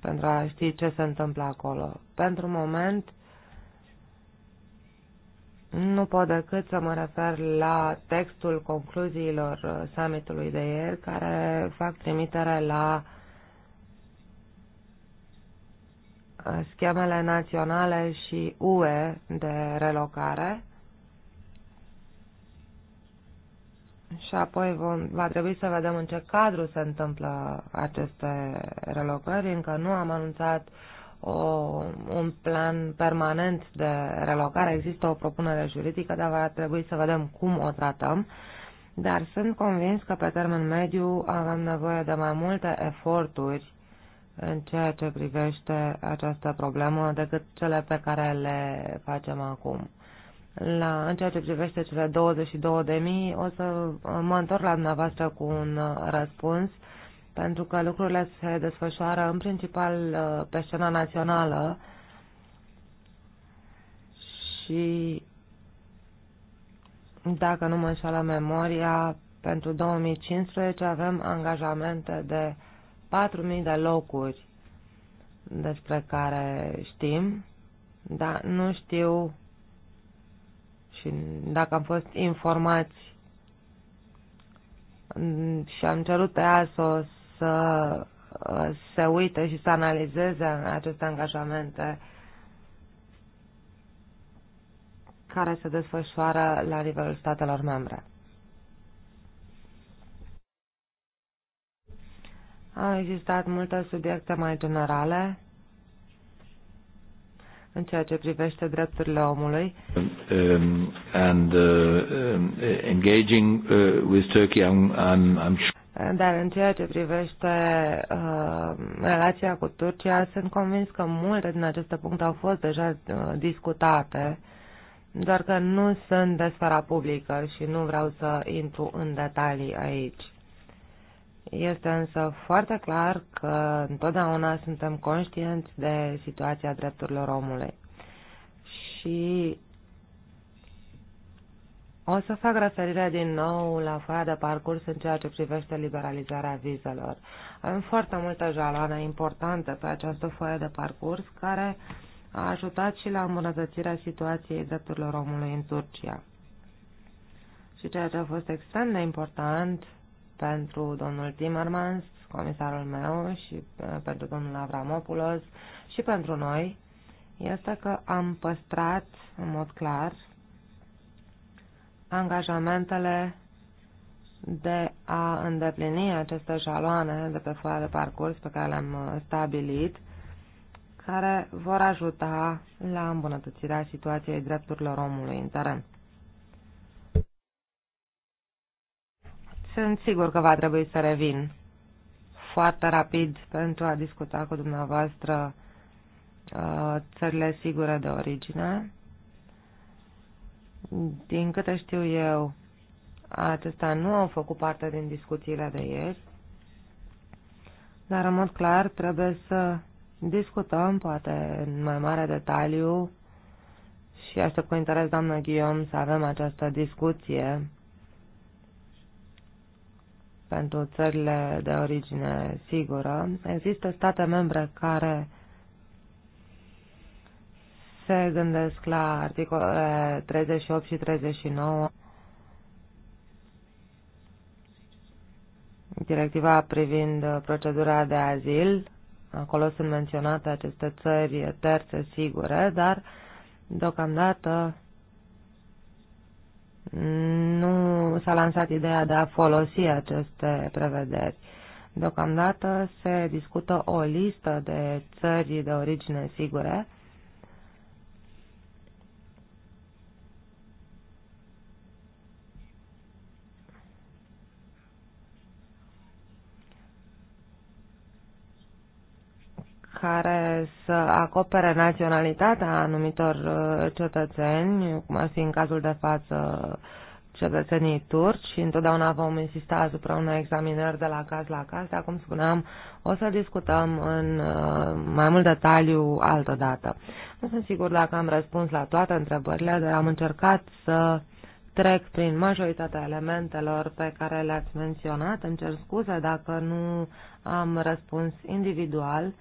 pentru a ști ce se întâmplă acolo. Pentru moment, nu pot decât să mă refer la textul concluziilor summitului de ieri, care fac trimitere la schemele naționale și UE de relocare și apoi vom, va trebui să vedem în ce cadru se întâmplă aceste relocări. Încă nu am anunțat o, un plan permanent de relocare. Există o propunere juridică, dar va trebui să vedem cum o tratăm. Dar sunt convins că pe termen mediu avem nevoie de mai multe eforturi în ceea ce privește această problemă decât cele pe care le facem acum. La, în ceea ce privește cele 22.000, o să mă întorc la dumneavoastră cu un răspuns, pentru că lucrurile se desfășoară în principal uh, pe scena națională și, dacă nu mă înșală memoria, pentru 2015 avem angajamente de 4.000 de locuri despre care știm, dar nu știu și dacă am fost informați și am cerut pe ASO să uh, se uite și să analizeze aceste angajamente care se desfășoară la nivelul statelor membre. Au existat multe subiecte mai generale în ceea ce privește drepturile omului. Um, um and uh, um, uh, engaging uh, with Turkey, I'm, I'm, I'm dar în ceea ce privește uh, relația cu Turcia, sunt convins că multe din aceste puncte au fost deja uh, discutate, doar că nu sunt de sfera publică și nu vreau să intru în detalii aici. Este însă foarte clar că întotdeauna suntem conștienți de situația drepturilor omului. Și o să fac referire din nou la foaia de parcurs în ceea ce privește liberalizarea vizelor. Avem foarte multe jaloane importante pe această foaie de parcurs care a ajutat și la îmbunătățirea situației drepturilor omului în Turcia. Și ceea ce a fost extrem de important pentru domnul Timmermans, comisarul meu, și uh, pentru domnul Avramopoulos și pentru noi este că am păstrat în mod clar angajamentele de a îndeplini aceste jaloane de pe foaia de parcurs pe care le-am uh, stabilit, care vor ajuta la îmbunătățirea situației drepturilor omului în teren. sunt sigur că va trebui să revin foarte rapid pentru a discuta cu dumneavoastră uh, țările sigure de origine. Din câte știu eu, acestea nu au făcut parte din discuțiile de ieri, dar în mod clar trebuie să discutăm, poate în mai mare detaliu, și aștept cu interes, doamnă Ghiom, să avem această discuție pentru țările de origine sigură. Există state membre care se gândesc la articolele 38 și 39 directiva privind procedura de azil. Acolo sunt menționate aceste țări terțe sigure, dar deocamdată nu s-a lansat ideea de a folosi aceste prevederi. Deocamdată se discută o listă de țări de origine sigure care să acopere naționalitatea anumitor uh, cetățeni, cum ar fi în cazul de față cetățenii turci și întotdeauna vom insista asupra unei examinări de la caz la caz. Dar, cum spuneam, o să discutăm în uh, mai mult detaliu altă dată. Nu sunt sigur dacă am răspuns la toate întrebările, dar am încercat să trec prin majoritatea elementelor pe care le-ați menționat. Îmi cer scuze dacă nu am răspuns individual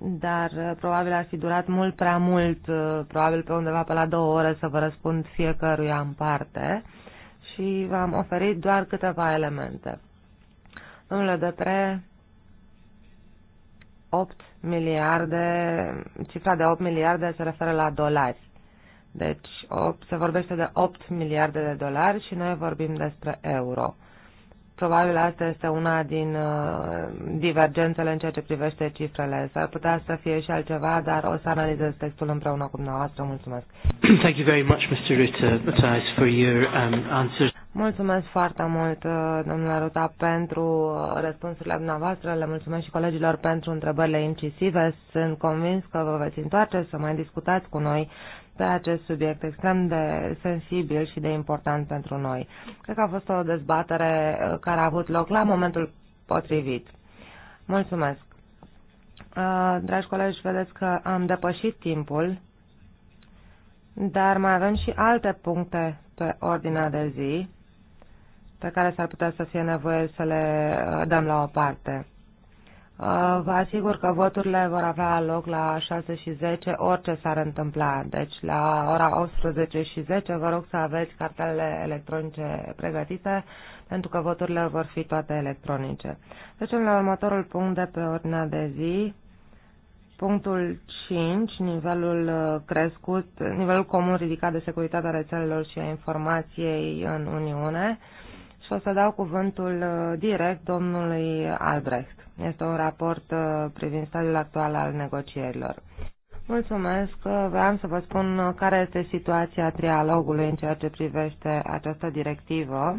dar uh, probabil ar fi durat mult prea mult, uh, probabil pe undeva pe la două ore să vă răspund fiecăruia în parte și v-am oferit doar câteva elemente. Domnule Depre, 8 miliarde, cifra de 8 miliarde se referă la dolari. Deci 8, se vorbește de 8 miliarde de dolari și noi vorbim despre euro. Probabil asta este una din uh, divergențele în ceea ce privește cifrele. S-ar putea să fie și altceva, dar o să analizez textul împreună cu dumneavoastră. Mulțumesc. Thank you very much, Mr. Ruta, for your um, answers. Mulțumesc foarte mult, uh, domnule Ruta, pentru uh, răspunsurile dumneavoastră. Le mulțumesc și colegilor pentru întrebările incisive. Sunt convins că vă veți întoarce să mai discutați cu noi pe acest subiect extrem de sensibil și de important pentru noi. Cred că a fost o dezbatere uh, care a avut loc la momentul potrivit. Mulțumesc. Uh, dragi colegi, vedeți că am depășit timpul, dar mai avem și alte puncte pe ordinea de zi pe care s-ar putea să fie nevoie să le uh, dăm la o parte. Uh, vă asigur că voturile vor avea loc la 6 și 10, orice s-ar întâmpla. Deci la ora 18 și 10 vă rog să aveți cartelele electronice pregătite, pentru că voturile vor fi toate electronice. Trecem la următorul punct de pe ordinea de zi. Punctul 5, nivelul uh, crescut, nivelul comun ridicat de securitatea rețelelor și a informației în Uniune și o să dau cuvântul uh, direct domnului Albrecht. Este un raport uh, privind stadiul actual al negocierilor. Mulțumesc. Uh, vreau să vă spun care este situația trialogului în ceea ce privește această directivă.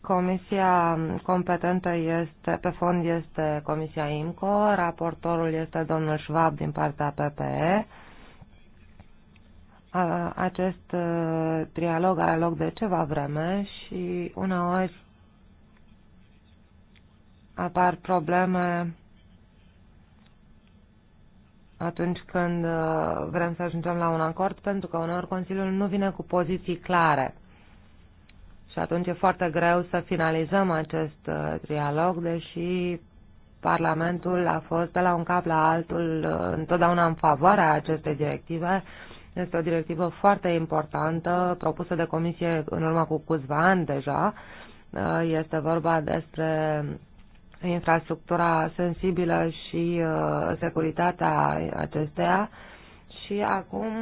Comisia competentă este, pe fond este Comisia IMCO, raportorul este domnul Schwab din partea PPE acest trialog are loc de ceva vreme și uneori apar probleme atunci când vrem să ajungem la un acord, pentru că uneori Consiliul nu vine cu poziții clare. Și atunci e foarte greu să finalizăm acest trialog, deși Parlamentul a fost de la un cap la altul întotdeauna în favoarea acestei directive este o directivă foarte importantă, propusă de Comisie în urmă cu câțiva ani deja. Uh, este vorba despre infrastructura sensibilă și uh, securitatea acesteia și acum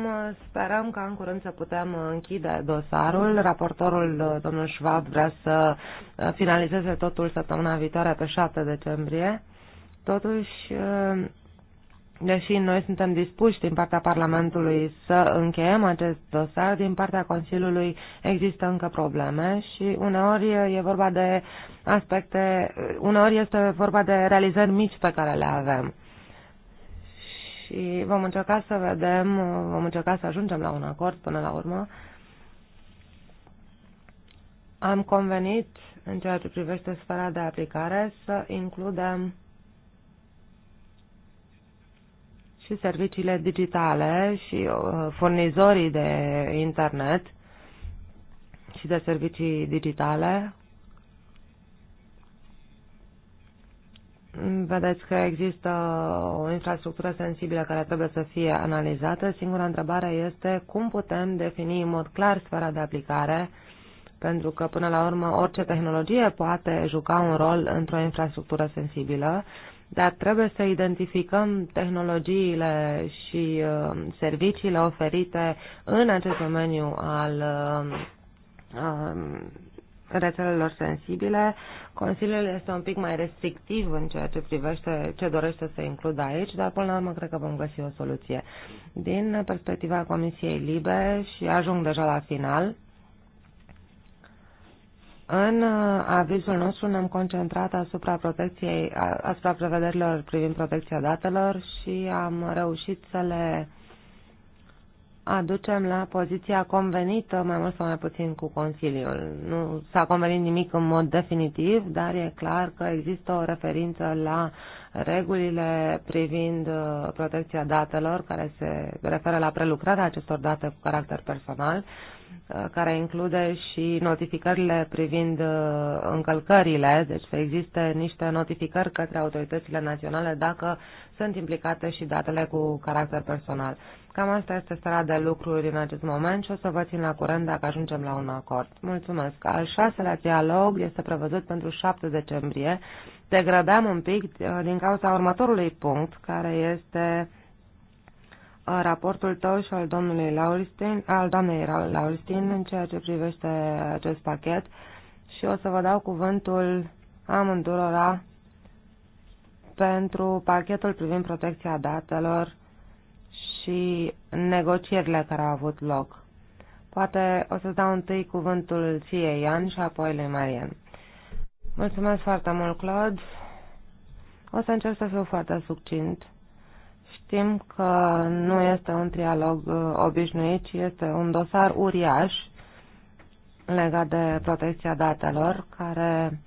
sperăm ca în curând să putem închide dosarul. Raportorul, uh, domnul Schwab, vrea să finalizeze totul săptămâna viitoare pe 7 decembrie. Totuși, deși noi suntem dispuși din partea Parlamentului să încheiem acest dosar, din partea Consiliului există încă probleme și uneori e vorba de aspecte, uneori este vorba de realizări mici pe care le avem. Și vom încerca să vedem, vom încerca să ajungem la un acord până la urmă. Am convenit, în ceea ce privește sfera de aplicare, să includem și serviciile digitale și uh, furnizorii de internet și de servicii digitale. Vedeți că există o infrastructură sensibilă care trebuie să fie analizată. Singura întrebare este cum putem defini în mod clar sfera de aplicare, pentru că până la urmă orice tehnologie poate juca un rol într-o infrastructură sensibilă dar trebuie să identificăm tehnologiile și uh, serviciile oferite în acest domeniu al uh, um, rețelelor sensibile. Consiliul este un pic mai restrictiv în ceea ce privește ce dorește să includă aici, dar până la urmă cred că vom găsi o soluție. Din perspectiva Comisiei Libe și ajung deja la final, în uh, avizul nostru ne-am concentrat asupra, protecției, asupra prevederilor privind protecția datelor și am reușit să le aducem la poziția convenită, mai mult sau mai puțin, cu Consiliul. Nu s-a convenit nimic în mod definitiv, dar e clar că există o referință la regulile privind uh, protecția datelor, care se referă la prelucrarea acestor date cu caracter personal Uh, care include și notificările privind uh, încălcările, deci să existe niște notificări către autoritățile naționale dacă sunt implicate și datele cu caracter personal. Cam asta este starea de lucruri în acest moment și o să vă țin la curent dacă ajungem la un acord. Mulțumesc! Al șaselea dialog este prevăzut pentru 7 decembrie. Te grăbeam un pic uh, din cauza următorului punct, care este raportul tău și al domnului Lauristin, al doamnei Lauristin în ceea ce privește acest pachet și o să vă dau cuvântul amândurora pentru pachetul privind protecția datelor și negocierile care au avut loc. Poate o să dau întâi cuvântul ție, Ian, și apoi lui Marian. Mulțumesc foarte mult, Claude. O să încerc să fiu foarte succint Știm că nu este un trialog uh, obișnuit, ci este un dosar uriaș legat de protecția datelor, care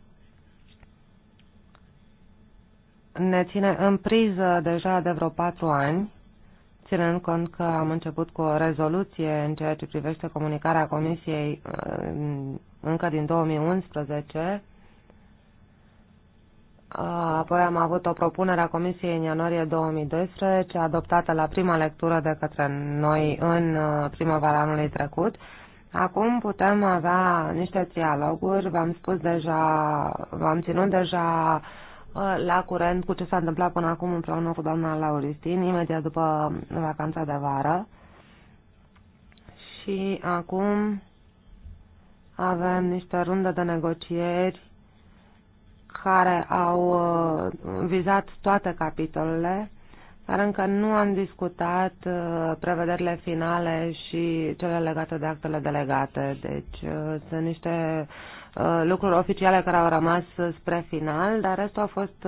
ne ține în priză deja de vreo patru ani, ținând cont că am început cu o rezoluție în ceea ce privește comunicarea Comisiei uh, încă din 2011, Uh, apoi am avut o propunere a Comisiei în ianuarie 2012, adoptată la prima lectură de către noi în uh, primăvara anului trecut. Acum putem avea niște dialoguri, v-am spus deja, v-am ținut deja uh, la curent cu ce s-a întâmplat până acum împreună cu doamna Lauristin, imediat după vacanța de vară. Și acum avem niște runde de negocieri care au uh, vizat toate capitolele, dar încă nu am discutat uh, prevederile finale și cele legate de actele delegate. Deci uh, sunt niște lucruri oficiale care au rămas spre final, dar restul a fost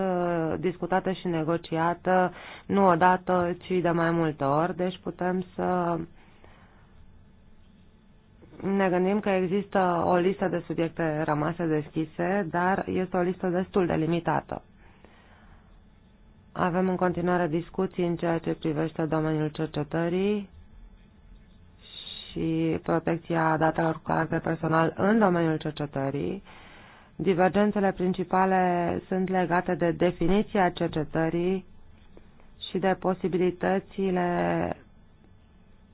discutată și negociată nu odată, ci de mai multe ori, deci putem să ne gândim că există o listă de subiecte rămase deschise, dar este o listă destul de limitată. Avem în continuare discuții în ceea ce privește domeniul cercetării și protecția datelor cu caracter personal în domeniul cercetării. Divergențele principale sunt legate de definiția cercetării și de posibilitățile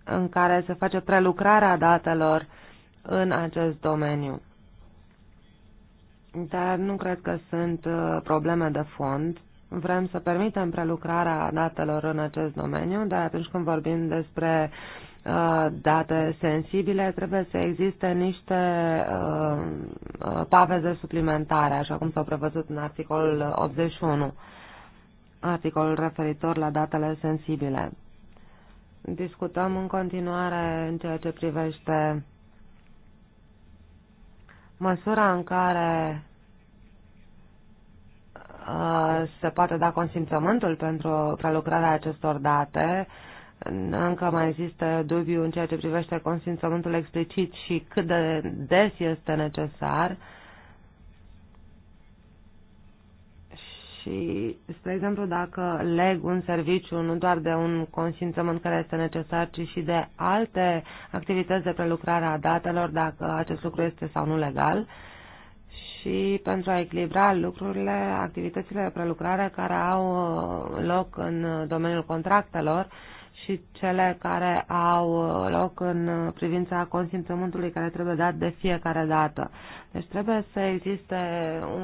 în care se face prelucrarea datelor în acest domeniu. Dar nu cred că sunt uh, probleme de fond. Vrem să permitem prelucrarea datelor în acest domeniu, dar atunci când vorbim despre uh, date sensibile, trebuie să existe niște uh, paveze suplimentare, așa cum s-au prevăzut în articolul 81, articolul referitor la datele sensibile discutăm în continuare în ceea ce privește măsura în care uh, se poate da consimțământul pentru prelucrarea acestor date. Încă mai există dubiu în ceea ce privește consimțământul explicit și cât de des este necesar. Și, spre exemplu, dacă leg un serviciu nu doar de un consimțământ care este necesar, ci și de alte activități de prelucrare a datelor, dacă acest lucru este sau nu legal, și pentru a echilibra lucrurile, activitățile de prelucrare care au uh, loc în uh, domeniul contractelor, uh, și cele care au loc în privința consimțământului care trebuie dat de fiecare dată. Deci trebuie să existe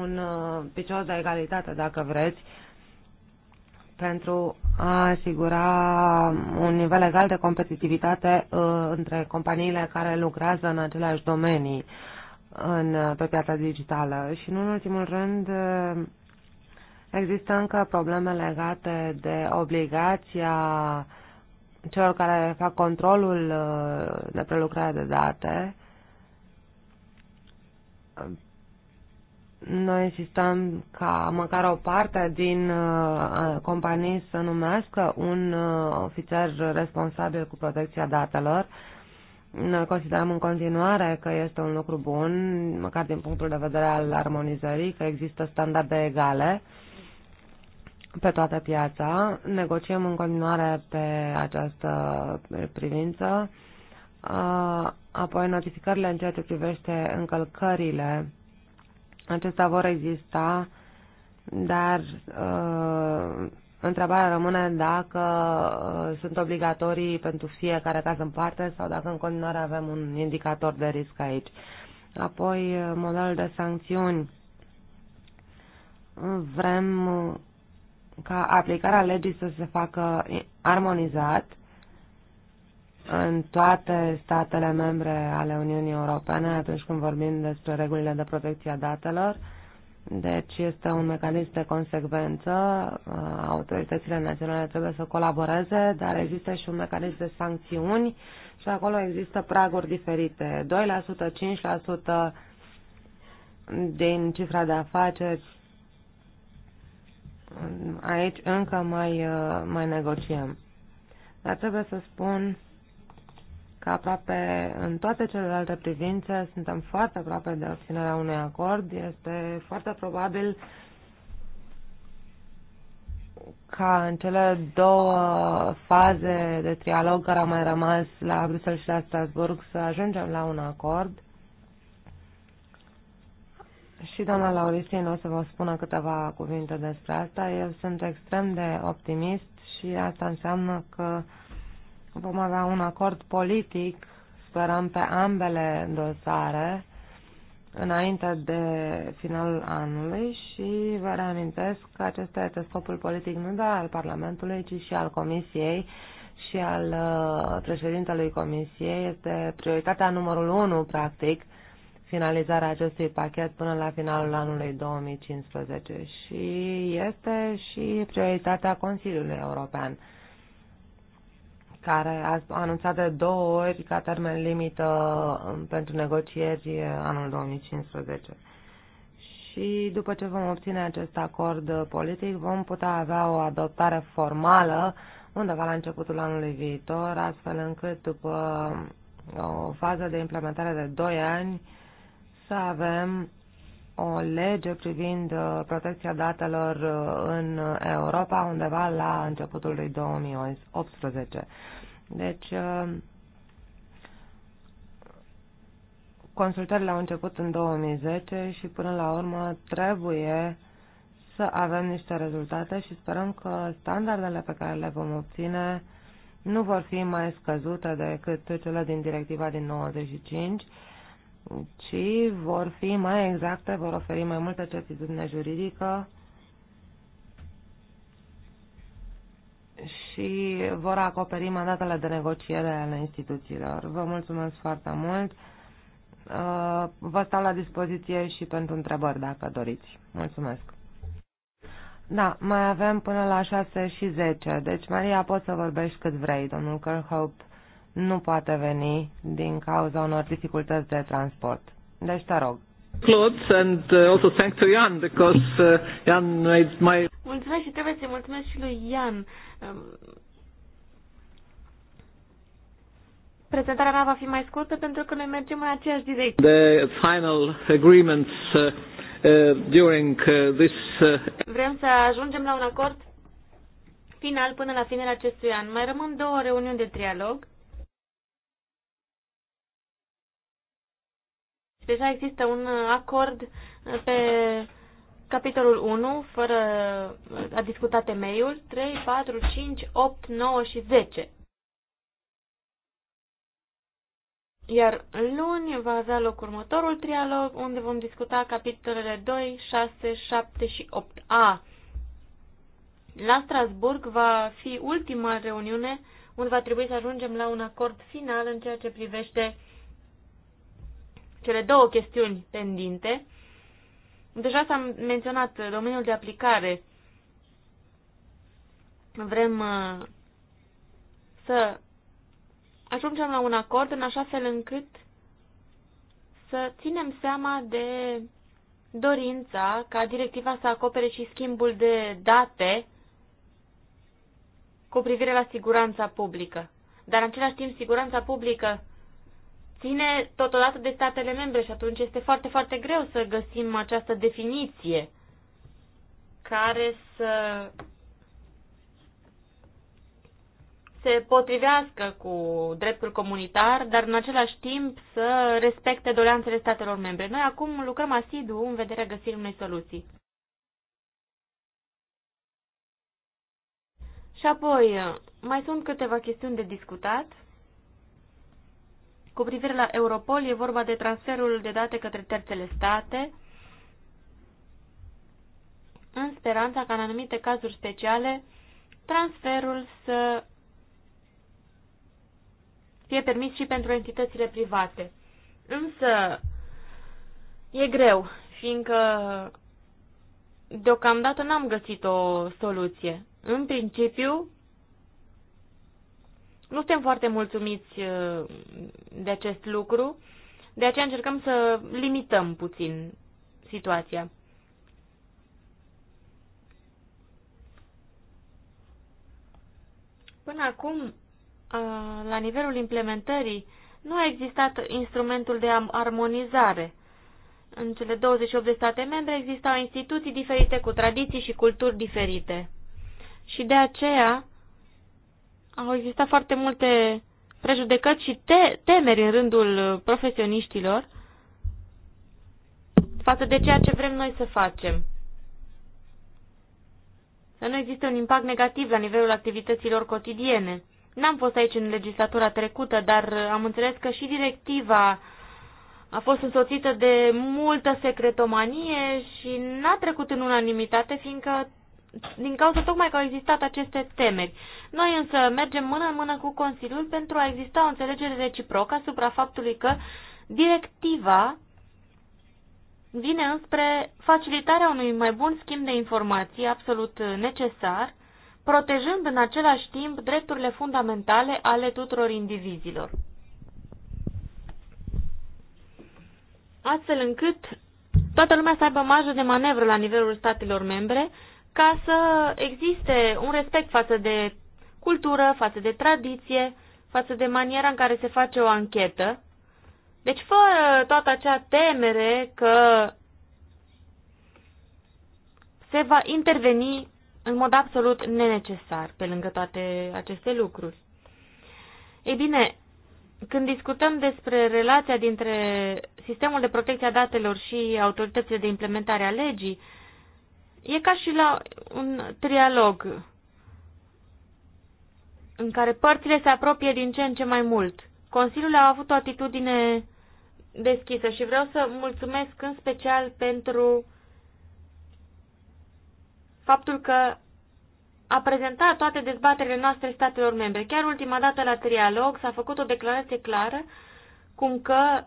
un uh, picior de egalitate, dacă vreți, pentru a asigura un nivel egal de competitivitate uh, între companiile care lucrează în aceleași domenii în, uh, pe piața digitală. Și nu în ultimul rând, Există încă probleme legate de obligația celor care fac controlul uh, de prelucrare de date, noi insistăm ca măcar o parte din uh, companii să numească un uh, ofițer responsabil cu protecția datelor. Noi considerăm în continuare că este un lucru bun, măcar din punctul de vedere al armonizării, că există standarde egale pe toată piața. Negociem în continuare pe această privință. Apoi notificările în ceea ce privește încălcările. Acestea vor exista, dar întrebarea rămâne dacă sunt obligatorii pentru fiecare caz în parte sau dacă în continuare avem un indicator de risc aici. Apoi modelul de sancțiuni. Vrem ca aplicarea legii să se facă armonizat în toate statele membre ale Uniunii Europene atunci când vorbim despre regulile de protecție a datelor. Deci este un mecanism de consecvență, uh, autoritățile naționale trebuie să colaboreze, dar există și un mecanism de sancțiuni și acolo există praguri diferite, 2%, 5% din cifra de afaceri aici încă mai, uh, mai negociem. Dar trebuie să spun că aproape în toate celelalte privințe suntem foarte aproape de obținerea unui acord. Este foarte probabil ca în cele două faze de trialog care au mai rămas la Bruxelles și la Strasburg să ajungem la un acord și doamna Lauristin o să vă spună câteva cuvinte despre asta. Eu sunt extrem de optimist și asta înseamnă că vom avea un acord politic, sperăm, pe ambele dosare înainte de finalul anului și vă reamintesc că acesta este scopul politic nu doar al Parlamentului, ci și al Comisiei și al uh, președintelui Comisiei. Este prioritatea numărul unu, practic, finalizarea acestui pachet până la finalul anului 2015 și este și prioritatea Consiliului European care a anunțat de două ori ca termen limită um, pentru negocieri uh, anul 2015. Și după ce vom obține acest acord politic, vom putea avea o adoptare formală undeva la începutul anului viitor, astfel încât după um, o fază de implementare de 2 ani, să avem o lege privind uh, protecția datelor uh, în Europa undeva la începutul lui 2018. Deci, uh, consultările au început în 2010 și până la urmă trebuie să avem niște rezultate și sperăm că standardele pe care le vom obține nu vor fi mai scăzute decât cele din directiva din 95 ci vor fi mai exacte, vor oferi mai multă certitudine juridică și vor acoperi mandatele de negociere ale instituțiilor. Vă mulțumesc foarte mult. Uh, vă stau la dispoziție și pentru întrebări, dacă doriți. Mulțumesc. Da, mai avem până la 6 și 10, deci Maria poți să vorbești cât vrei, domnul Kerhope nu poate veni din cauza unor dificultăți de transport. Deci te rog. Claude and uh, also thanks to Jan because Jan uh, made my Mulțumesc și trebuie să mulțumesc și lui Ian. Um, prezentarea mea va fi mai scurtă pentru că noi mergem în aceeași direcție. The final agreements uh, uh, during uh, this uh... Vrem să ajungem la un acord final până la finele acestui an. Mai rămân două reuniuni de trialog Și deja există un acord pe capitolul 1, fără a discuta temeiul, 3, 4, 5, 8, 9 și 10. Iar luni va avea loc următorul trialog, unde vom discuta capitolele 2, 6, 7 și 8a. La Strasburg va fi ultima reuniune unde va trebui să ajungem la un acord final în ceea ce privește uh, cele două chestiuni pendinte. Deja s-a menționat domeniul de aplicare. Vrem uh, să ajungem la un acord în așa fel încât să ținem seama de dorința ca directiva să acopere și schimbul de date cu privire la siguranța publică. Dar în același timp, siguranța publică ține totodată de statele membre și atunci este foarte, foarte greu să găsim această definiție care să se potrivească cu dreptul comunitar, dar în același timp să respecte doleanțele statelor membre. Noi acum lucrăm asidu în vederea găsirii unei soluții. Și apoi, mai sunt câteva chestiuni de discutat. Cu privire la Europol, e vorba de transferul de date către terțele state, în speranța ca în anumite cazuri speciale transferul să fie permis și pentru entitățile private. Însă e greu, fiindcă deocamdată n-am găsit o soluție. În principiu, nu suntem foarte mulțumiți uh, de acest lucru, de aceea încercăm să limităm puțin situația. Până acum, uh, la nivelul implementării, nu a existat instrumentul de armonizare. În cele 28 de state membre existau instituții diferite cu tradiții și culturi diferite. Și de aceea au existat foarte multe prejudecăți și te temeri în rândul profesioniștilor față de ceea ce vrem noi să facem. Să nu existe un impact negativ la nivelul activităților cotidiene. N-am fost aici în legislatura trecută, dar am înțeles că și directiva a fost însoțită de multă secretomanie și n-a trecut în unanimitate, fiindcă din cauza tocmai că au existat aceste temeri. Noi însă mergem mână în mână cu Consiliul pentru a exista o înțelegere reciprocă asupra faptului că directiva vine înspre facilitarea unui mai bun schimb de informații absolut necesar, protejând în același timp drepturile fundamentale ale tuturor indivizilor. Astfel încât toată lumea să aibă marjă de manevră la nivelul statelor membre, ca să existe un respect față de cultură, față de tradiție, față de maniera în care se face o anchetă. Deci fără toată acea temere că se va interveni în mod absolut nenecesar pe lângă toate aceste lucruri. Ei bine, când discutăm despre relația dintre sistemul de protecție a datelor și autoritățile de implementare a legii, E ca și la un trialog în care părțile se apropie din ce în ce mai mult. Consiliul a avut o atitudine deschisă și vreau să mulțumesc în special pentru faptul că a prezentat toate dezbaterile noastre statelor membre. Chiar ultima dată la trialog s-a făcut o declarație clară cum că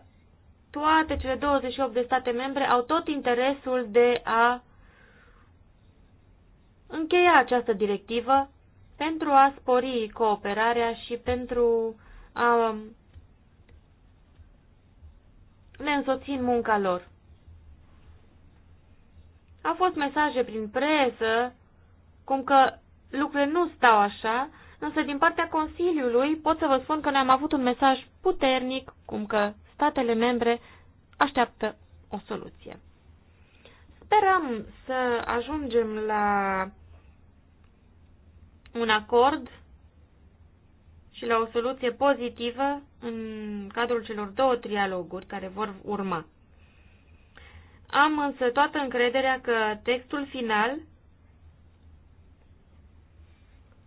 toate cele 28 de state membre au tot interesul de a încheia această directivă pentru a spori cooperarea și pentru a um, le însoți în munca lor. Au fost mesaje prin presă, cum că lucrurile nu stau așa, însă din partea Consiliului pot să vă spun că ne-am avut un mesaj puternic, cum că statele membre așteaptă o soluție. Sperăm să ajungem la un acord și la o soluție pozitivă în cadrul celor două trialoguri care vor urma. Am însă toată încrederea că textul final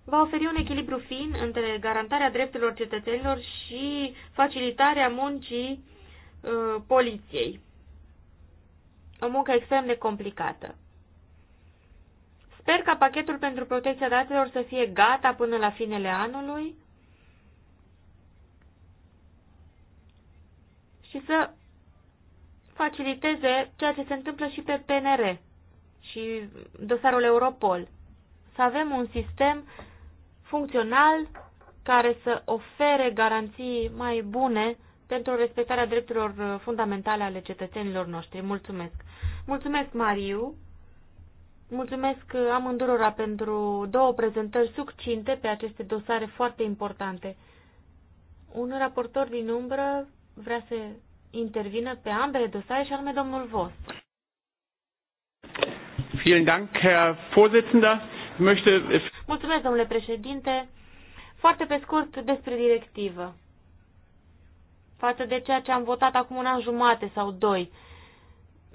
va oferi un echilibru fin între garantarea drepturilor cetățenilor și facilitarea muncii uh, poliției. O muncă extrem de complicată. Sper ca pachetul pentru protecția datelor să fie gata până la finele anului și să faciliteze ceea ce se întâmplă și pe PNR și dosarul Europol. Să avem un sistem funcțional care să ofere garanții mai bune pentru respectarea drepturilor fundamentale ale cetățenilor noștri. Mulțumesc! Mulțumesc, Mariu! Mulțumesc amândurora pentru două prezentări succinte pe aceste dosare foarte importante. Un raportor din umbră vrea să intervină pe ambele dosare și anume domnul Vos. Mulțumesc, domnule președinte. Foarte pe scurt despre directivă. Față de ceea ce am votat acum un an jumate sau doi.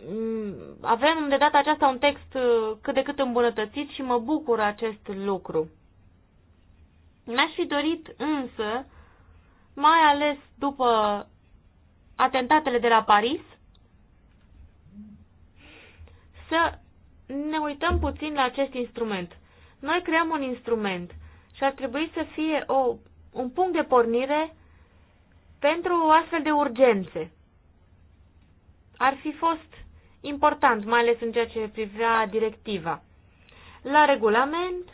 Mm, avem de data aceasta un text uh, cât de cât îmbunătățit și mă bucur acest lucru. Mi-aș fi dorit însă, mai ales după atentatele de la Paris, să ne uităm puțin la acest instrument. Noi creăm un instrument și ar trebui să fie o, un punct de pornire pentru o astfel de urgențe. Ar fi fost important, mai ales în ceea ce privea directiva. La regulament,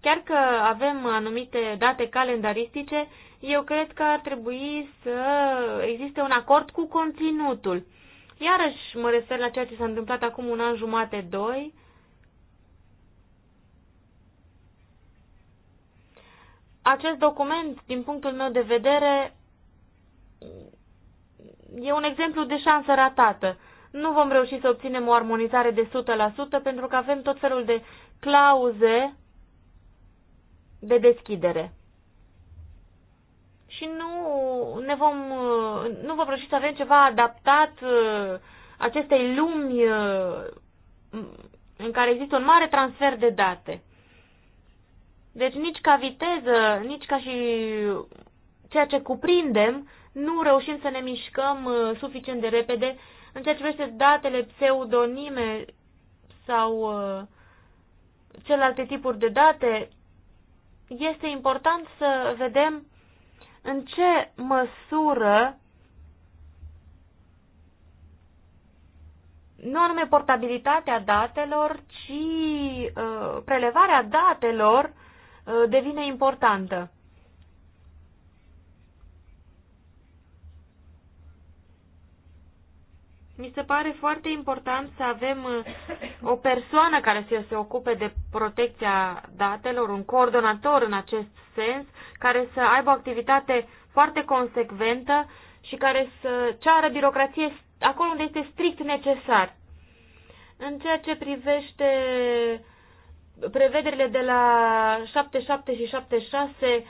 chiar că avem anumite date calendaristice, eu cred că ar trebui să existe un acord cu conținutul. Iarăși mă refer la ceea ce s-a întâmplat acum un an jumate, doi. Acest document, din punctul meu de vedere, e un exemplu de șansă ratată. Nu vom reuși să obținem o armonizare de 100% pentru că avem tot felul de clauze de deschidere. Și nu, ne vom, nu vom reuși să avem ceva adaptat uh, acestei lumi uh, în care există un mare transfer de date. Deci nici ca viteză, nici ca și ceea ce cuprindem, nu reușim să ne mișcăm uh, suficient de repede în ceea ce privește datele pseudonime sau uh, celelalte tipuri de date, este important să vedem în ce măsură nu anume portabilitatea datelor, ci uh, prelevarea datelor uh, devine importantă. Mi se pare foarte important să avem uh, o persoană care să se ocupe de protecția datelor, un coordonator în acest sens, care să aibă o activitate foarte consecventă și care să ceară birocrație acolo unde este strict necesar. În ceea ce privește prevederile de la 77 și 76,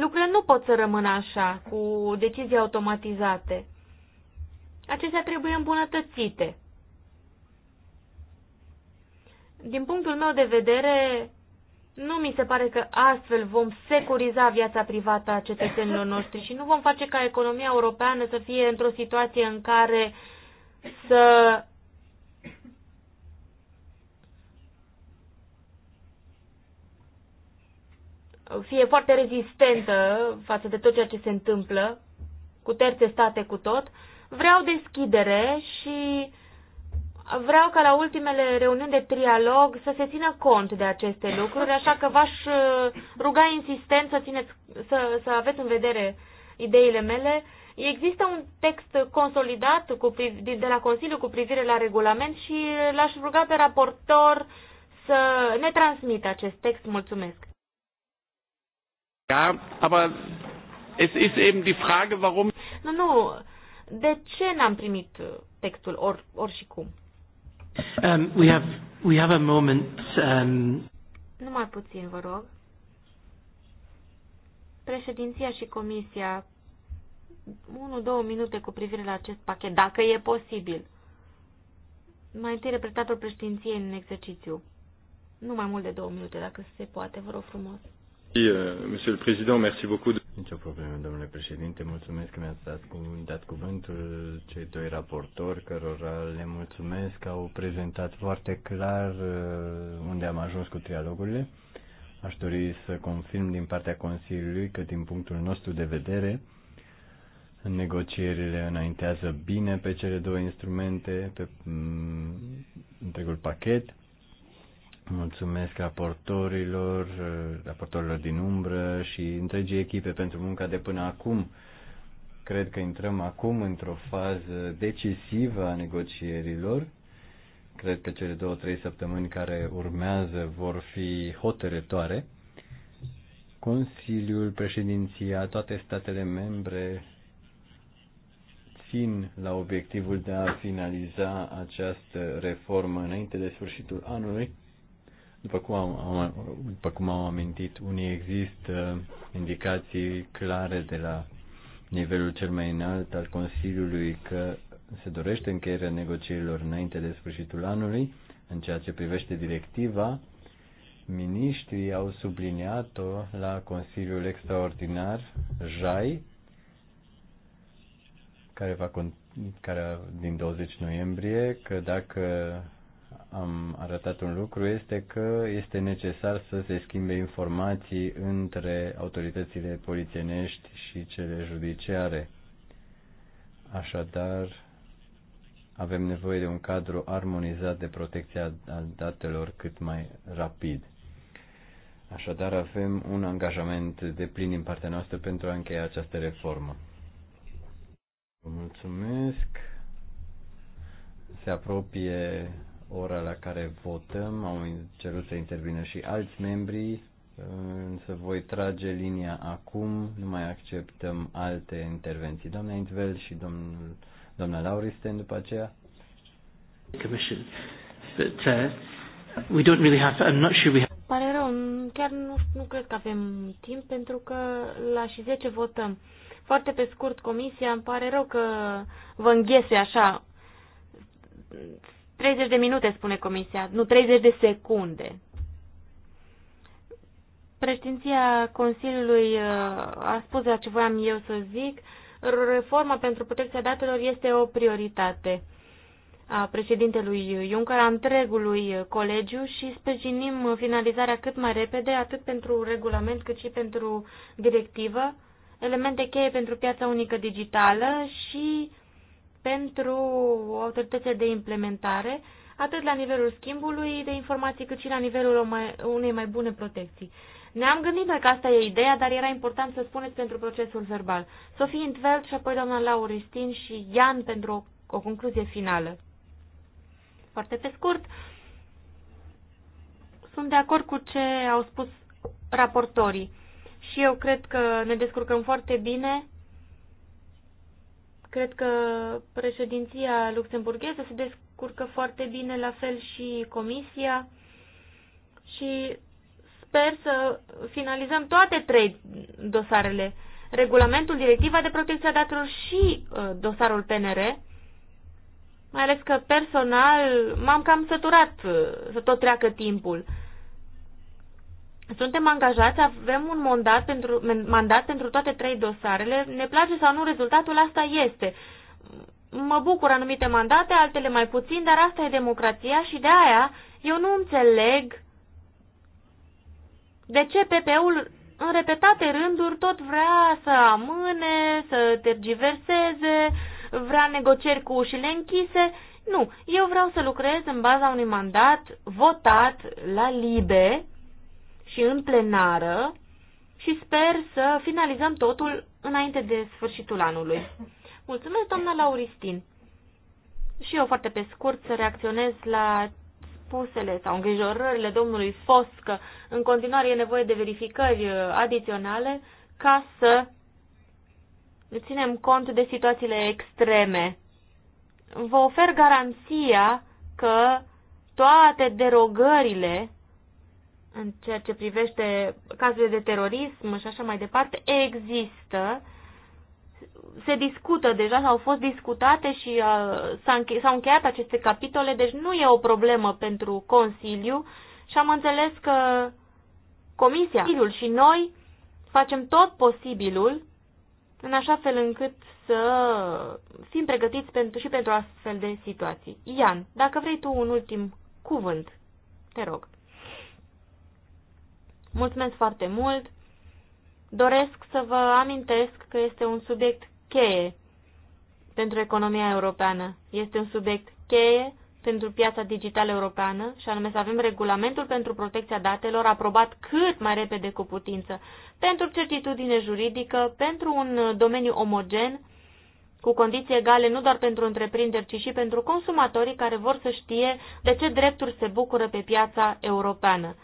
lucrurile nu pot să rămână așa, cu decizii automatizate. Acestea trebuie îmbunătățite. Din punctul meu de vedere, nu mi se pare că astfel vom securiza viața privată a cetățenilor noștri și nu vom face ca economia europeană să fie într-o situație în care să fie foarte rezistentă față de tot ceea ce se întâmplă, cu terțe state cu tot. Vreau deschidere și vreau ca la ultimele reuniuni de trialog să se țină cont de aceste lucruri, așa că v-aș uh, ruga insistent să, țineți, să, să aveți în vedere ideile mele. Există un text consolidat cu, de la Consiliu cu privire la regulament și l-aș ruga pe raportor să ne transmită acest text. Mulțumesc! Ja, aber es ist eben die Frage, warum... Nu, nu, de ce n-am primit uh, textul or, oricum? Um, we have, we have a moment... Um... Numai puțin, vă rog. Președinția și comisia unu, două minute cu privire la acest pachet, dacă e posibil. Mai întâi reprezentatul președinției în exercițiu. Nu mai mult de două minute, dacă se poate, vă rog frumos. Euh, Monsieur le Président, merci beaucoup. De... Nicio problemă, domnule președinte. Mulțumesc că mi-ați dat, cu, dat cuvântul cei doi raportori, cărora le mulțumesc că au prezentat foarte clar uh, unde am ajuns cu trialogurile. Aș dori să confirm din partea Consiliului că, din punctul nostru de vedere, negocierile înaintează bine pe cele două instrumente, pe mm, întregul pachet Mulțumesc raportorilor, raportorilor din umbră și întregii echipe pentru munca de până acum. Cred că intrăm acum într-o fază decisivă a negocierilor. Cred că cele două, trei săptămâni care urmează vor fi hotărătoare. Consiliul, președinția, toate statele membre țin la obiectivul de a finaliza această reformă înainte de sfârșitul anului după cum am după cum am amintit, unii există indicații clare de la nivelul cel mai înalt al Consiliului că se dorește încheierea negocierilor înainte de sfârșitul anului. În ceea ce privește directiva, miniștrii au subliniat-o la Consiliul Extraordinar JAI, care va care din 20 noiembrie, că dacă am arătat un lucru este că este necesar să se schimbe informații între autoritățile polițienești și cele judiciare. Așadar, avem nevoie de un cadru armonizat de protecția datelor cât mai rapid. Așadar, avem un angajament de plin din partea noastră pentru a încheia această reformă. Vă mulțumesc. Se apropie ora la care votăm. Au cerut să intervină și alți membri, însă voi trage linia acum. Nu mai acceptăm alte intervenții. Doamna Intvel și domnul, doamna Lauristen după aceea. Commission. But, uh, we don't really have, I'm not sure we have... Pare rău, chiar nu, nu cred că avem timp pentru că la și 10 votăm. Foarte pe scurt, comisia, îmi pare rău că vă înghese așa 30 de minute, spune comisia, nu 30 de secunde. Președinția Consiliului uh, a spus la ce voiam eu să zic. Reforma pentru protecția datelor este o prioritate a președintelui Juncker, a întregului colegiu și sprijinim finalizarea cât mai repede, atât pentru regulament cât și pentru directivă, elemente cheie pentru piața unică digitală și pentru autoritățile de implementare, atât la nivelul schimbului de informații, cât și la nivelul unei mai bune protecții. Ne-am gândit că asta e ideea, dar era important să spuneți pentru procesul verbal. Sofie Intveld și apoi doamna Lauristin și Ian pentru o, o concluzie finală. Foarte pe scurt, sunt de acord cu ce au spus raportorii și eu cred că ne descurcăm foarte bine Cred că președinția luxemburgheză se descurcă foarte bine, la fel și comisia și sper să finalizăm toate trei dosarele. Regulamentul, directiva de protecție a datelor și uh, dosarul PNR, mai ales că personal m-am cam săturat uh, să tot treacă timpul. Suntem angajați, avem un mandat pentru, mandat pentru toate trei dosarele. Ne place sau nu, rezultatul asta este. Mă bucur anumite mandate, altele mai puțin, dar asta e democrația și de aia eu nu înțeleg de ce PP-ul în repetate rânduri tot vrea să amâne, să tergiverseze, vrea negocieri cu ușile închise. Nu, eu vreau să lucrez în baza unui mandat votat la libe, și în plenară și sper să finalizăm totul înainte de sfârșitul anului. Mulțumesc, doamna Lauristin. Și eu foarte pe scurt să reacționez la spusele sau îngrijorările domnului Fos că în continuare e nevoie de verificări uh, adiționale ca să ținem cont de situațiile extreme. Vă ofer garanția că toate derogările în ceea ce privește cazurile de terorism și așa mai departe, există, se discută deja, au fost discutate și uh, s-au înche încheiat aceste capitole, deci nu e o problemă pentru Consiliu și am înțeles că Comisia Consiliul și noi facem tot posibilul în așa fel încât să fim pregătiți pentru, și pentru astfel de situații. Ian, dacă vrei tu un ultim cuvânt, te rog. Mulțumesc foarte mult! Doresc să vă amintesc că este un subiect cheie pentru economia europeană. Este un subiect cheie pentru piața digitală europeană și anume să avem regulamentul pentru protecția datelor aprobat cât mai repede cu putință, pentru certitudine juridică, pentru un domeniu omogen, cu condiții egale nu doar pentru întreprinderi, ci și pentru consumatorii care vor să știe de ce drepturi se bucură pe piața europeană.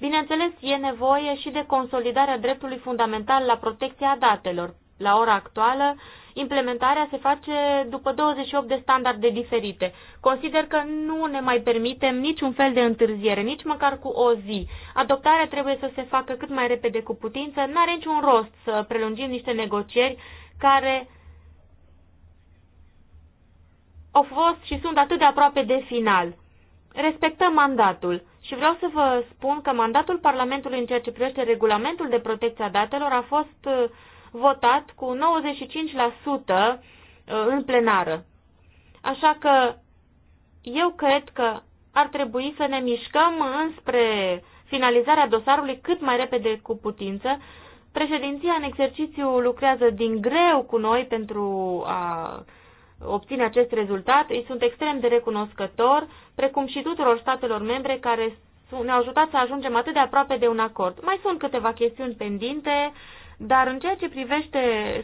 Bineînțeles, e nevoie și de consolidarea dreptului fundamental la protecția datelor. La ora actuală, implementarea se face după 28 de standarde diferite. Consider că nu ne mai permitem niciun fel de întârziere, nici măcar cu o zi. Adoptarea trebuie să se facă cât mai repede cu putință. N-are niciun rost să prelungim niște negocieri care au fost și sunt atât de aproape de final. Respectăm mandatul. Și vreau să vă spun că mandatul Parlamentului în ceea ce privește regulamentul de protecție a datelor a fost uh, votat cu 95% uh, în plenară. Așa că eu cred că ar trebui să ne mișcăm înspre finalizarea dosarului cât mai repede cu putință. Președinția în exercițiu lucrează din greu cu noi pentru a obține acest rezultat, îi sunt extrem de recunoscător, precum și tuturor statelor membre care ne-au ajutat să ajungem atât de aproape de un acord. Mai sunt câteva chestiuni pendinte, dar în ceea ce privește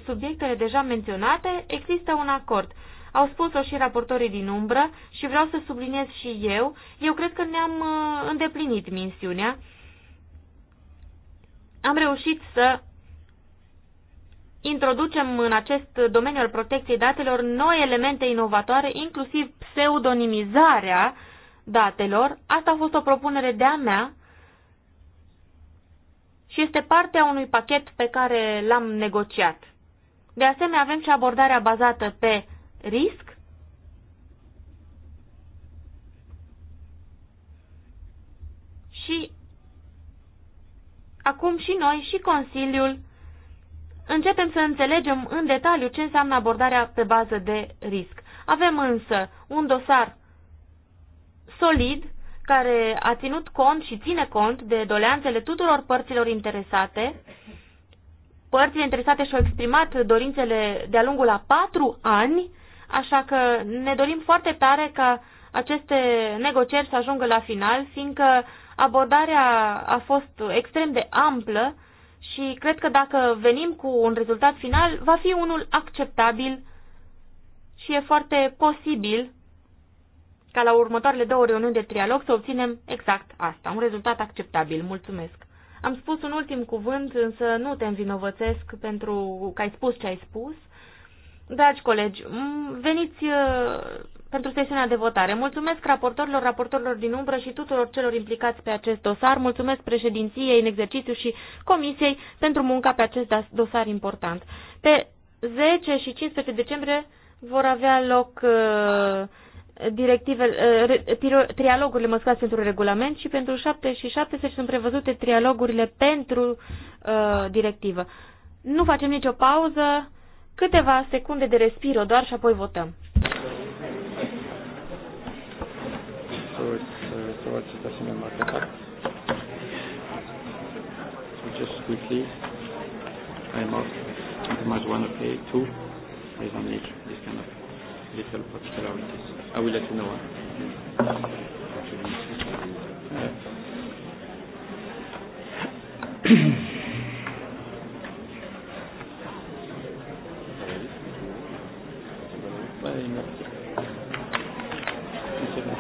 subiectele deja menționate, există un acord. Au spus-o și raportorii din umbră și vreau să subliniez și eu, eu cred că ne-am uh, îndeplinit misiunea. Am reușit să introducem în acest domeniu al protecției datelor noi elemente inovatoare, inclusiv pseudonimizarea datelor. Asta a fost o propunere de-a mea și este partea unui pachet pe care l-am negociat. De asemenea, avem și abordarea bazată pe risc. Și acum și noi și Consiliul începem să înțelegem în detaliu ce înseamnă abordarea pe bază de risc. Avem însă un dosar solid care a ținut cont și ține cont de doleanțele tuturor părților interesate. Părțile interesate și-au exprimat dorințele de-a lungul a patru ani, așa că ne dorim foarte tare ca aceste negocieri să ajungă la final, fiindcă abordarea a fost extrem de amplă și cred că dacă venim cu un rezultat final, va fi unul acceptabil și e foarte posibil ca la următoarele două reuniuni de trialog să obținem exact asta, un rezultat acceptabil. Mulțumesc! Am spus un ultim cuvânt, însă nu te învinovățesc pentru că ai spus ce ai spus. Dragi colegi, veniți uh, pentru sesiunea de votare. Mulțumesc raportorilor, raportorilor din umbră și tuturor celor implicați pe acest dosar. Mulțumesc președinției în exercițiu și comisiei pentru munca pe acest dosar important. Pe 10 și 15 decembrie vor avea loc uh, directive, uh, trialogurile, măscați pentru regulament și pentru 7 și 70 sunt prevăzute trialogurile pentru uh, directivă. Nu facem nicio pauză, câteva secunde de respiro doar și apoi votăm. forward to the single So just quickly, I'm off. I Compromise one, okay, two. There's only this kind of little particularities. I will let you know. Uh,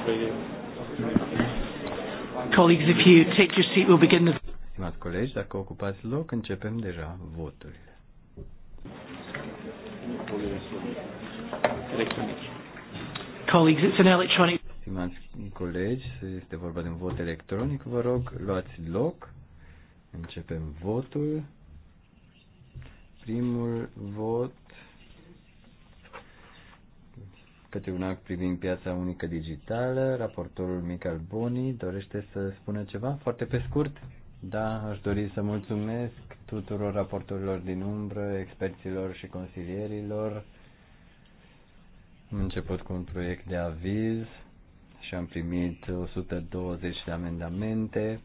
Thank you. Colleagues, if you take your seat, we'll begin the... Stimați colegi, dacă ocupați loc, începem deja voturile. Colleagues, it's an electronic... Stimați colegi, este vorba de un vot electronic, vă rog, luați loc. Începem votul. Primul vot către un act privind piața unică digitală. Raportorul Michael Boni dorește să spună ceva foarte pe scurt. Da, aș dori să mulțumesc tuturor raportorilor din umbră, experților și consilierilor. Am început cu un proiect de aviz și am primit 120 de amendamente.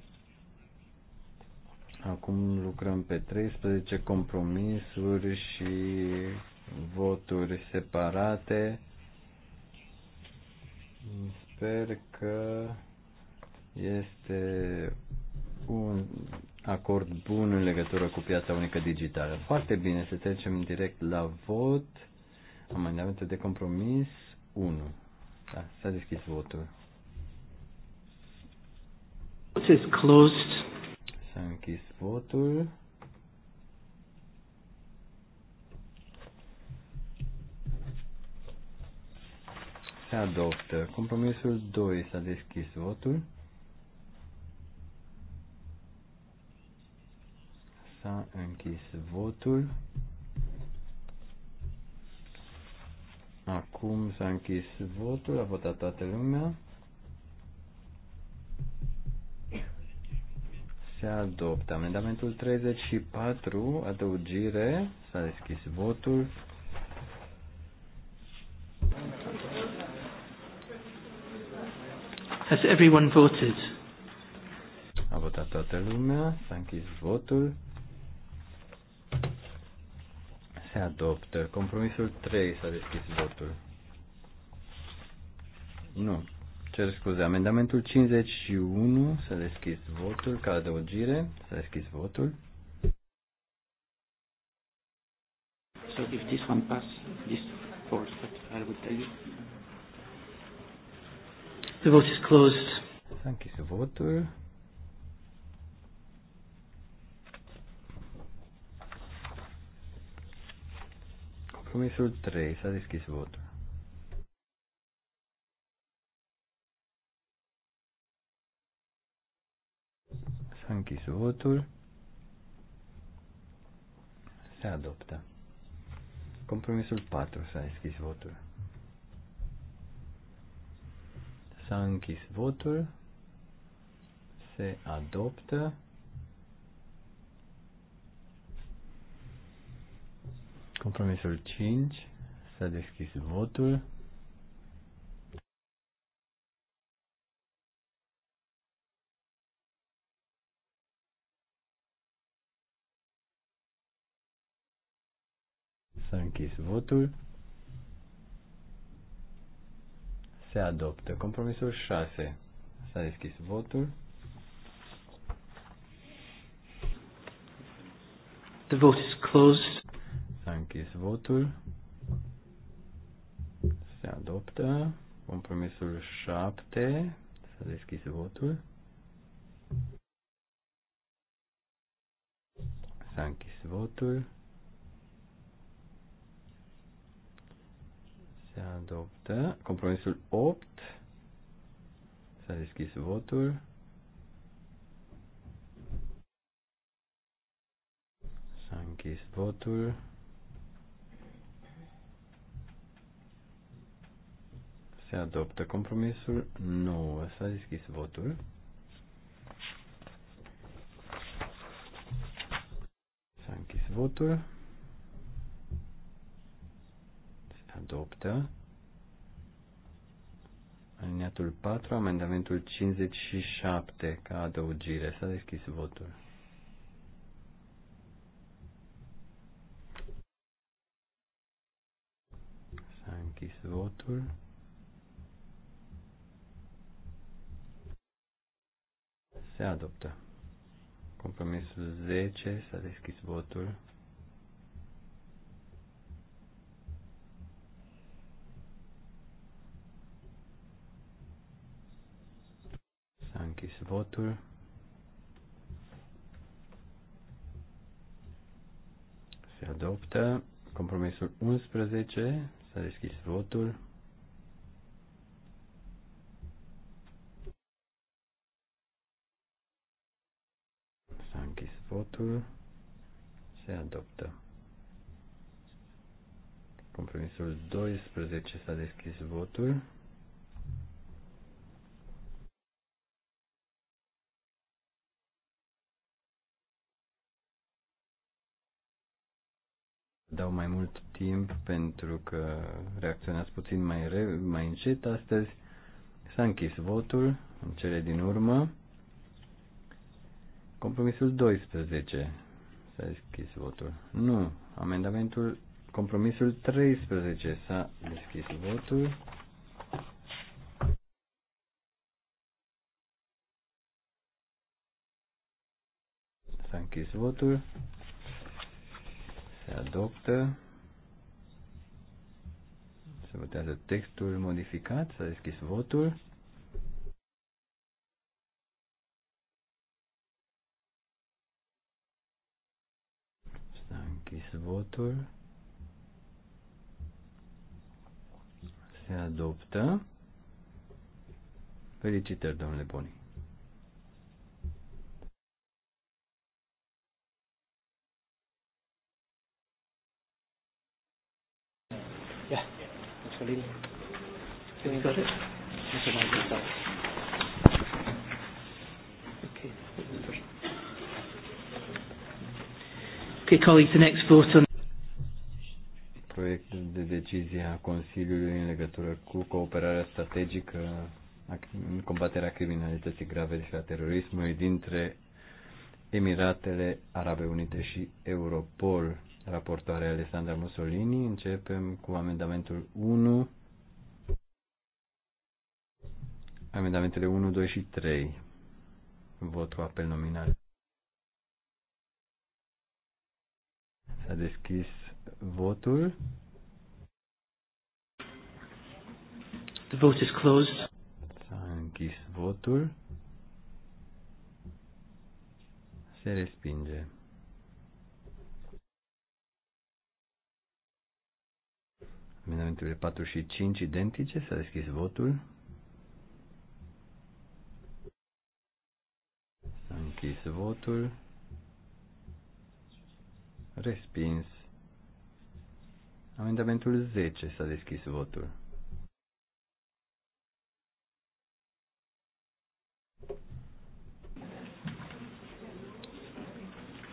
Acum lucrăm pe 13 compromisuri și voturi separate Sper că este un acord bun în legătură cu piața unică digitală. Foarte bine, să trecem direct la vot. Amendamente de compromis 1. Da, s-a deschis votul. Vote is closed. S-a închis votul. se adoptă. Compromisul 2 s-a deschis votul. S-a închis votul. Acum s-a închis votul, a votat toată lumea. Se adoptă. Amendamentul 34, adăugire, s-a deschis votul. Has everyone voted? A votat toată lumea, s-a închis votul. Se adoptă. Compromisul 3 s-a deschis votul. Nu. Cer scuze. Amendamentul 51 s-a deschis votul ca adăugire. S-a deschis votul. So if this one pass, this falls, but I would tell you. The vote is closed. Thank you, voter. votul. Compromisul 3. S-a deschis votul. S-a închis votul. Se adoptă. Compromisul 4. S-a deschis votul. S-a închis votul. Se adoptă. Compromisul 5. S-a deschis votul. S-a închis votul. se adoptă. Compromisul 6. S-a deschis votul. The vote is closed. S-a închis votul. Se adoptă. Compromisul 7. S-a deschis votul. S-a închis votul. Se adoptă. Compromisul 8. S-a deschis votul. S-a închis votul. Se adoptă compromisul 9. S-a deschis votul. S-a închis votul. adoptă. Alineatul 4, amendamentul 57, ca adăugire. S-a deschis votul. S-a închis votul. Se adoptă. Compromisul 10, s-a deschis votul. a închis votul. Se adoptă. Compromisul 11. S-a deschis votul. S-a închis votul. Se adoptă. Compromisul 12. S-a deschis votul. dau mai mult timp pentru că reacționați puțin mai, re- mai încet astăzi. S-a închis votul în cele din urmă. Compromisul 12. S-a deschis votul. Nu. Amendamentul. Compromisul 13. S-a deschis votul. S-a închis votul. Se adoptă. Se votează textul modificat. S-a deschis votul. S-a închis votul. Se adoptă. Felicitări, domnule Boni. Jacqueline. Okay, colleagues, the next vote on proiectul de decizie a Consiliului în legătură cu cooperarea strategică în combaterea criminalității grave și a terorismului dintre Emiratele Arabe Unite și Europol raportoare Alessandra Mussolini. Începem cu amendamentul 1, amendamentele 1, 2 și 3. Vot cu apel nominal. S-a deschis votul. The vote is closed. S-a închis votul. Se respinge. Amendamentele 4 și 5 identice. S-a deschis votul. S-a închis votul. Respins. Amendamentul 10 s-a deschis votul.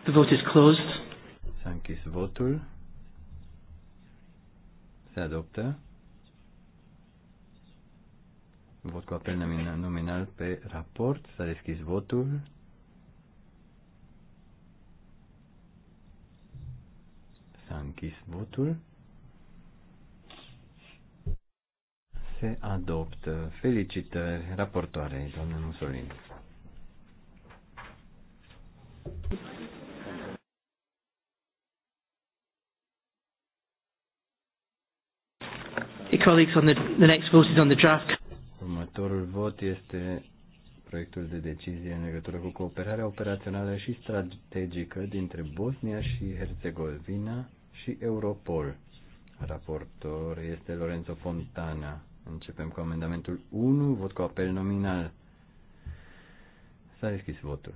The vote is closed. S-a închis votul. Se adoptă. Vot cu apel nominal pe raport. S-a deschis votul. S-a închis votul. Se adoptă. Felicitări raportoare, doamnă Mussolini. colleagues, on the, the next vote is on the draft. Următorul vot este proiectul de decizie în legătură cu cooperarea operațională și strategică dintre Bosnia și Herzegovina și Europol. Raportor este Lorenzo Fontana. Începem cu amendamentul 1, vot cu apel nominal. S-a deschis votul.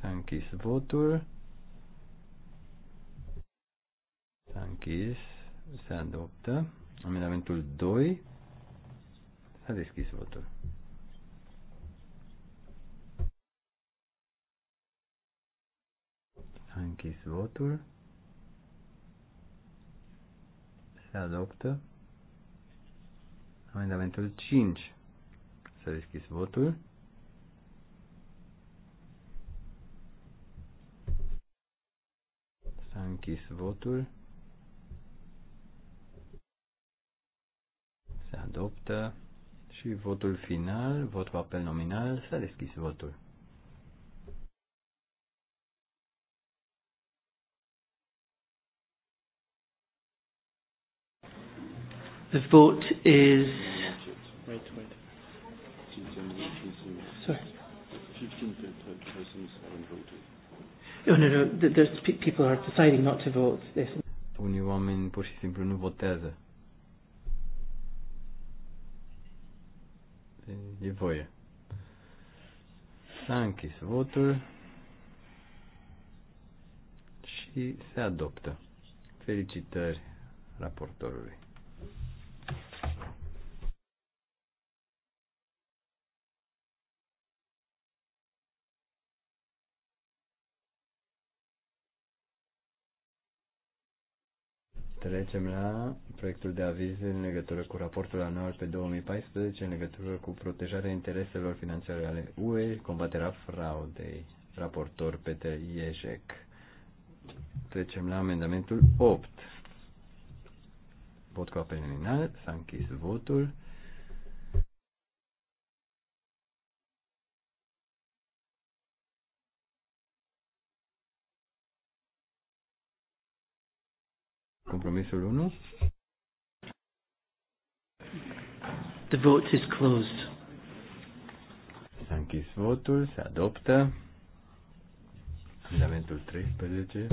S-a închis votul. S-a închis. Se adoptă. Amendamentul 2. S-a deschis votul. S-a închis votul. Se adoptă. Amendamentul 5. S-a deschis votul. S-a închis votul. se adoptă și votul final, votul apel nominal, s-a deschis votul. The vote is Wait, wait. Sorry. persons voted. Oh, no, no, there's people are deciding not to vote. Unii oameni pur și simplu nu votează. este e voie. S-a închis votul și se adoptă. Felicitări raportorului. Trecem la proiectul de aviz în legătură cu raportul anual pe 2014 în legătură cu protejarea intereselor financiare ale UE, combaterea fraudei. Raportor Peter Iejec. Trecem la amendamentul 8. Vot cu apel nominal. S-a închis votul. Compromisul 1. The vote is closed. S-a închis votul, se adoptă. Amendamentul 13.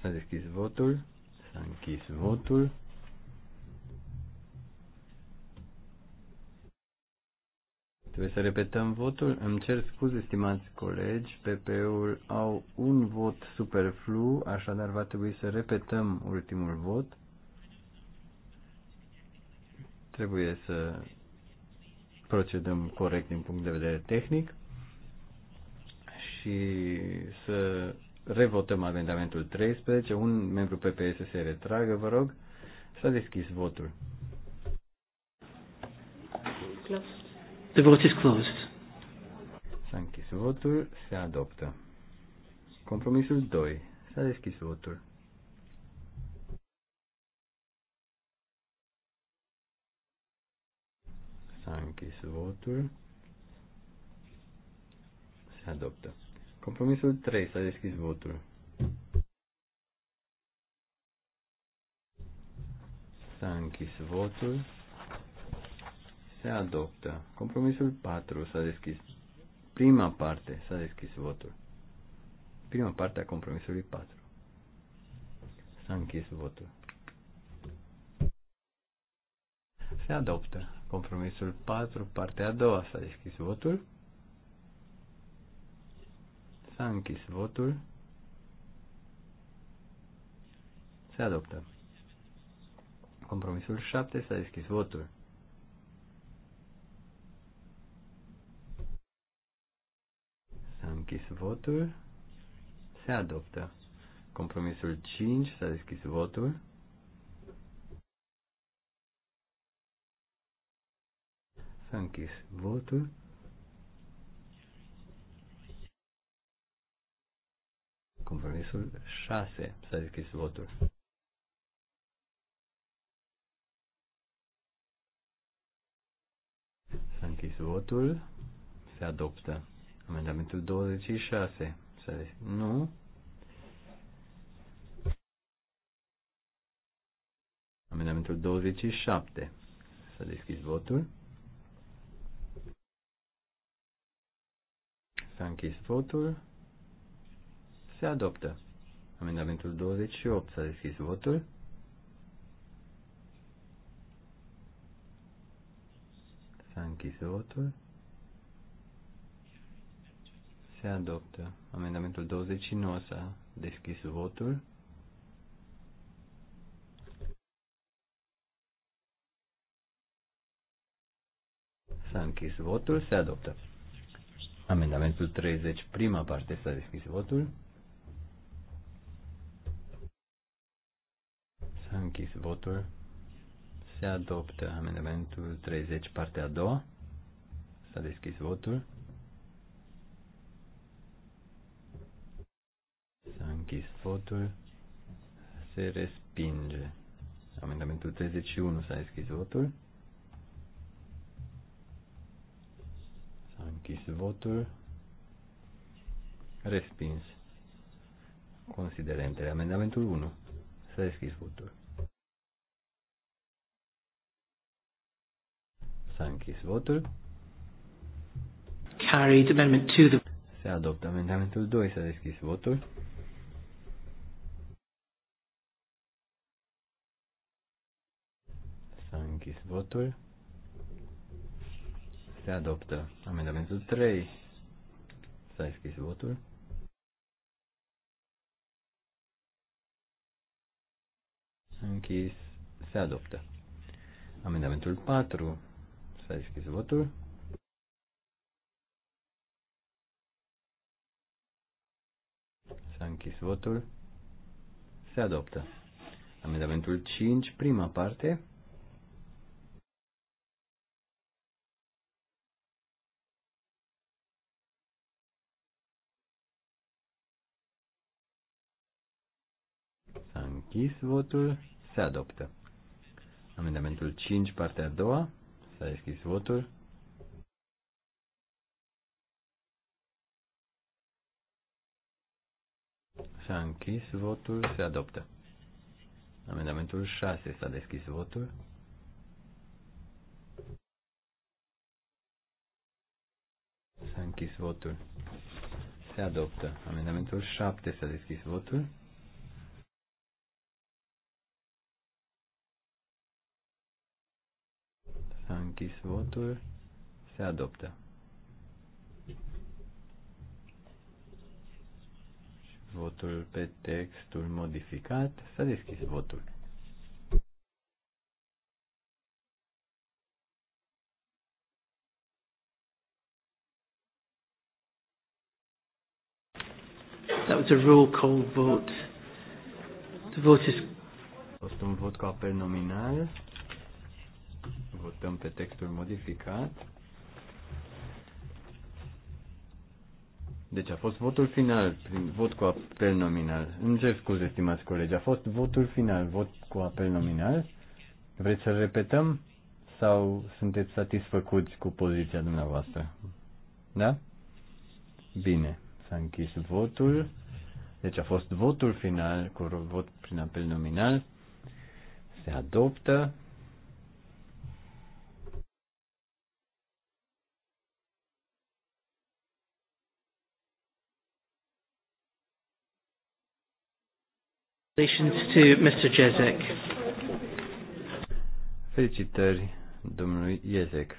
S-a deschis votul, s-a închis votul, Trebuie să repetăm votul. Îmi cer scuze, stimați colegi, PP-ul au un vot superflu, așadar va trebui să repetăm ultimul vot. Trebuie să procedăm corect din punct de vedere tehnic și să revotăm amendamentul 13. Un membru PPS se retragă, vă rog. S-a deschis votul. Close. The vote is closed. S-a închis votul, se adoptă. Compromisul 2. S-a deschis votul. S-a închis votul. Se adoptă. Compromisul 3. S-a deschis votul. S-a închis votul se adoptă. Compromisul 4 s-a deschis. Prima parte s-a deschis votul. Prima parte a compromisului 4. S-a închis votul. Se adoptă. Compromisul 4, partea a doua s-a deschis votul. S-a închis votul. Se adoptă. Compromisul 7 s-a deschis votul. închis votul. Se adoptă. Compromisul 5 s-a deschis votul. S-a închis votul. Compromisul 6 s-a deschis votul. S-a închis votul. Se adoptă. Amendamentul 26. Să Nu. Amendamentul 27. Să deschis votul. S-a închis votul. Se adoptă. Amendamentul 28. S-a deschis votul. S-a închis votul se adoptă. Amendamentul 29 s-a deschis votul. S-a închis votul, se adoptă. Amendamentul 30, prima parte, s-a deschis votul. S-a închis votul. Se adoptă amendamentul 30, partea a doua. S-a deschis votul. S-a închis votul. Se respinge. Amendamentul 31 s-a deschis votul. S-a închis votul. Respins. Considerentele. Amendamentul 1. S-a deschis votul. S-a închis votul. Carried amendment 2. Se adoptă amendamentul 2. S-a deschis votul. închis votul. Se adoptă amendamentul 3. S-a deschis votul. Închis. Se adoptă. Amendamentul 4. S-a deschis votul. S-a închis votul. Se adoptă. Amendamentul 5, prima parte. deschis votul. Se adoptă. Amendamentul 5, partea a doua. S-a deschis votul. S-a închis votul. Se adoptă. Amendamentul 6. S-a deschis votul. S-a închis votul. Se adoptă. Amendamentul 7. S-a deschis votul. S-a închis votul. Se adoptă. Votul pe textul modificat. S-a deschis votul. That was a roll call vote. The vote is... A fost un vot cu apel nominal. Votăm pe textul modificat. Deci a fost votul final, prin vot cu apel nominal. Îmi cer scuze, stimați colegi, a fost votul final, vot cu apel nominal. Vreți să-l repetăm sau sunteți satisfăcuți cu poziția dumneavoastră? Da? Bine, s-a închis votul. Deci a fost votul final cu vot prin apel nominal. Se adoptă. Congratulations to Mr. Jezek. Felicitări domnului Jezek.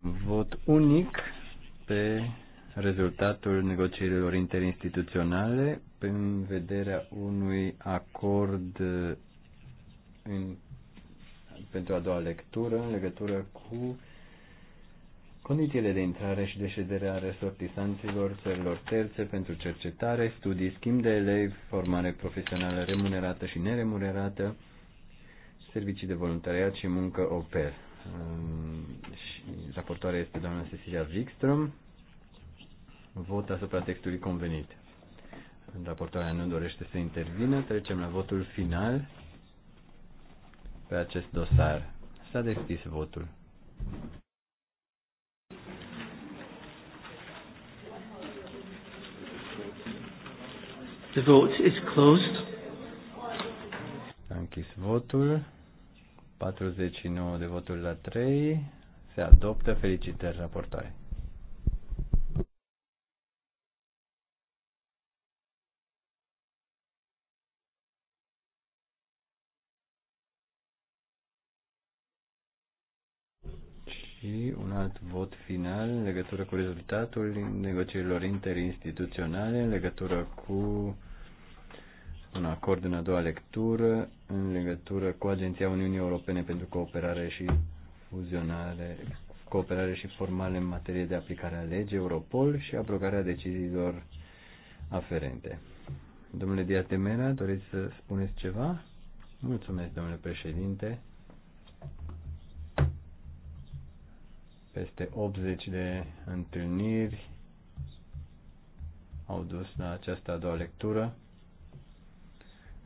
Vot unic pe rezultatul negocierilor interinstituționale în vederea unui acord uh, în, pentru a doua lectură în legătură cu condițiile de intrare și de ședere a resortisanților țărilor terțe pentru cercetare, studii, schimb de elevi, formare profesională remunerată și neremunerată, servicii de voluntariat și muncă au pair. Și raportoarea este doamna Cecilia Wikström. Vot asupra textului convenit. Raportoarea nu dorește să intervină. Trecem la votul final pe acest dosar. S-a deschis votul. The vote is closed. S-a închis votul. 49 de voturi la 3. Se adoptă. Felicitări raportoare. și un alt vot final în legătură cu rezultatul negocierilor interinstituționale, în legătură cu un acord în a doua lectură, în legătură cu Agenția Uniunii Europene pentru Cooperare și Fuzionare, Cooperare și Formale în materie de aplicare a legii Europol și abrogarea deciziilor aferente. Domnule Diatemera, doriți să spuneți ceva? Mulțumesc, domnule președinte. Peste 80 de întâlniri au dus la această a doua lectură.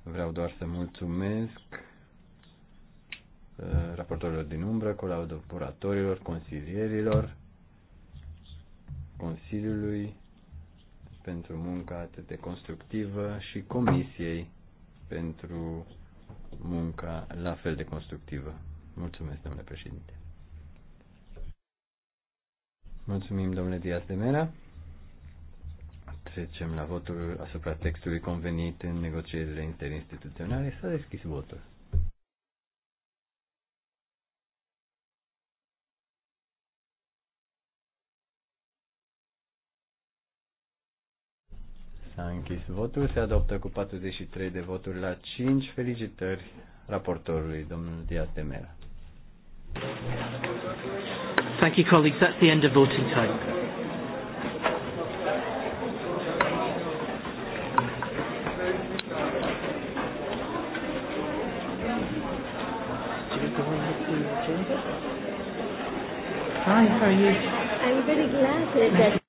Vreau doar să mulțumesc uh, raportorilor din umbră, colaboratorilor, consilierilor, Consiliului pentru munca atât de constructivă și Comisiei pentru munca la fel de constructivă. Mulțumesc, domnule președinte. Mulțumim, domnule Diaz de Mera. Trecem la votul asupra textului convenit în negocierile interinstituționale. S-a deschis votul. S-a închis votul, se adoptă cu 43 de voturi la 5. Felicitări raportorului, domnul Diaz de Mera. Thank you, colleagues. That's the end of voting time. Hi, how are you? I'm very glad that